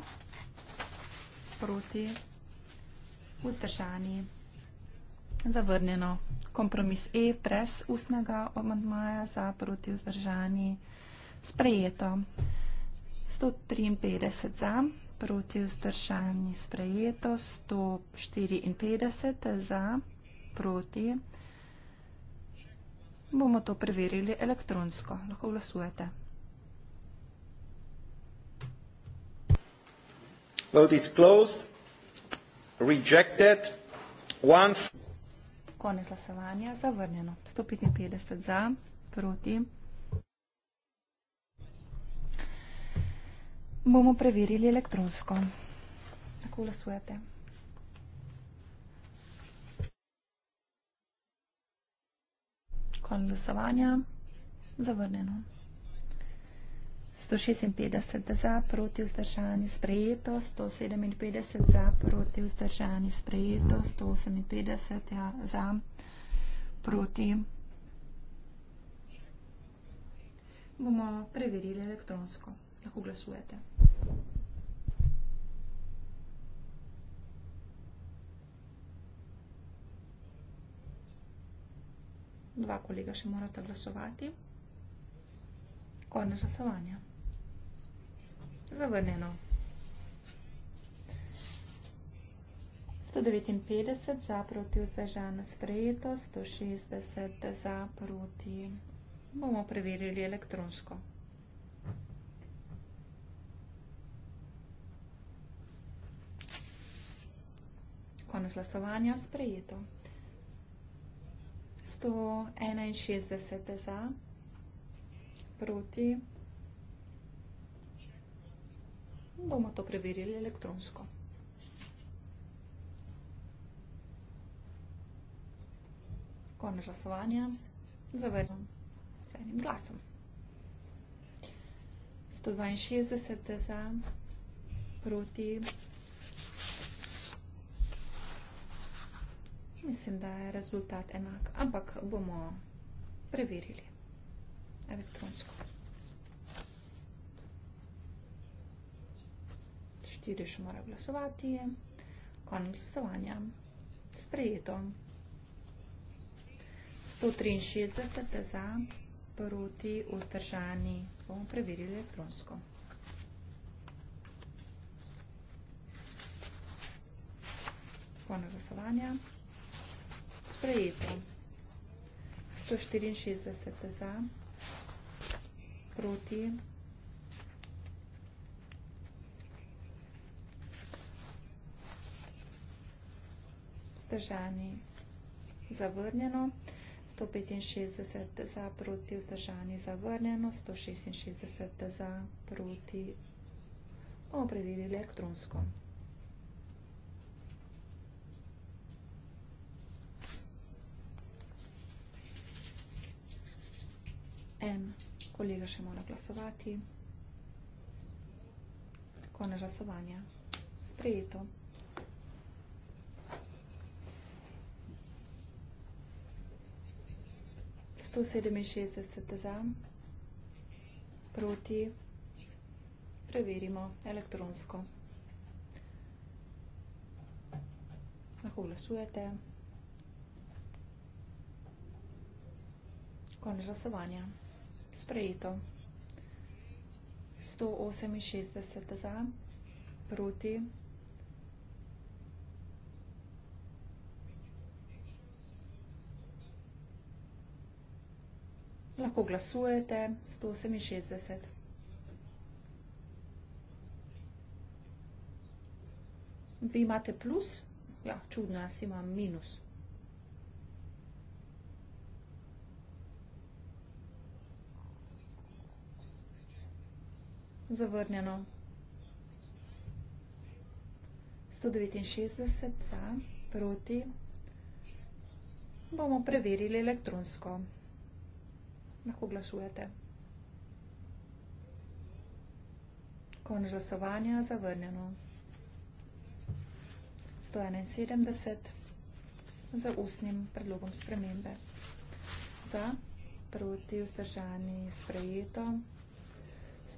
Speaker 2: proti, vzdržani. Zavrnjeno. Kompromis E. Prez ustnega omandmaja. Za, proti, vzdržani. Sprejeto. 153 za, proti vzdržani sprejeto, 154 za, proti. Bomo to preverili elektronsko. Lahko glasujete.
Speaker 1: Vote is closed. Rejected.
Speaker 2: Konec glasovanja. Zavrnjeno. 155 za, proti. bomo preverili elektronsko. Tako glasujete. Konec glasovanja. Zavrnjeno. 156 za, proti vzdržani, sprejeto, 157 za, proti vzdržani, sprejeto, 158 ja, za, proti. Bomo preverili elektronsko lahko glasujete. Dva kolega še morata glasovati. Konec glasovanja. Zavrnjeno. 159 za proti vzdržana sprejeto, 160 za proti. Bomo preverili elektronsko. Konec glasovanja sprejeto. 161 za, proti. Bomo to preverili elektronsko. Konec glasovanja. Zavrnem s enim glasom. 162 za, proti. mislim, da je rezultat enak, ampak bomo preverili elektronsko. Štiri še mora glasovati. Konec glasovanja. Sprejeto. 163 za, proti, vzdržani. Bomo preverili elektronsko. Konec glasovanja sprejeta. 164 za, proti. Vzdržani zavrnjeno. 165 za, proti. Vzdržani zavrnjeno. 166 za, proti. Bomo preverili elektronsko. En kolega še mora glasovati. Konec glasovanja. Sprejeto. Sto sedeminšestdeset za. Proti. Preverimo elektronsko. Lahko glasujete. Konec glasovanja. Sprejeto. 168 za, proti. Lahko glasujete. 168. Vi imate plus? Ja, čudno, jaz imam minus. Zavrnjeno. 169 za, proti. Bomo preverili elektronsko. Lahko glasujete. Konč glasovanja, zavrnjeno. 171 za ustnim predlogom spremembe. Za, proti, vzdržani, sprejeto.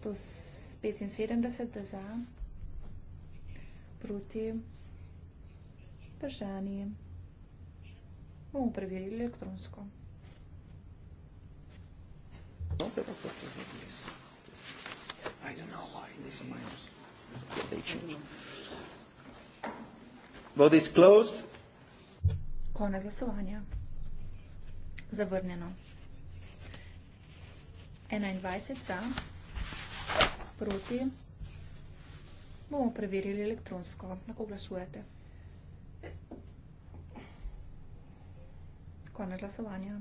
Speaker 2: 171. 75 za, proti, držani. Bomo preverili elektronsko.
Speaker 1: Vote is closed.
Speaker 2: Konec glasovanja. Zavrnjeno. 21 za proti. Bomo preverili elektronsko, na koga glasujete. Konec glasovanja.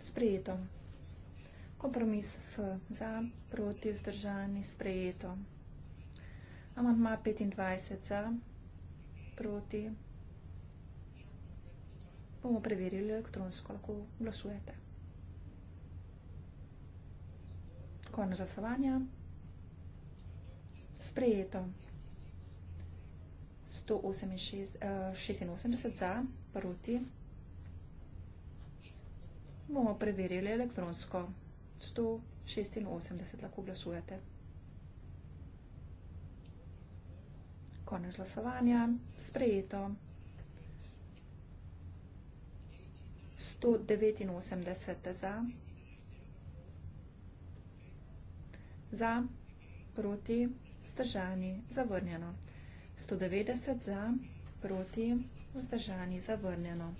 Speaker 2: Sprejeto. Kompromis F za, proti, vzdržani, sprejeto. Amantma 25 za, proti. Bomo preverili elektronsko, lahko glasujete. Konec glasovanja. Sprejeto. 186 eh, za, proti. Bomo preverili elektronsko. 186 lahko glasujete. Konec glasovanja. Sprejeto. 189 za, proti. za, proti, vzdržani, zavrnjeno. 190 za, proti, vzdržani, zavrnjeno.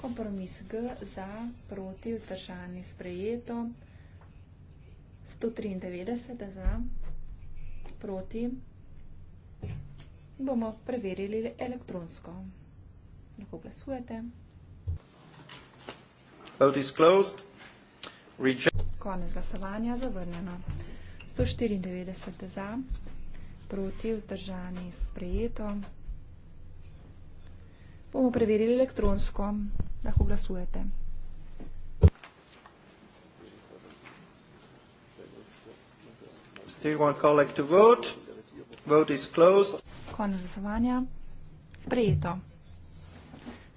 Speaker 2: Kompromis G za, proti, vzdržani, sprejeto. 193 za, proti. Bomo preverili elektronsko. Lahko glasujete.
Speaker 1: Vote is closed.
Speaker 2: Konec glasovanja, zavrnjeno. 194 za, proti vzdržani sprejeto. Bomo preverili elektronsko, lahko glasujete. Konec glasovanja. Sprejeto.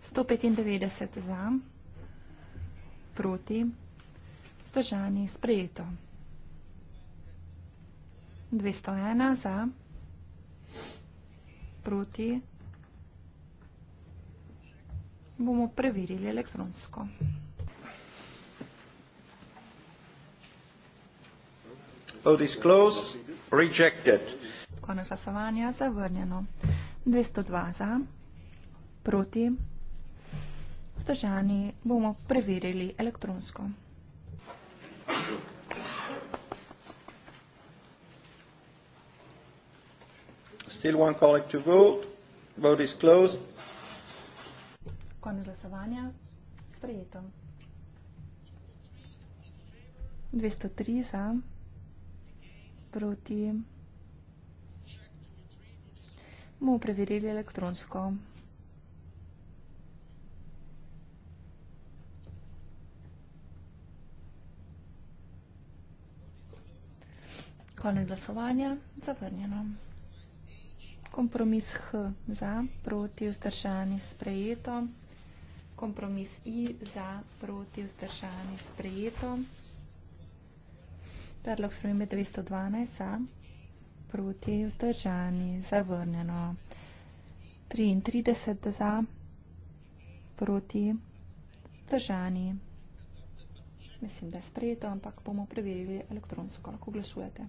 Speaker 2: 195 za, proti, vzdržani, sprejeto. 201 za, proti. Bomo preverili elektronsko.
Speaker 1: Vote is closed, rejected.
Speaker 2: Konec glasovanja zavrnjeno. 202 za, proti. Zdržani bomo preverili elektronsko.
Speaker 1: still one colleague to vote. Vote is closed.
Speaker 2: Konec glasovanja. Sprejeto. 203 za, proti. Mo preverili elektronsko. Konec glasovanja. Zavrnjeno. Kompromis H za, proti, vzdržani, sprejeto. Kompromis I za, proti, vzdržani, sprejeto. Predlog spremembe 912 za, proti, vzdržani, zavrnjeno. 33 za, proti, vzdržani. Mislim, da je sprejeto, ampak bomo preverili elektronsko, lahko glasujete.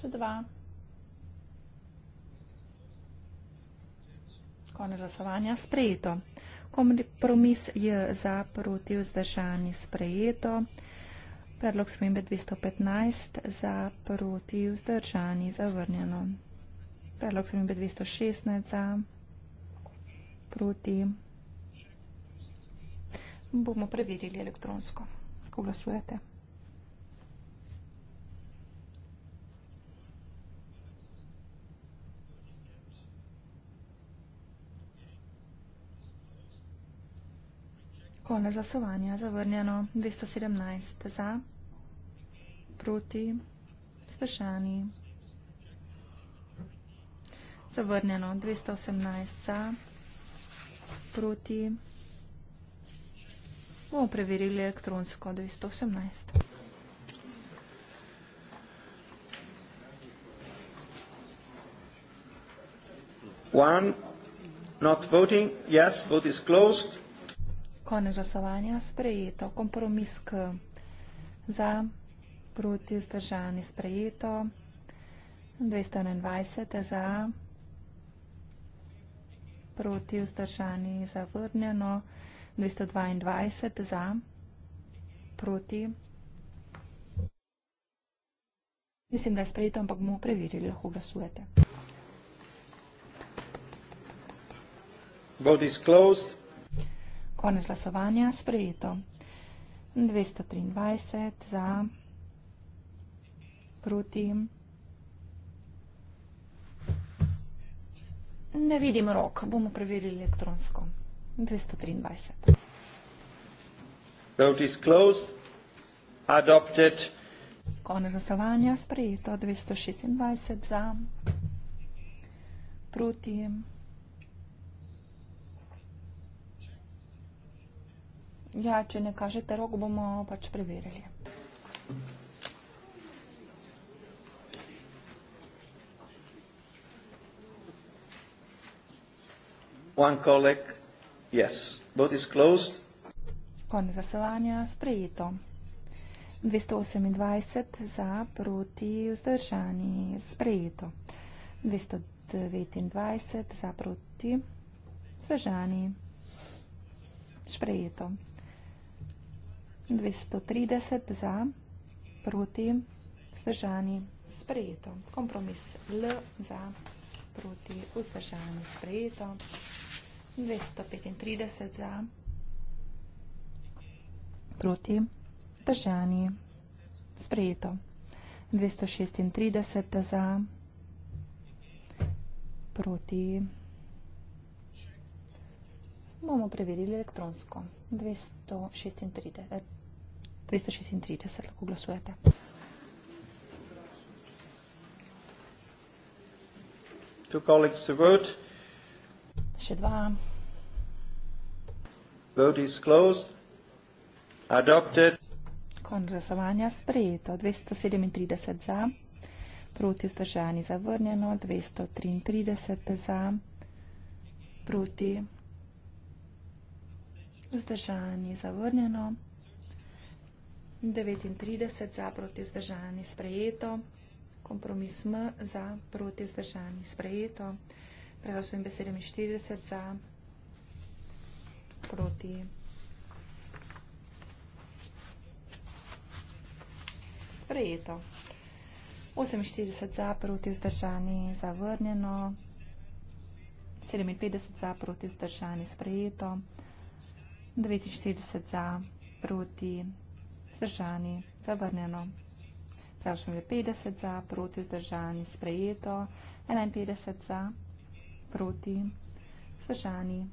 Speaker 2: še dva. Konec glasovanja sprejeto. Kompromis je za proti vzdržani sprejeto. Predlog spremembe 215 za proti vzdržani zavrnjeno. Predlog spremembe 216 za proti. Bomo preverili elektronsko, kako glasujete. Konec glasovanja. Zavrnjeno 217 za, proti, vzdržani. Zavrnjeno 218 za, proti. Bomo preverili elektronsko 218.
Speaker 1: One, not voting, yes, vote is closed
Speaker 2: konec glasovanja sprejeto. Kompromis k za, proti vzdržani sprejeto. 221 za, proti vzdržani zavrnjeno. 222 za, proti. Mislim, da je sprejeto, ampak bomo preverili, lahko glasujete.
Speaker 1: Vote is closed.
Speaker 2: Konec glasovanja sprejeto. 223 za, proti. Ne vidim rok, bomo preverili elektronsko. 223.
Speaker 1: Vote is closed. Adopted.
Speaker 2: Konec glasovanja sprejeto. 226 za, proti. Ja, če ne kažete rok, bomo pač preverili. Yes. Konec zasevanja sprejeto. 228 za proti vzdržani sprejeto. 229 za proti vzdržani sprejeto. 230 za, proti, vzdržani, sprejeto. Kompromis L za, proti, vzdržani, sprejeto. 235 za, proti, vzdržani, sprejeto. 236 za, proti, bomo preverili elektronsko. 236 za, proti, vzdržani, sprejeto. 236, lahko glasujete.
Speaker 1: Two colleagues to vote. Še dva. Vote is closed. Adopted.
Speaker 2: Kon glasovanja sprejeto. 237 za, proti vzdržani zavrnjeno, 233 za, proti vzdržani zavrnjeno. 39 za proti vzdržani sprejeto, kompromis M za proti vzdržani sprejeto, preglasujem be 47 za proti. Sprejeto. 48 za proti vzdržani zavrnjeno, 57 za proti vzdržani sprejeto, 49 za proti vzdržani sprejeto. Vzdržani. Zavrnjeno. Vprašam je 50 za, proti vzdržani. Sprejeto. 51 za, proti. Vzdržani.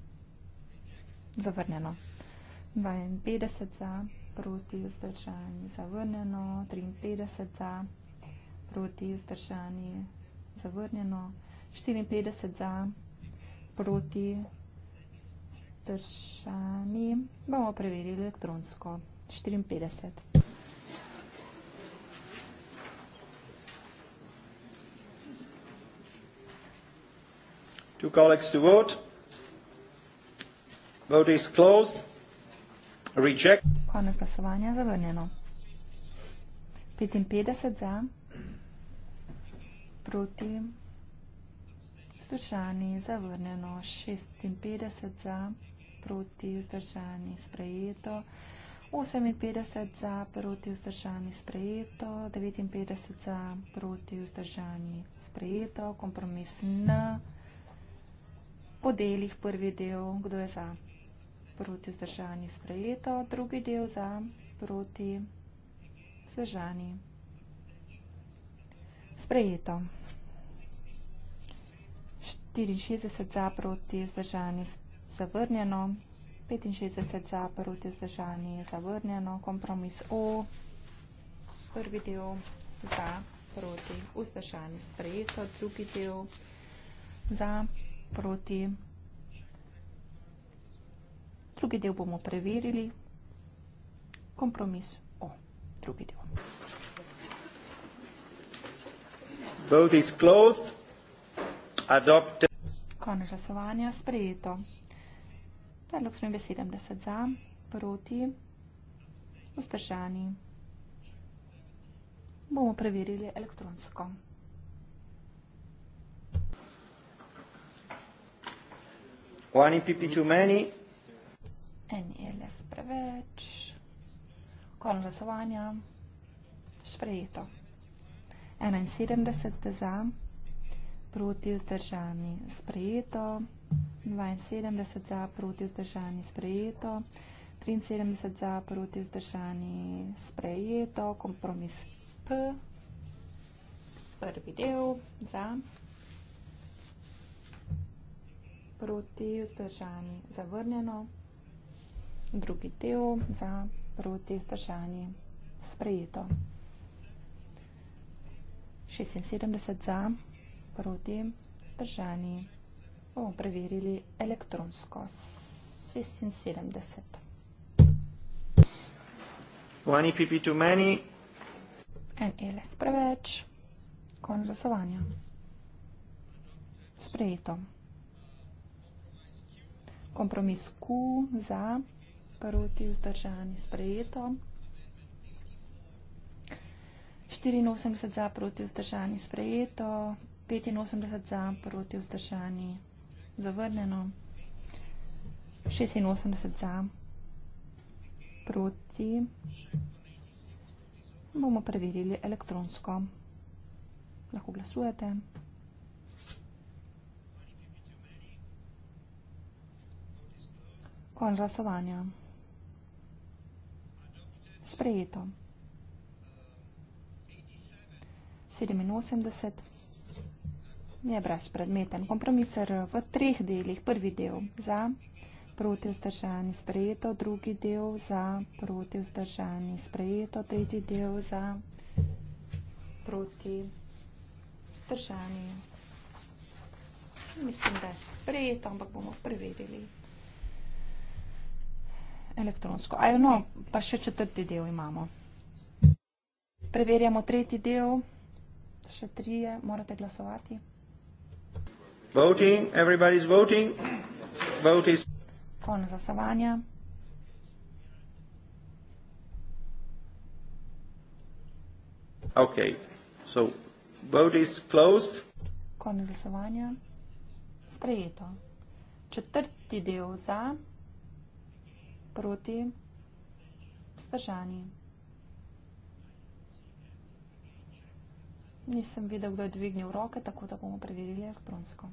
Speaker 2: Zavrnjeno. 52 za, proti vzdržani. Zavrnjeno. 53 za, proti vzdržani. Zavrnjeno. 54 za, proti vzdržani. Bomo preverili elektronsko. 54.
Speaker 1: Two colleagues to vote. Vote is closed. Reject.
Speaker 2: Konec glasovanja zavrnjeno. 55 za, proti, zdržani, zavrnjeno, 56 za, proti, zdržani, sprejeto. 58 za, proti vzdržani sprejeto, 59 za, proti vzdržani sprejeto, kompromis N. Po delih prvi del, kdo je za, proti vzdržani sprejeto, drugi del za, proti vzdržani sprejeto. 64 za, proti vzdržani zavrnjeno, 65 za, proti vzdržani, zavrnjeno, kompromis O, prvi del za, proti vzdržani, sprejeto, drugi del za, proti. Drugi del bomo preverili, kompromis O,
Speaker 1: drugi del. Vote is closed. Adopted.
Speaker 2: Konec glasovanja sprejeto. Predlog spremembe 70 za, proti, vzdržani. Bomo preverili elektronsko.
Speaker 1: One EPP too many.
Speaker 2: En ELS preveč. Konec glasovanja. Sprejeto. 71 za, proti vzdržani. Sprejeto. Sprejeto. 72 za, proti vzdržani sprejeto. 73 za, proti vzdržani sprejeto. Kompromis P. Prvi del za. Proti vzdržani zavrnjeno. Drugi del za, proti vzdržani sprejeto. 76 za, proti vzdržani sprejeto. O, preverili elektronsko. 76.
Speaker 1: One EPP too many.
Speaker 2: En ELS preveč. Konec glasovanja. Sprejeto. Kompromis Q za proti vzdržani sprejeto. 84 za proti vzdržani sprejeto. 85 za proti vzdržani sprejeto zavrnjeno. 86 za proti. Bomo preverili elektronsko. Lahko glasujete. Konč glasovanja. Sprejeto. 87 je brezpredmeten. Kompromis je v treh delih. Prvi del za proti vzdržani sprejeto, drugi del za proti vzdržani sprejeto, tretji del za proti vzdržani. Mislim, da je sprejeto, ampak bomo prevedeli elektronsko. Ajo, no, pa še četrti del imamo. Preverjamo tretji del, še trije, morate glasovati.
Speaker 1: Voting. Everybody's voting. Vote is.
Speaker 2: Konec glasovanja.
Speaker 1: Okay. So vote is closed.
Speaker 2: Konec glasovanja. Sprejeto. Četrti del za. Proti. Vzdržani. Nisem videl, kdo je dvignil roke, tako da bomo preverili elektronsko.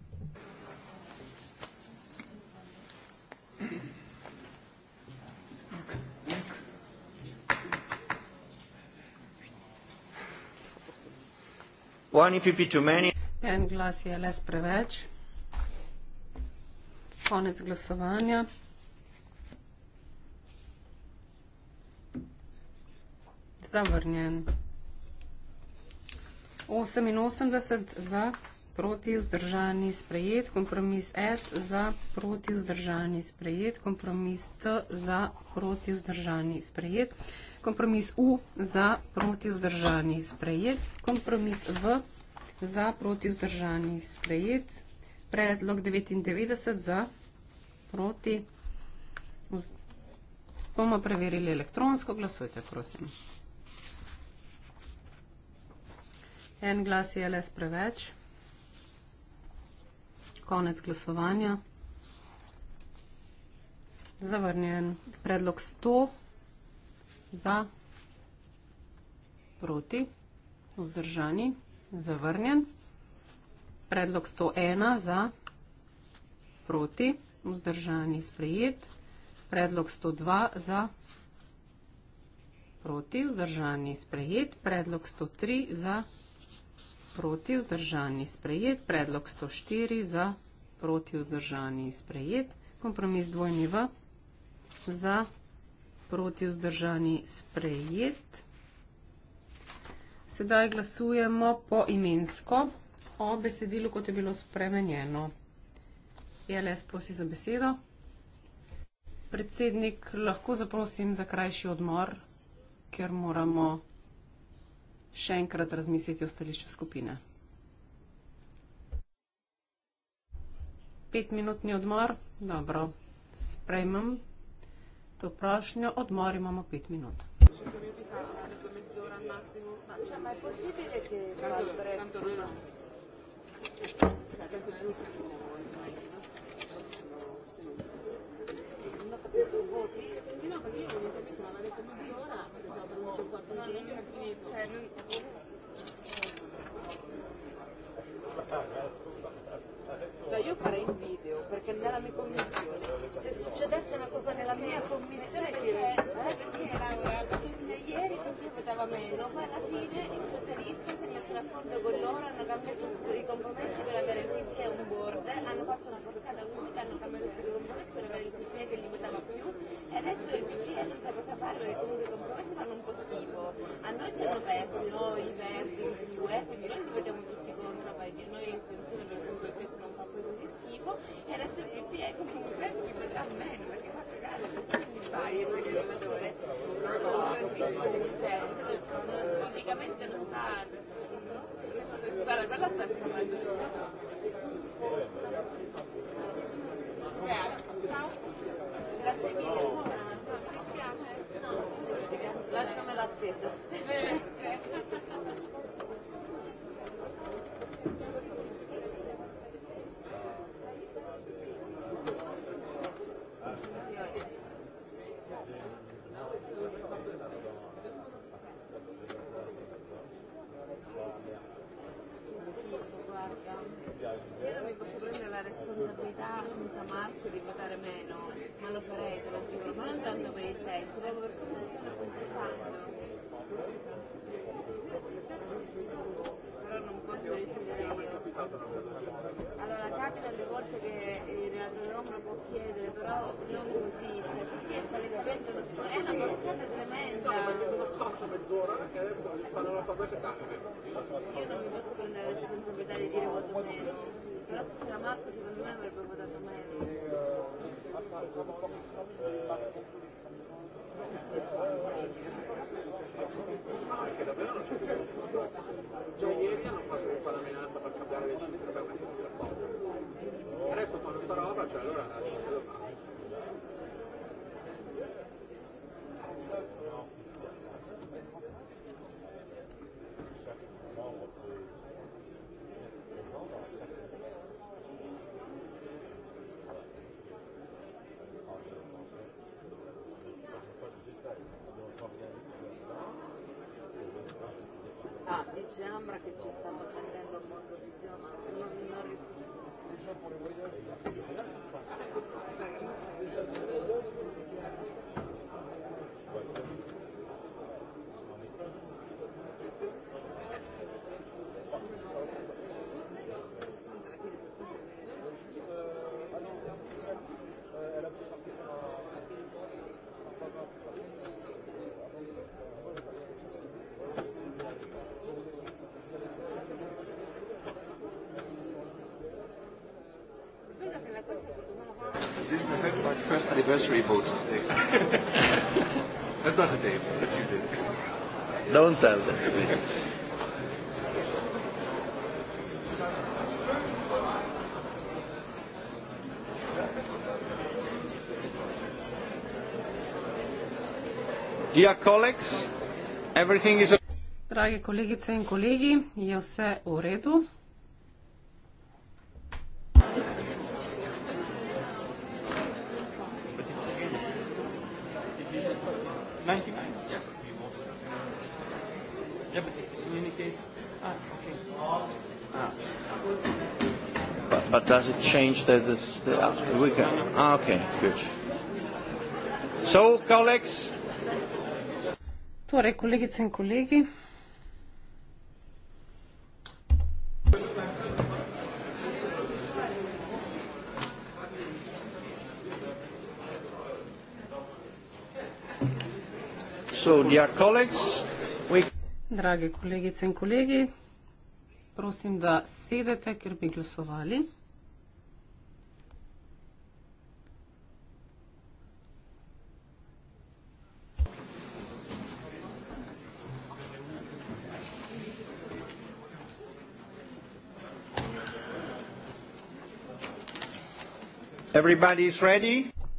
Speaker 3: En glas je les preveč. Konec glasovanja. Zavrnjen. 88 za, proti vzdržani sprejet, kompromis S za, proti vzdržani sprejet, kompromis T za, proti vzdržani sprejet, kompromis U za, proti vzdržani sprejet, kompromis V za, proti vzdržani sprejet, predlog 99 za, proti vzdržani sprejet. Bomo preverili elektronsko, glasujte prosim. En glas je les preveč. Konec glasovanja. Zavrnjen predlog 100 za proti vzdržani. Zavrnjen predlog 101 za proti vzdržani sprejet. Predlog 102 za proti vzdržani sprejet. Predlog 103 za proti proti vzdržani sprejet, predlog 104 za proti vzdržani sprejet, kompromis dvojni v za proti vzdržani sprejet. Sedaj glasujemo po imensko o besedilu, kot je bilo spremenjeno. JLS prosi za besedo. Predsednik, lahko zaprosim za krajši odmor, ker moramo še enkrat razmisliti o stališču skupine. Petminutni odmor, dobro, sprejmem to prošnjo, odmor imamo pet minut. Grazie.
Speaker 2: Cioè io farei un video perché nella mia commissione se succedesse una cosa nella mia commissione ti resta eh? perché
Speaker 5: Laura perché ieri tutti votava meno ma alla fine i socialisti si messo d'accordo con loro hanno cambiato i compromessi per avere il PP e un board hanno fatto una portata unica hanno cambiato tutti i compromessi per
Speaker 3: avere il PP e che gli adesso il bicchiere non sa cosa fare perché comunque i compromessi fanno un po' schifo a noi ci hanno persi no? i verdi e in più eh? quindi noi li votiamo tutti contro poi di noi estensione perché comunque questo non fa poi così schifo e adesso il PPE comunque li potrà
Speaker 2: meno perché fa cagare questo fai il regolatore è
Speaker 3: stato un grandissimo successo non, praticamente non sa no? guarda quella sta fumando
Speaker 2: ciao grazie mille. No. Mi spiace. No, lasciamela spesa.
Speaker 5: Yeah stvar, da
Speaker 3: mi posso prendere la responsabilità senza marchio di votare meno, ma lo farei te lo giuro, non andando per il testo, proprio per come si stanno comportando.
Speaker 5: Allora, capita le volte che il relatore Roma può chiedere, però non così, cioè così è palesamente tutto. È una portata tremenda. No, Io
Speaker 4: non
Speaker 1: mi posso prendere la responsabilità di dire molto meno, però se c'era Marco secondo me avrebbe votato meno.
Speaker 5: Eh,
Speaker 4: perché davvero non c'è più futuro. Già ieri hanno fatto un po' la menata per cambiare le cifre per mettersi d'accordo. Adesso fanno sta roba, cioè allora lo fa.
Speaker 1: didn't have heard about your first anniversary boat today. That's not a day, it's a few days. Don't tell them, please. Dear colleagues,
Speaker 3: everything is Drage kolegice in kolegi, je vse v redu.
Speaker 1: change the, the, the uh, we can. Ah, okay,
Speaker 3: good. So, colleagues. Torej, kolegice in kolegi.
Speaker 1: So, colleagues,
Speaker 3: we... Dragi kolegice in kolegi, prosim, da sedete, ker bi glasovali.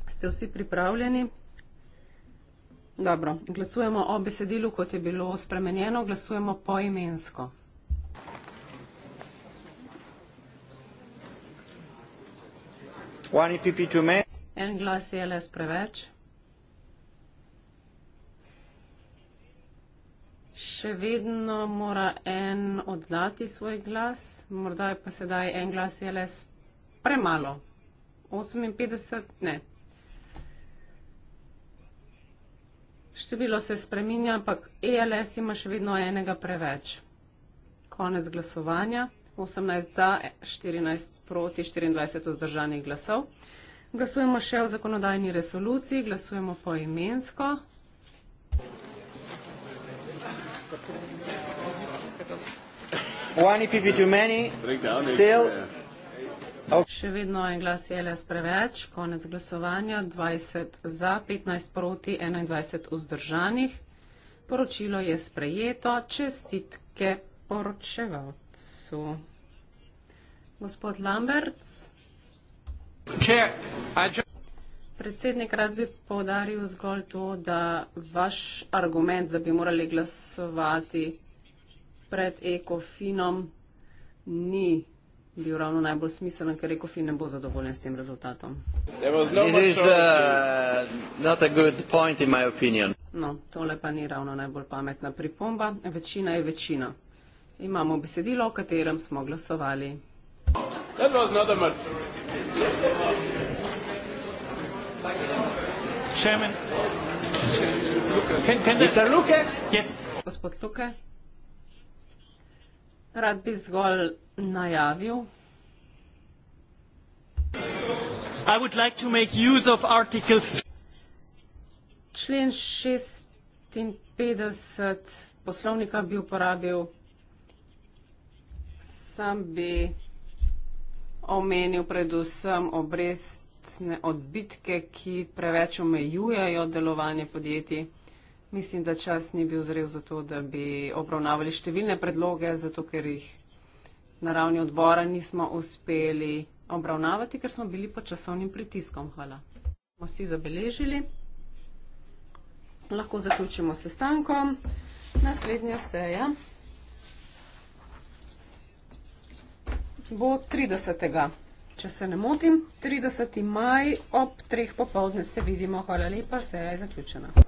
Speaker 3: Ste vsi pripravljeni? Dobro, glasujemo o besedilu, kot je bilo spremenjeno, glasujemo poimensko. En glas je les preveč. Še vedno mora en oddati svoj glas, morda pa sedaj en glas je les premalo. 58, ne. Število se spreminja, ampak ELS ima še vedno enega preveč. Konec glasovanja, 18 za, 14 proti, 24 vzdržanih glasov. Glasujemo še v zakonodajni resoluciji, glasujemo po imensko. One if it be too many, still. Yeah. Še vedno je glas JLS preveč, konec glasovanja 20 za, 15 proti, 21 vzdržanih. Poročilo je sprejeto, čestitke poročevalcu. Gospod Lambert. Predsednik, rad bi povdaril zgolj to, da vaš argument, da bi morali glasovati pred ekofinom, ni bil ravno najbolj smiselen, ker rekel, da ne bo zadovoljen s tem rezultatom. No, uh, no, tole pa ni ravno najbolj pametna pripomba. Večina je večina. Imamo besedilo, o katerem smo glasovali. Gospod Luke. Rad bi zgolj najavil. Like člen 56 poslovnika bi uporabil, sam bi omenil predvsem obrestne odbitke, ki preveč omejujajo delovanje podjetij mislim, da čas ni bil zrel za to, da bi obravnavali številne predloge, zato ker jih na ravni odbora nismo uspeli obravnavati, ker smo bili pod časovnim pritiskom. Hvala. Vsi zabeležili. Lahko zaključimo sestankom. Naslednja seja bo 30. Če se ne motim, 30. maj ob 3. popovdne se vidimo. Hvala lepa, seja je zaključena.